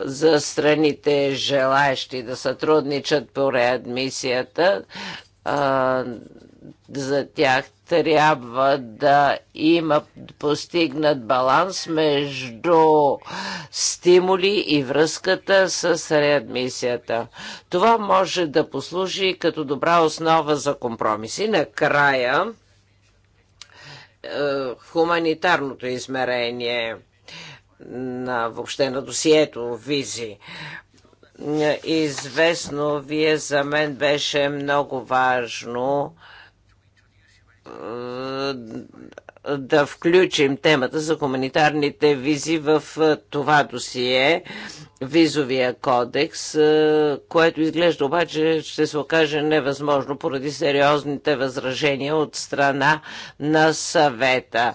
за страните, желаещи да сътрудничат по реадмисията, за тях трябва да има постигнат баланс между стимули и връзката с реадмисията. Това може да послужи като добра основа за компромиси. Накрая, е, хуманитарното измерение – на въобще на досието визи. Известно вие за мен беше много важно е, да включим темата за хуманитарните визи в е, това досие, визовия кодекс, е, което изглежда обаче ще се окаже невъзможно поради сериозните възражения от страна на съвета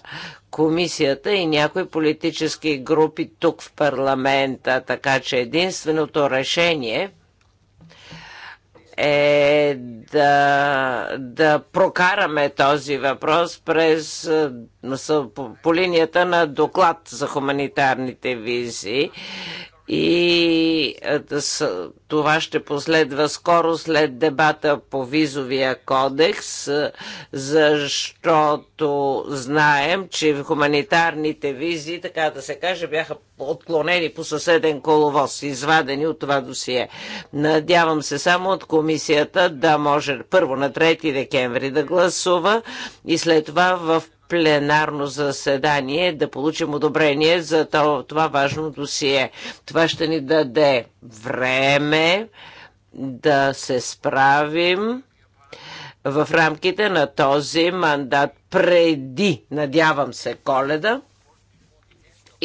комисията и някои политически групи тук в парламента, така че единственото решение е да, да прокараме този въпрос през, по, по линията на доклад за хуманитарните визи и е, това ще последва скоро след дебата по визовия кодекс, е, защото знаем, че хуманитарните визи, така да се каже, бяха отклонени по съседен коловоз, извадени от това досие. Надявам се само от комисията да може първо на 3 декември да гласува и след това в пленарно заседание да получим одобрение за това важно досие. Това ще ни даде време да се справим в рамките на този мандат преди, надявам се, коледа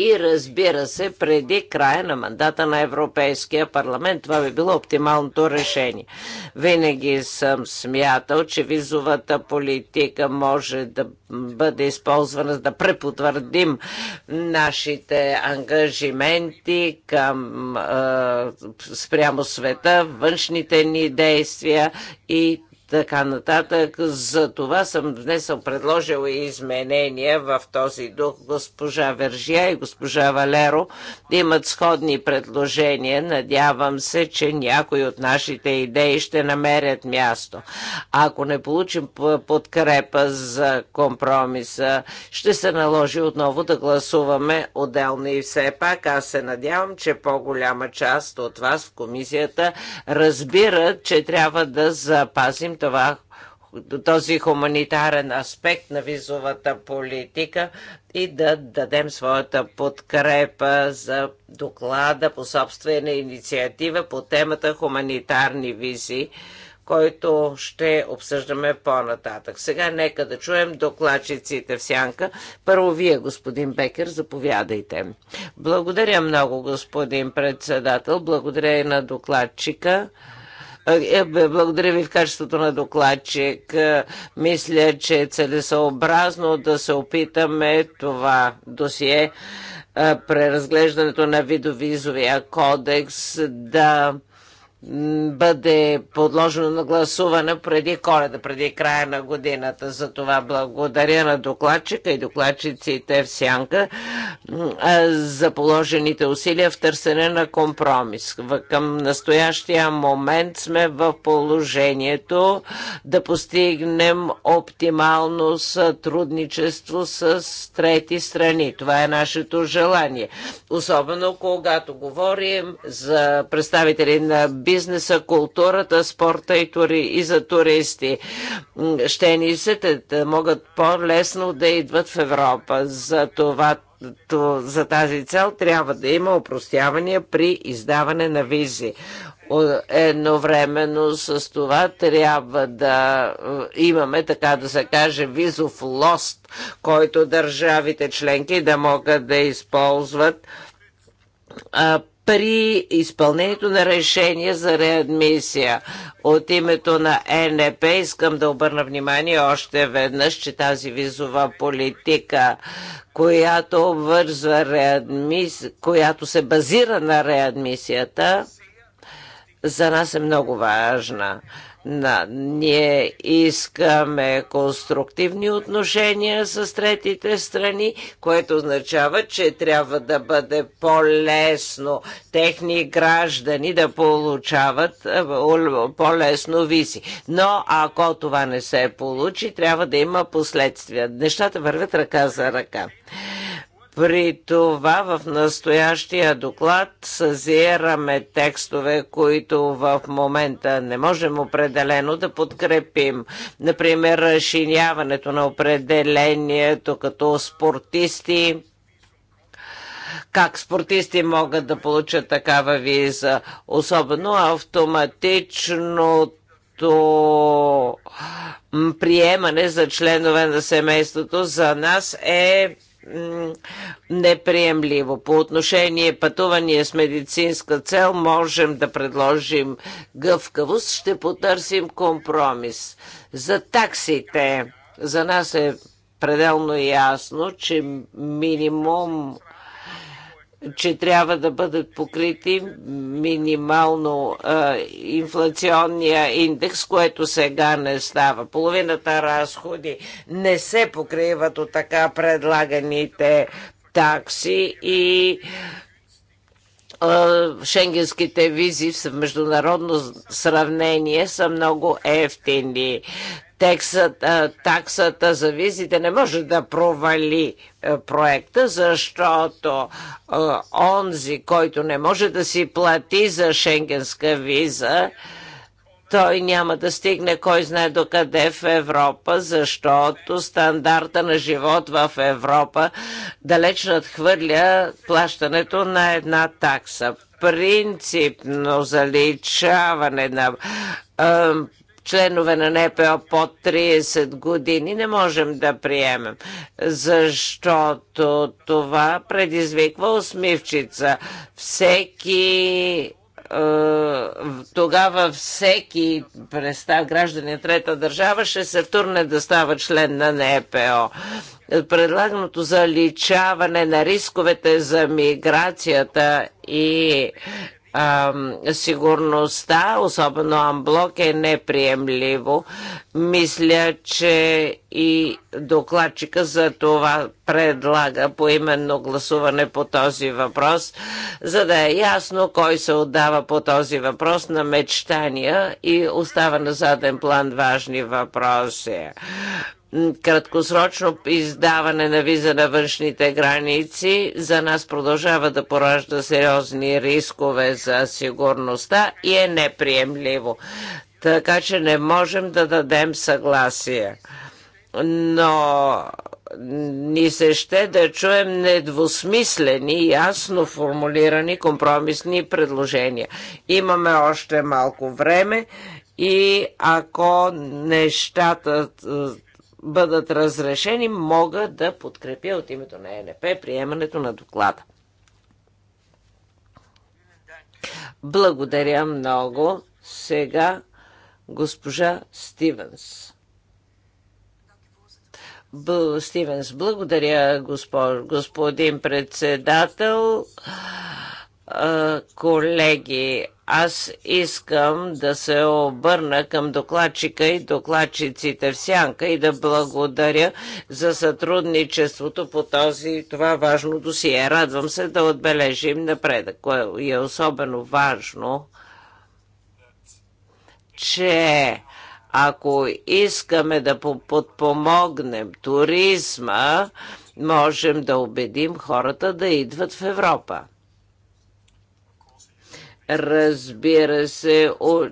и разбира се, преди края на мандата на Европейския парламент. Това би било оптималното решение. Винаги съм смятал, че визовата политика може да бъде използвана за да препотвърдим нашите ангажименти към е, спрямо света, външните ни действия и така нататък. За това съм внесъл, предложила изменения в този дух. Госпожа Вержия и госпожа Валеро имат сходни предложения. Надявам се, че някои от нашите идеи ще намерят място. Ако не получим подкрепа за компромиса, ще се наложи отново да гласуваме отделно и все пак. Аз се надявам, че по-голяма част от вас в комисията разбират, че трябва да запазим това този хуманитарен аспект на визовата политика и да дадем своята подкрепа за доклада по собствена инициатива по темата хуманитарни визи, който ще обсъждаме по-нататък. Сега нека да чуем докладчиците в сянка. Първо вие, господин Бекер, заповядайте. Благодаря много, господин председател. Благодаря и на докладчика. Е, благодаря ви в качеството на докладчик. Е, мисля, че е целесообразно да се опитаме това досие е, преразглеждането на видовизовия кодекс да бъде подложено на гласуване преди коледа, преди края на годината. За това благодаря на докладчика и докладчиците в Сянка за положените усилия в търсене на компромис. Към настоящия момент сме в положението да постигнем оптимално сътрудничество с трети страни. Това е нашето желание. Особено когато говорим за представители на бизнеса, културата, спорта и, тури, и за туристи. Ще ни се да могат по-лесно да идват в Европа. За това то, за тази цел трябва да има опростявания при издаване на визи. Едновременно с това трябва да е, имаме, така да се каже, визов лост, който държавите членки да могат да използват при изпълнението на решение за реадмисия. От името на НП искам да обърна внимание още веднъж, че тази визова политика, която обвързва реадмис... която се базира на реадмисията, за нас е много важна. На, ние искаме конструктивни отношения с третите страни, което означава, че трябва да бъде по-лесно техни граждани да получават е, по-лесно виси. Но ако това не се получи, трябва да има последствия. Нещата вървят ръка за ръка. При това в настоящия доклад съзираме текстове, които в момента не можем определено да подкрепим. Например, разширяването на определението като спортисти, как спортисти могат да получат такава виза, особено автоматичното приемане за членове на семейството за нас е неприемливо. По отношение пътувания с медицинска цел можем да предложим гъвкавост, ще потърсим компромис. За таксите за нас е пределно ясно, че минимум че трябва да бъдат покрити минимално а, инфлационния индекс, което сега не става. Половината разходи не се покриват от така предлаганите такси и шенгенските визи в международно сравнение са много ефтини. Тексата, таксата за визите не може да провали проекта, защото онзи, който не може да си плати за шенгенска виза, той няма да стигне кой знае до къде в Европа, защото стандарта на живот в Европа далеч надхвърля плащането на една такса. Принципно заличаване на членове на НПО под 30 години не можем да приемем, защото това предизвиква усмивчица. Всеки е, тогава всеки представ, граждани трета държава ще се втурне да става член на НПО. Предлаганото заличаване на рисковете за миграцията и а, сигурността, особено Амблок, е неприемливо. Мисля, че и докладчика за това предлага по именно гласуване по този въпрос, за да е ясно кой се отдава по този въпрос на мечтания и остава на заден план важни въпроси краткосрочно издаване на виза на външните граници за нас продължава да поражда сериозни рискове за сигурността и е неприемливо. Така че не можем да дадем съгласие. Но ни се ще да чуем недвусмислени, ясно формулирани компромисни предложения. Имаме още малко време и ако нещата бъдат разрешени, мога да подкрепя от името на ЕНП приемането на доклада. Благодаря много. Сега госпожа Стивенс. Стивенс, благодаря, госпо, господин председател колеги, аз искам да се обърна към докладчика и докладчиците в сянка и да благодаря за сътрудничеството по този, това важно досие. Радвам се да отбележим напредък, което е особено важно, че ако искаме да подпомогнем туризма, можем да убедим хората да идват в Европа. Разбира се, о,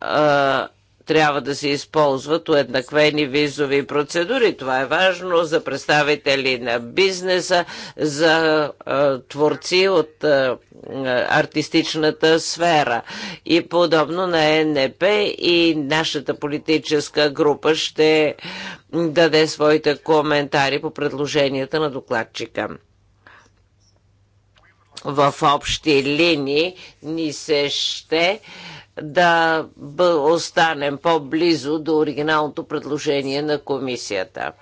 а, трябва да се използват уеднаквени визови процедури. Това е важно за представители на бизнеса, за а, творци от а, артистичната сфера. И подобно на НП и нашата политическа група ще даде своите коментари по предложенията на докладчика в общи линии ни се ще да останем по-близо до оригиналното предложение на комисията.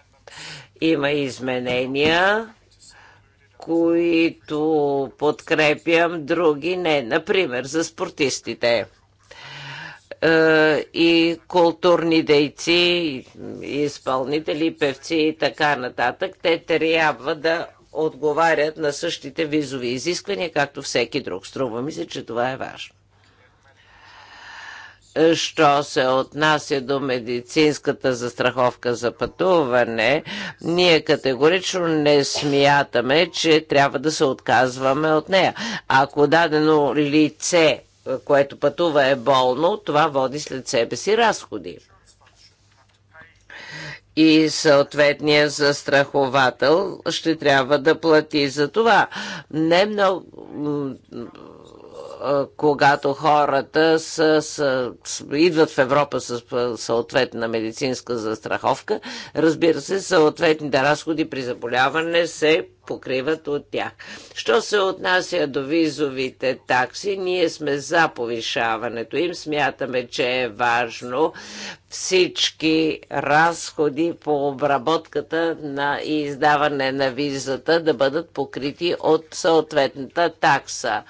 Има изменения, които подкрепям, други не. Например, за спортистите е, и културни дейци, изпълнители, певци и така нататък. Те трябва да отговарят на същите визови изисквания, както всеки друг. Струва ми се, че това е важно. Що се отнася до медицинската застраховка за пътуване, ние категорично не смятаме, че трябва да се отказваме от нея. Ако дадено лице, което пътува е болно, това води след себе си разходи и съответния застраховател ще трябва да плати за това. Не много когато хората с, с, с, идват в Европа с съответна медицинска застраховка, разбира се, съответните разходи при заболяване се покриват от тях. Що се отнася до визовите такси, ние сме за повишаването им. Смятаме, че е важно всички разходи по обработката на и издаване на визата да бъдат покрити от съответната такса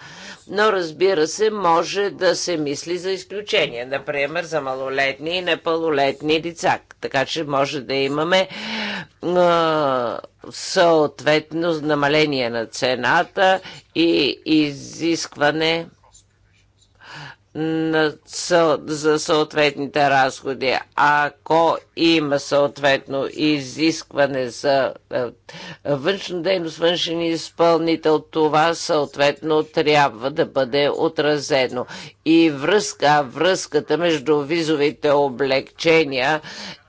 но разбира се, може да се мисли за изключение, например за малолетни и непълнолетни деца. Така че може да имаме а, съответно намаление на цената и изискване за съответните разходи. Ако има съответно изискване за е, външна дейност, външен изпълнител, това съответно трябва да бъде отразено. И връзка, връзката между визовите облегчения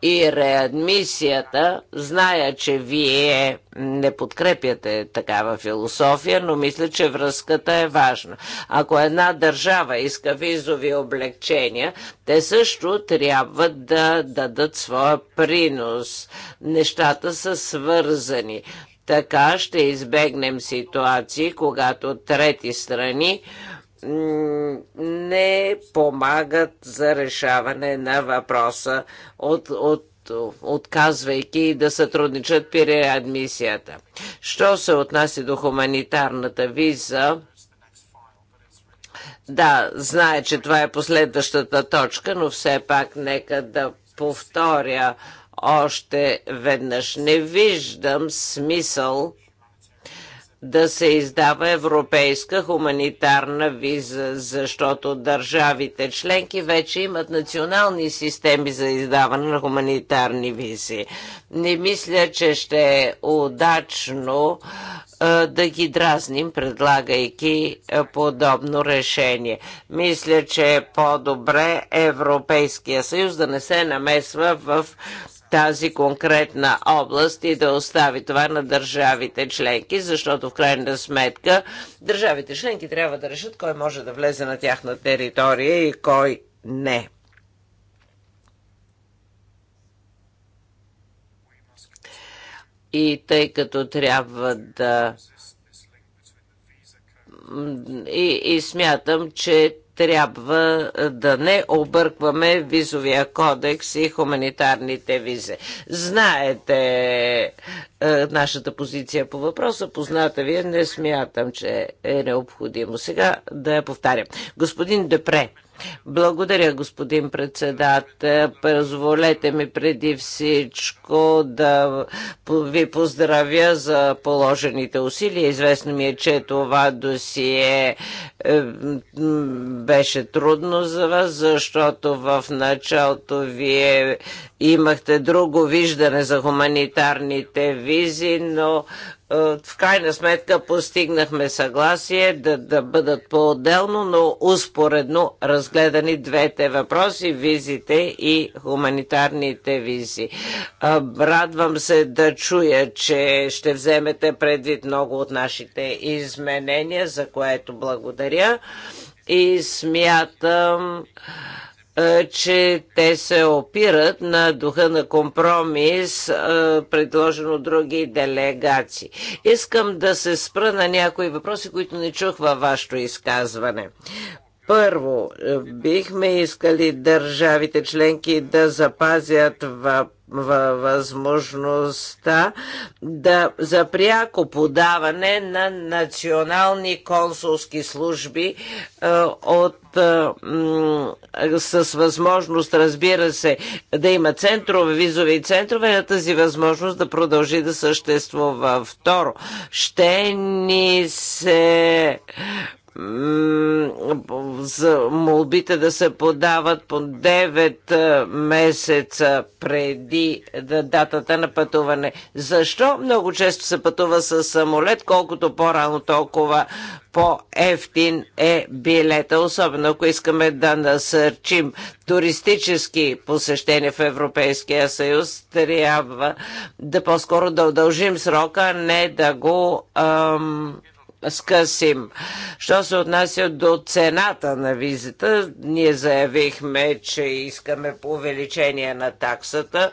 и реадмисията, зная, че вие не подкрепяте такава философия, но мисля, че връзката е важна. Ако една държава иска визови облегчения, те също трябва да дадат своя принос. Нещата са свързани. Така ще избегнем ситуации, когато трети страни не помагат за решаване на въпроса от, от отказвайки да сътрудничат при реадмисията. Що се отнася до хуманитарната виза, да, знае, че това е последващата точка, но все пак нека да повторя още веднъж. Не виждам смисъл да се издава европейска хуманитарна виза, защото държавите членки вече имат национални системи за издаване на хуманитарни визи. Не мисля, че ще е удачно да ги дразним, предлагайки подобно решение. Мисля, че е по-добре Европейския съюз да не се намесва в тази конкретна област и да остави това на държавите членки, защото в крайна сметка държавите членки трябва да решат кой може да влезе на тяхна територия и кой не. И тъй като трябва да и, и смятам, че трябва е, да не объркваме визовия кодекс и хуманитарните визи. Знаете е, нашата позиция по въпроса, позната вие, не смятам, че е необходимо. Сега да я повтарям. Господин Депре, благодаря, господин председател. Позволете ми преди всичко да ви поздравя за положените усилия. Известно ми е, че това досие е, беше трудно за вас, защото в началото вие имахте друго виждане за хуманитарните визи, но е, в крайна сметка постигнахме съгласие да, да бъдат по-отделно, но успоредно разгледани двете въпроси визите и хуманитарните визи. Е, радвам се да чуя, че ще вземете предвид много от нашите изменения, за което благодаря и смятам е, че те се опират на духа на компромис, е, предложен от други делегации. Искам да се спра на някои въпроси, които не чух във вашето изказване. Първо, е, бихме искали държавите членки да запазят в възможността да, за пряко подаване на национални консулски служби е, от, е, с възможност, разбира се, да има центрове, визови центрове, на тази възможност да продължи да съществува. Второ, ще ни се за молбите да се подават по 9 месеца преди датата на пътуване. Защо? Много често се пътува с самолет, колкото по-рано толкова по-ефтин е билета, особено ако искаме да насърчим туристически посещения в Европейския съюз, трябва да по-скоро да удължим срока, не да го ам, скъсим. Що се отнася до цената на визита, ние заявихме, че искаме увеличение на таксата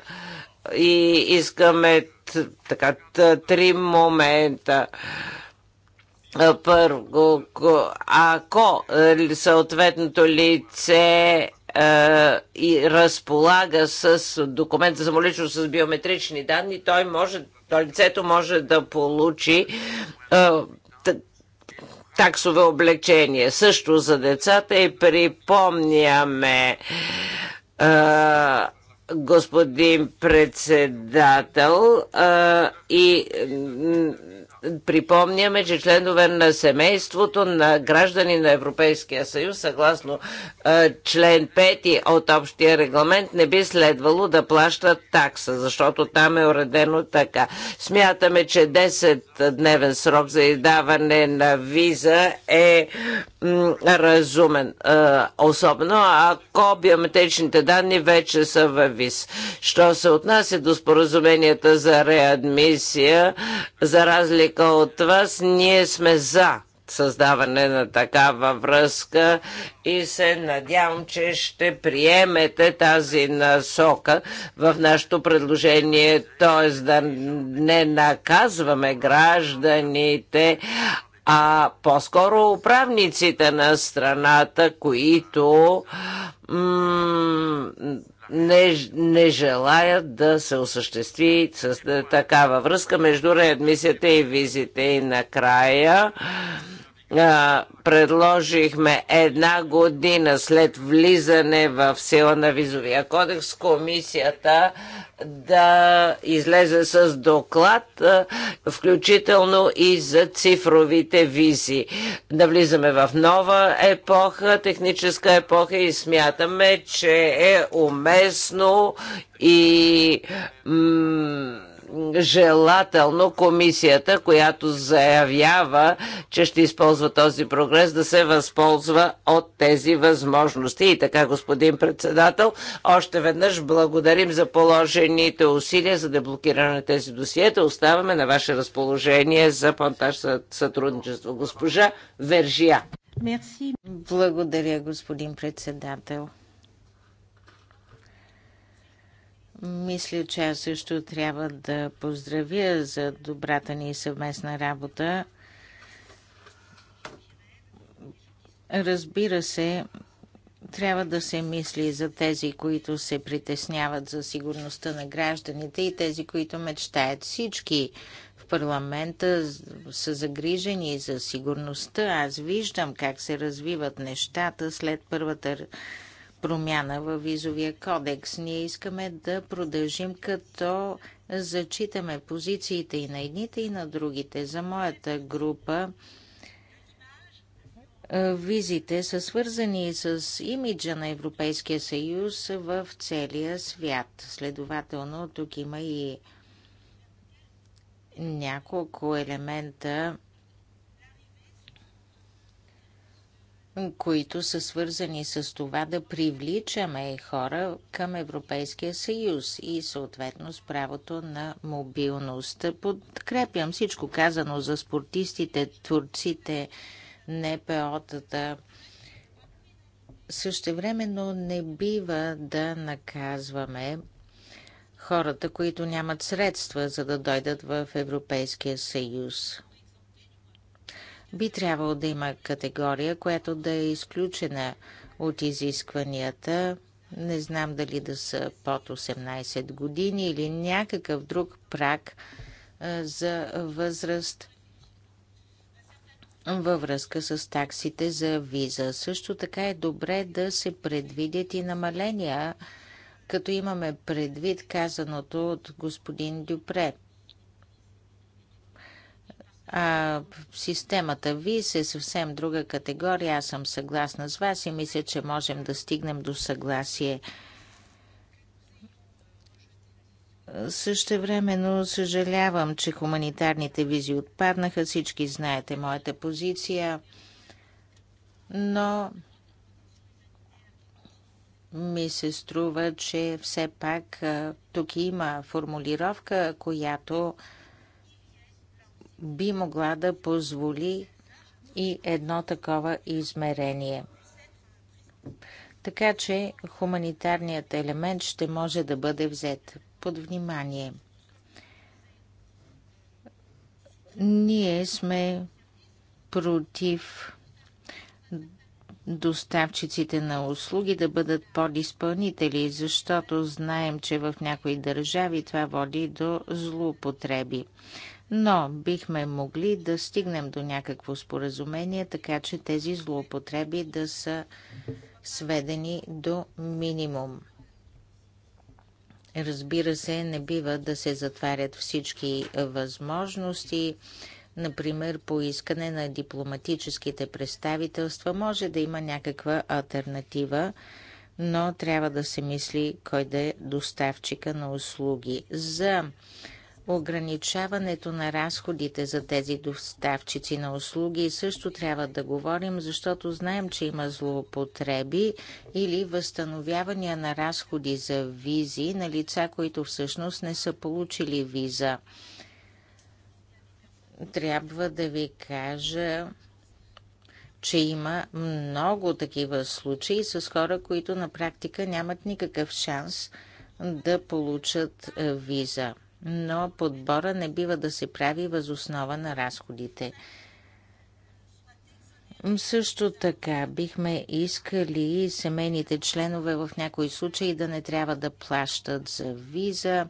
и искаме така три момента. Първо, ако е, съответното лице е, и разполага с документ за самоличност с биометрични данни, той може, то лицето може да получи е, таксове облечение Също за децата и припомняме а, господин председател а, и Припомняме, че членове на семейството на граждани на Европейския съюз, съгласно член 5 от общия регламент, не би следвало да плащат такса, защото там е уредено така. Смятаме, че 10-дневен срок за издаване на виза е разумен. Особено ако биометричните данни вече са в виз. Що се отнася до споразуменията за реадмисия, за разлика разлика от вас, ние сме за създаване на такава връзка и се надявам, че ще приемете тази насока в нашето предложение, т.е. да не наказваме гражданите, а по-скоро управниците на страната, които не, не желаят да се осъществи с е, такава връзка между реадмисията и визите. И накрая а, предложихме една година след влизане в сила на визовия кодекс комисията да излезе с доклад, включително и за цифровите визи. Навлизаме в нова епоха, техническа епоха и смятаме, че е уместно и желателно комисията, която заявява, че ще използва този прогрес, да се възползва от тези възможности. И така, господин председател, още веднъж благодарим за положените усилия за деблокиране да на тези досиета. Оставаме на ваше разположение за понтаж сътрудничество. Госпожа Вержия. Благодаря, господин председател. Мисля, че аз също трябва да поздравя за добрата ни съвместна работа. Разбира се, трябва да се мисли за тези, които се притесняват за сигурността на гражданите и тези, които мечтаят. Всички в парламента са загрижени за сигурността. Аз виждам как се развиват нещата след първата промяна в визовия кодекс. Ние искаме да продължим като зачитаме позициите и на едните и на другите. За моята група визите са свързани с имиджа на Европейския съюз в целия свят. Следователно, тук има и няколко елемента които са свързани с това да привличаме хора към Европейския съюз и съответно с правото на мобилност. Подкрепям всичко казано за спортистите, турците, НПО-тата. Същевременно не бива да наказваме хората, които нямат средства за да дойдат в Европейския съюз. Би трябвало да има категория, която да е изключена от изискванията. Не знам дали да са под 18 години или някакъв друг прак за възраст във връзка с таксите за виза. Също така е добре да се предвидят и намаления, като имаме предвид казаното от господин Дюпред. А, системата ви е съвсем друга категория. Аз съм съгласна с вас и мисля, че можем да стигнем до съгласие. Също но съжалявам, че хуманитарните визи отпаднаха. Всички знаете моята позиция. Но ми се струва, че все пак тук има формулировка, която би могла да позволи и едно такова измерение. Така че хуманитарният елемент ще може да бъде взет под внимание. Ние сме против доставчиците на услуги да бъдат подиспълнители, защото знаем, че в някои държави това води до злоупотреби но бихме могли да стигнем до някакво споразумение, така че тези злоупотреби да са сведени до минимум. Разбира се, не бива да се затварят всички възможности. Например, по искане на дипломатическите представителства може да има някаква альтернатива, но трябва да се мисли кой да е доставчика на услуги. За ограничаването на разходите за тези доставчици на услуги също трябва да говорим, защото знаем, че има злоупотреби или възстановявания на разходи за визи на лица, които всъщност не са получили виза. Трябва да ви кажа, че има много такива случаи с хора, които на практика нямат никакъв шанс да получат е, виза но подбора не бива да се прави възоснова на разходите. Също така бихме искали семейните членове в някои случаи да не трябва да плащат за виза,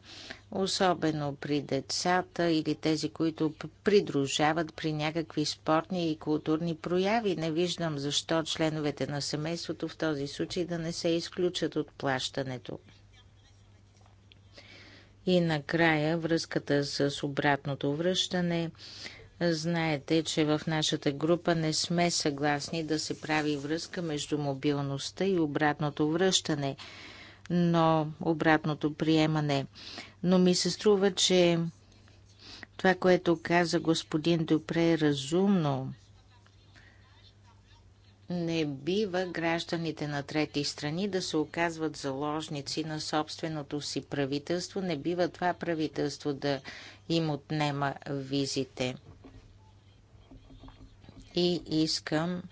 особено при децата или тези, които придружават при някакви спортни и културни прояви. Не виждам защо членовете на семейството в този случай да не се изключат от плащането. И накрая връзката с обратното връщане. Знаете, че в нашата група не сме съгласни да се прави връзка между мобилността и обратното връщане, но обратното приемане. Но ми се струва, че това, което каза господин Дупре, е разумно. Не бива гражданите на трети страни да се оказват заложници на собственото си правителство. Не бива това правителство да им отнема визите. И искам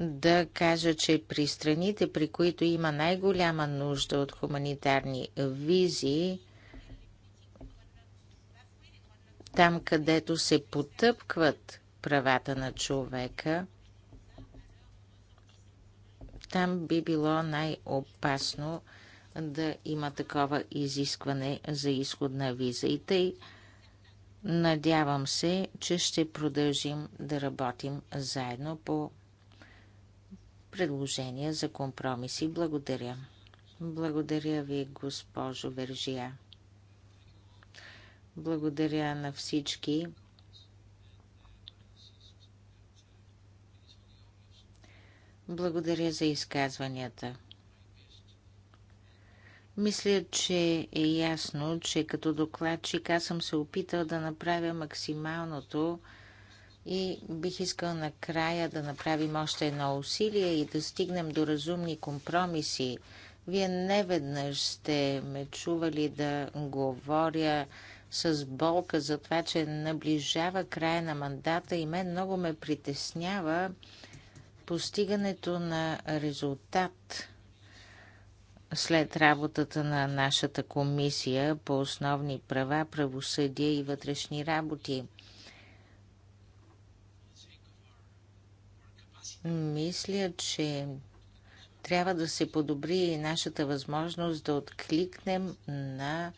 да кажа, че при страните, при които има най-голяма нужда от хуманитарни визи, там, където се потъпкват правата на човека, там би било най-опасно да има такова изискване за изходна виза. И тъй надявам се, че ще продължим да работим заедно по предложения за компромиси. Благодаря. Благодаря ви, госпожо Вержия. Благодаря на всички. Благодаря за изказванията. Мисля, че е ясно, че като докладчик аз съм се опитал да направя максималното и бих искал накрая да направим още едно усилие и да стигнем до разумни компромиси. Вие неведнъж сте ме чували да говоря с болка за това, че наближава края на мандата и мен много ме притеснява постигането на резултат след работата на нашата комисия по основни права, правосъдие и вътрешни работи. Мисля, че трябва да се подобри нашата възможност да откликнем на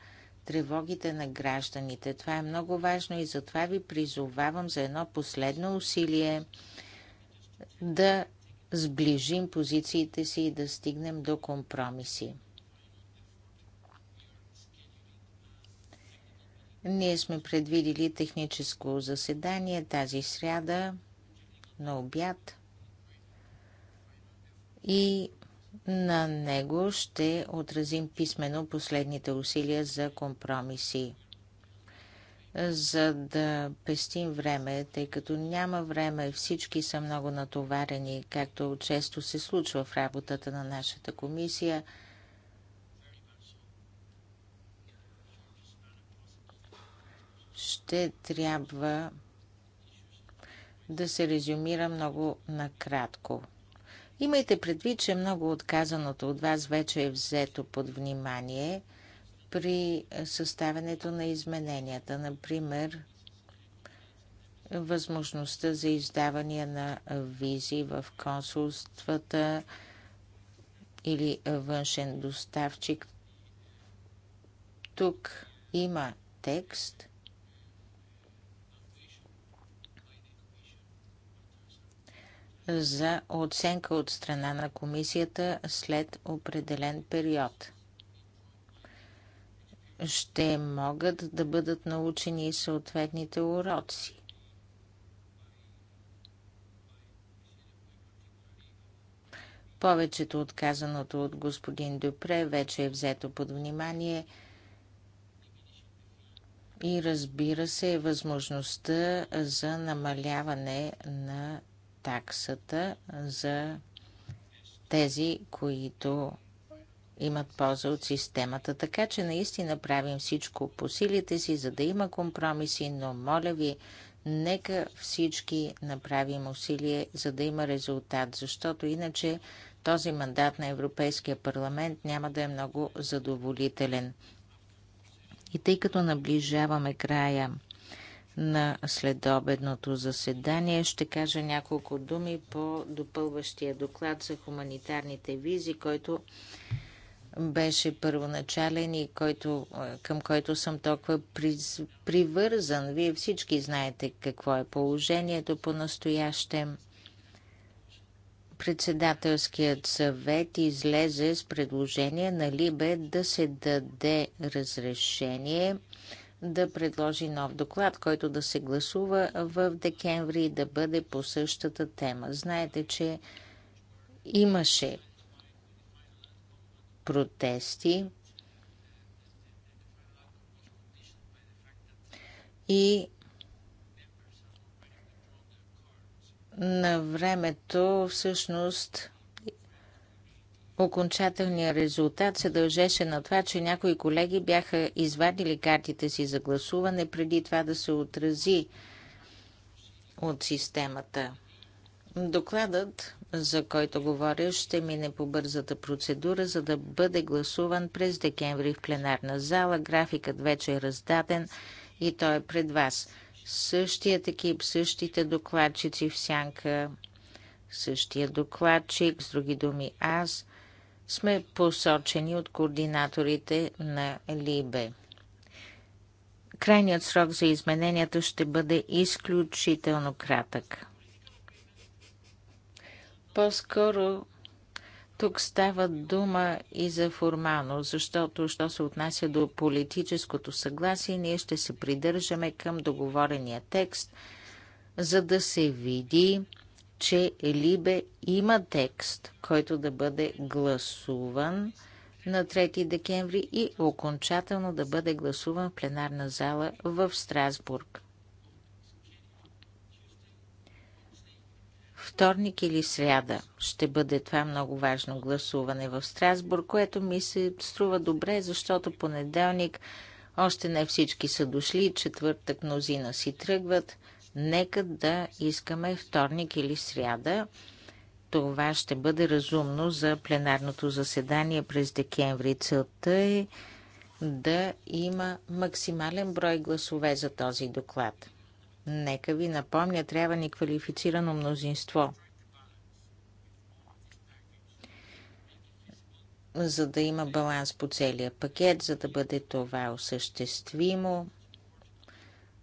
тревогите на гражданите. Това е много важно и затова ви призовавам за едно последно усилие да сближим позициите си и да стигнем до компромиси. Ние сме предвидили техническо заседание тази сряда на обяд и на него ще отразим писменно последните усилия за компромиси. За да пестим време, тъй като няма време, всички са много натоварени, както често се случва в работата на нашата комисия. Ще трябва да се резюмира много накратко. Имайте предвид, че много отказаното от вас вече е взето под внимание при съставянето на измененията. Например, възможността за издавания на визи в консулствата или външен доставчик. Тук има текст, за оценка от страна на комисията след определен период. Ще могат да бъдат научени съответните уроци. Повечето от казаното от господин Дюпре вече е взето под внимание и разбира се е възможността за намаляване на таксата за тези, които имат полза от системата. Така че наистина правим всичко по силите си, за да има компромиси, но моля ви, нека всички направим усилие, за да има резултат, защото иначе този мандат на Европейския парламент няма да е много задоволителен. И тъй като наближаваме края на следобедното заседание. Ще кажа няколко думи по допълващия доклад за хуманитарните визи, който беше първоначален и който, е, към който съм толкова приз, привързан. Вие всички знаете какво е положението по настоящем. Председателският съвет излезе с предложение на Либе да се даде разрешение да предложи нов доклад, който да се гласува в декември и да бъде по същата тема. Знаете, че имаше протести и на времето всъщност Окончателният резултат се дължеше на това, че някои колеги бяха извадили картите си за гласуване преди това да се отрази от системата. Докладът, за който говоря, ще мине по бързата процедура, за да бъде гласуван през декември в пленарна зала. Графикът вече е раздаден и той е пред вас. Същият екип, същите докладчици в сянка, същия докладчик, с други думи аз – сме посочени от координаторите на Либе. Крайният срок за измененията ще бъде изключително кратък. По-скоро тук става дума и за формално, защото, що се отнася до политическото съгласие, ние ще се придържаме към договорения текст, за да се види че Либе има текст, който да бъде гласуван на 3 декември и окончателно да бъде гласуван в пленарна зала в Страсбург. Вторник или сряда ще бъде това много важно гласуване в Страсбург, което ми се струва добре, защото понеделник още не всички са дошли, четвъртък мнозина си тръгват. Нека да искаме вторник или сряда. Това ще бъде разумно за пленарното заседание през декември. Целта е да има максимален брой гласове за този доклад. Нека ви напомня, трябва ни квалифицирано мнозинство. за да има баланс по целия пакет, за да бъде това осъществимо.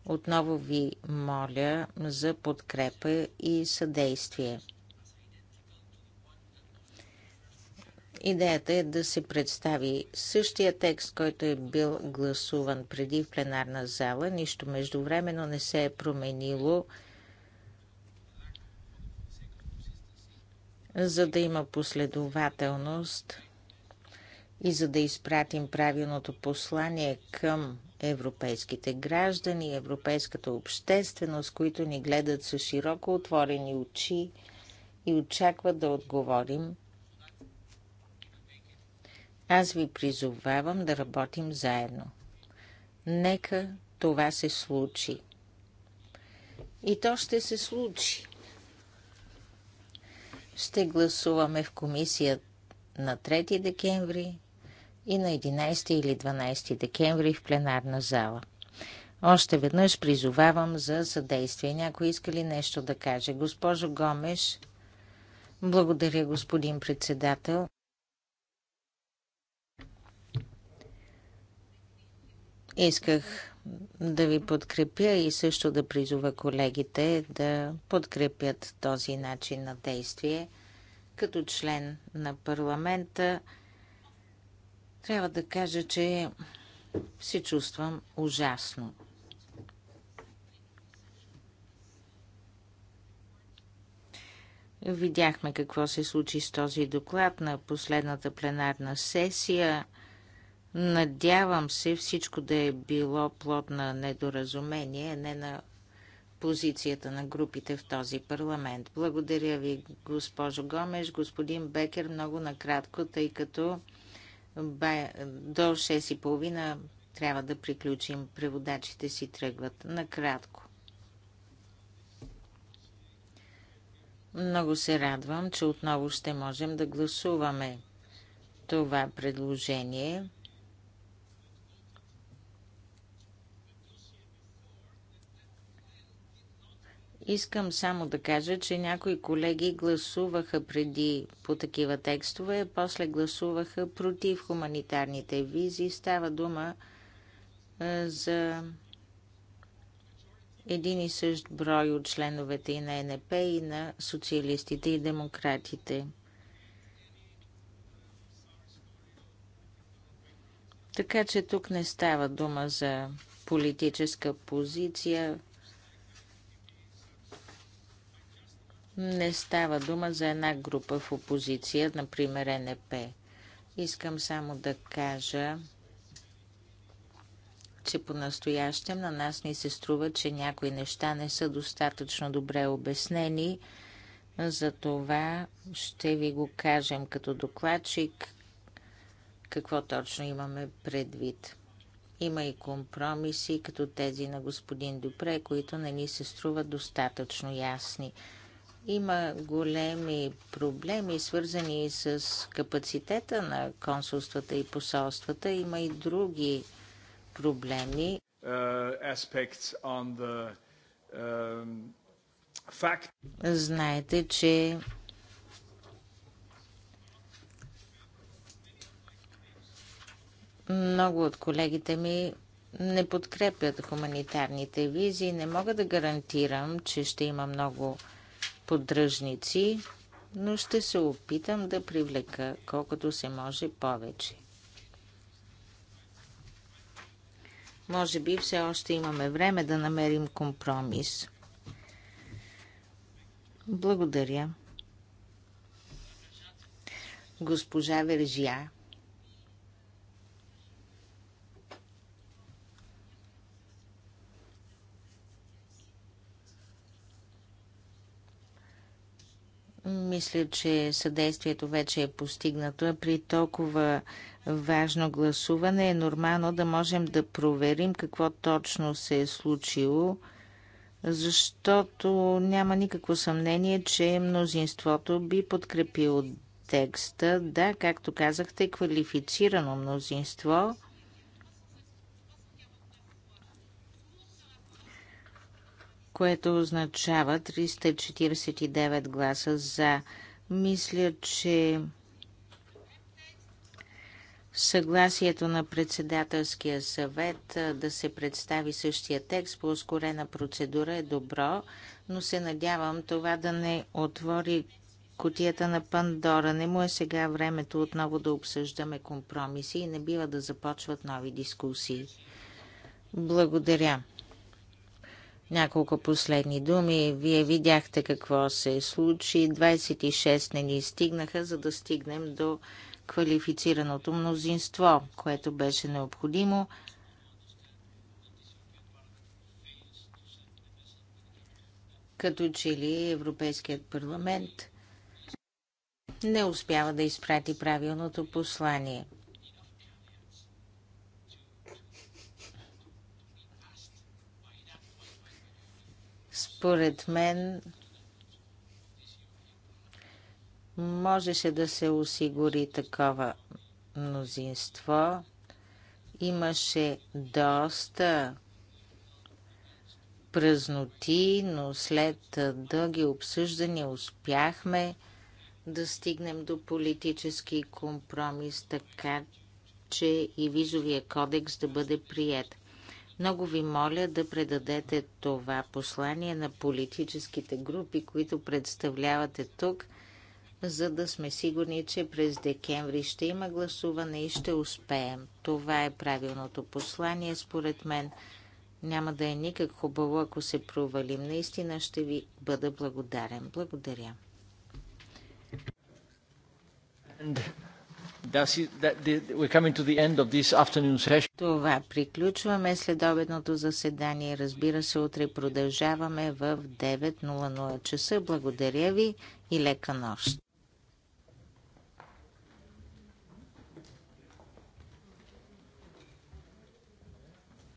Отново ви моля за подкрепа и съдействие. Идеята е да се представи същия текст, който е бил гласуван преди в пленарна зала. Нищо междувременно не се е променило, за да има последователност и за да изпратим правилното послание към европейските граждани, европейската общественост, които ни гледат с широко отворени очи и очакват да отговорим. Аз ви призовавам да работим заедно. Нека това се случи. И то ще се случи. Ще гласуваме в комисия на 3 декември и на 11 или 12 декември в пленарна зала. Още веднъж призовавам за съдействие. Някой иска ли нещо да каже? Госпожо Гомеш, благодаря, господин председател. Исках да ви подкрепя и също да призова колегите да подкрепят този начин на действие. Като член на парламента, трябва да кажа, че се чувствам ужасно. Видяхме какво се случи с този доклад на последната пленарна сесия. Надявам се всичко да е било плод на недоразумение, не на позицията на групите в този парламент. Благодаря ви, госпожо Гомеш, господин Бекер, много накратко, тъй като до 6.30 трябва да приключим. Преводачите си тръгват накратко. Много се радвам, че отново ще можем да гласуваме това предложение. Искам само да кажа, че някои колеги гласуваха преди по такива текстове, а после гласуваха против хуманитарните визи. Става дума за един и същ брой от членовете и на НП, и на социалистите и демократите. Така че тук не става дума за политическа позиция. Не става дума за една група в опозиция, например НП. Искам само да кажа, че по-настоящем на нас ни се струва, че някои неща не са достатъчно добре обяснени. За това ще ви го кажем като докладчик какво точно имаме предвид. Има и компромиси, като тези на господин Дупре, които не ни се струват достатъчно ясни. Има големи проблеми, свързани с капацитета на консулствата и посолствата. Има и други проблеми. Uh, um, Знаете, че много от колегите ми не подкрепят хуманитарните визи. Не мога да гарантирам, че ще има много поддръжници, но ще се опитам да привлека колкото се може повече. Може би все още имаме време да намерим компромис. Благодаря. Госпожа Вержия. Мисля, че съдействието вече е постигнато. При толкова важно гласуване е нормално да можем да проверим какво точно се е случило, защото няма никакво съмнение, че мнозинството би подкрепило текста. Да, както казахте, квалифицирано мнозинство което означава 349 гласа за. Мисля, че съгласието на председателския съвет да се представи същия текст по ускорена процедура е добро, но се надявам това да не отвори котията на Пандора. Не му е сега времето отново да обсъждаме компромиси и не бива да започват нови дискусии. Благодаря. Няколко последни думи. Вие видяхте какво се случи. 26 не ни стигнаха, за да стигнем до квалифицираното мнозинство, което беше необходимо. Като че ли Европейският парламент не успява да изпрати правилното послание – Според мен можеше да се осигури такова мнозинство. Имаше доста празноти, но след дълги обсъждания успяхме да стигнем до политически компромис, така че и визовия кодекс да бъде прият. Много ви моля да предадете това послание на политическите групи, които представлявате тук, за да сме сигурни, че през декември ще има гласуване и ще успеем. Това е правилното послание, според мен. Няма да е никак хубаво, ако се провалим. Наистина ще ви бъда благодарен. Благодаря. Това приключваме след обедното заседание. Разбира се, утре продължаваме в 9.00 часа. Благодаря ви и лека нощ.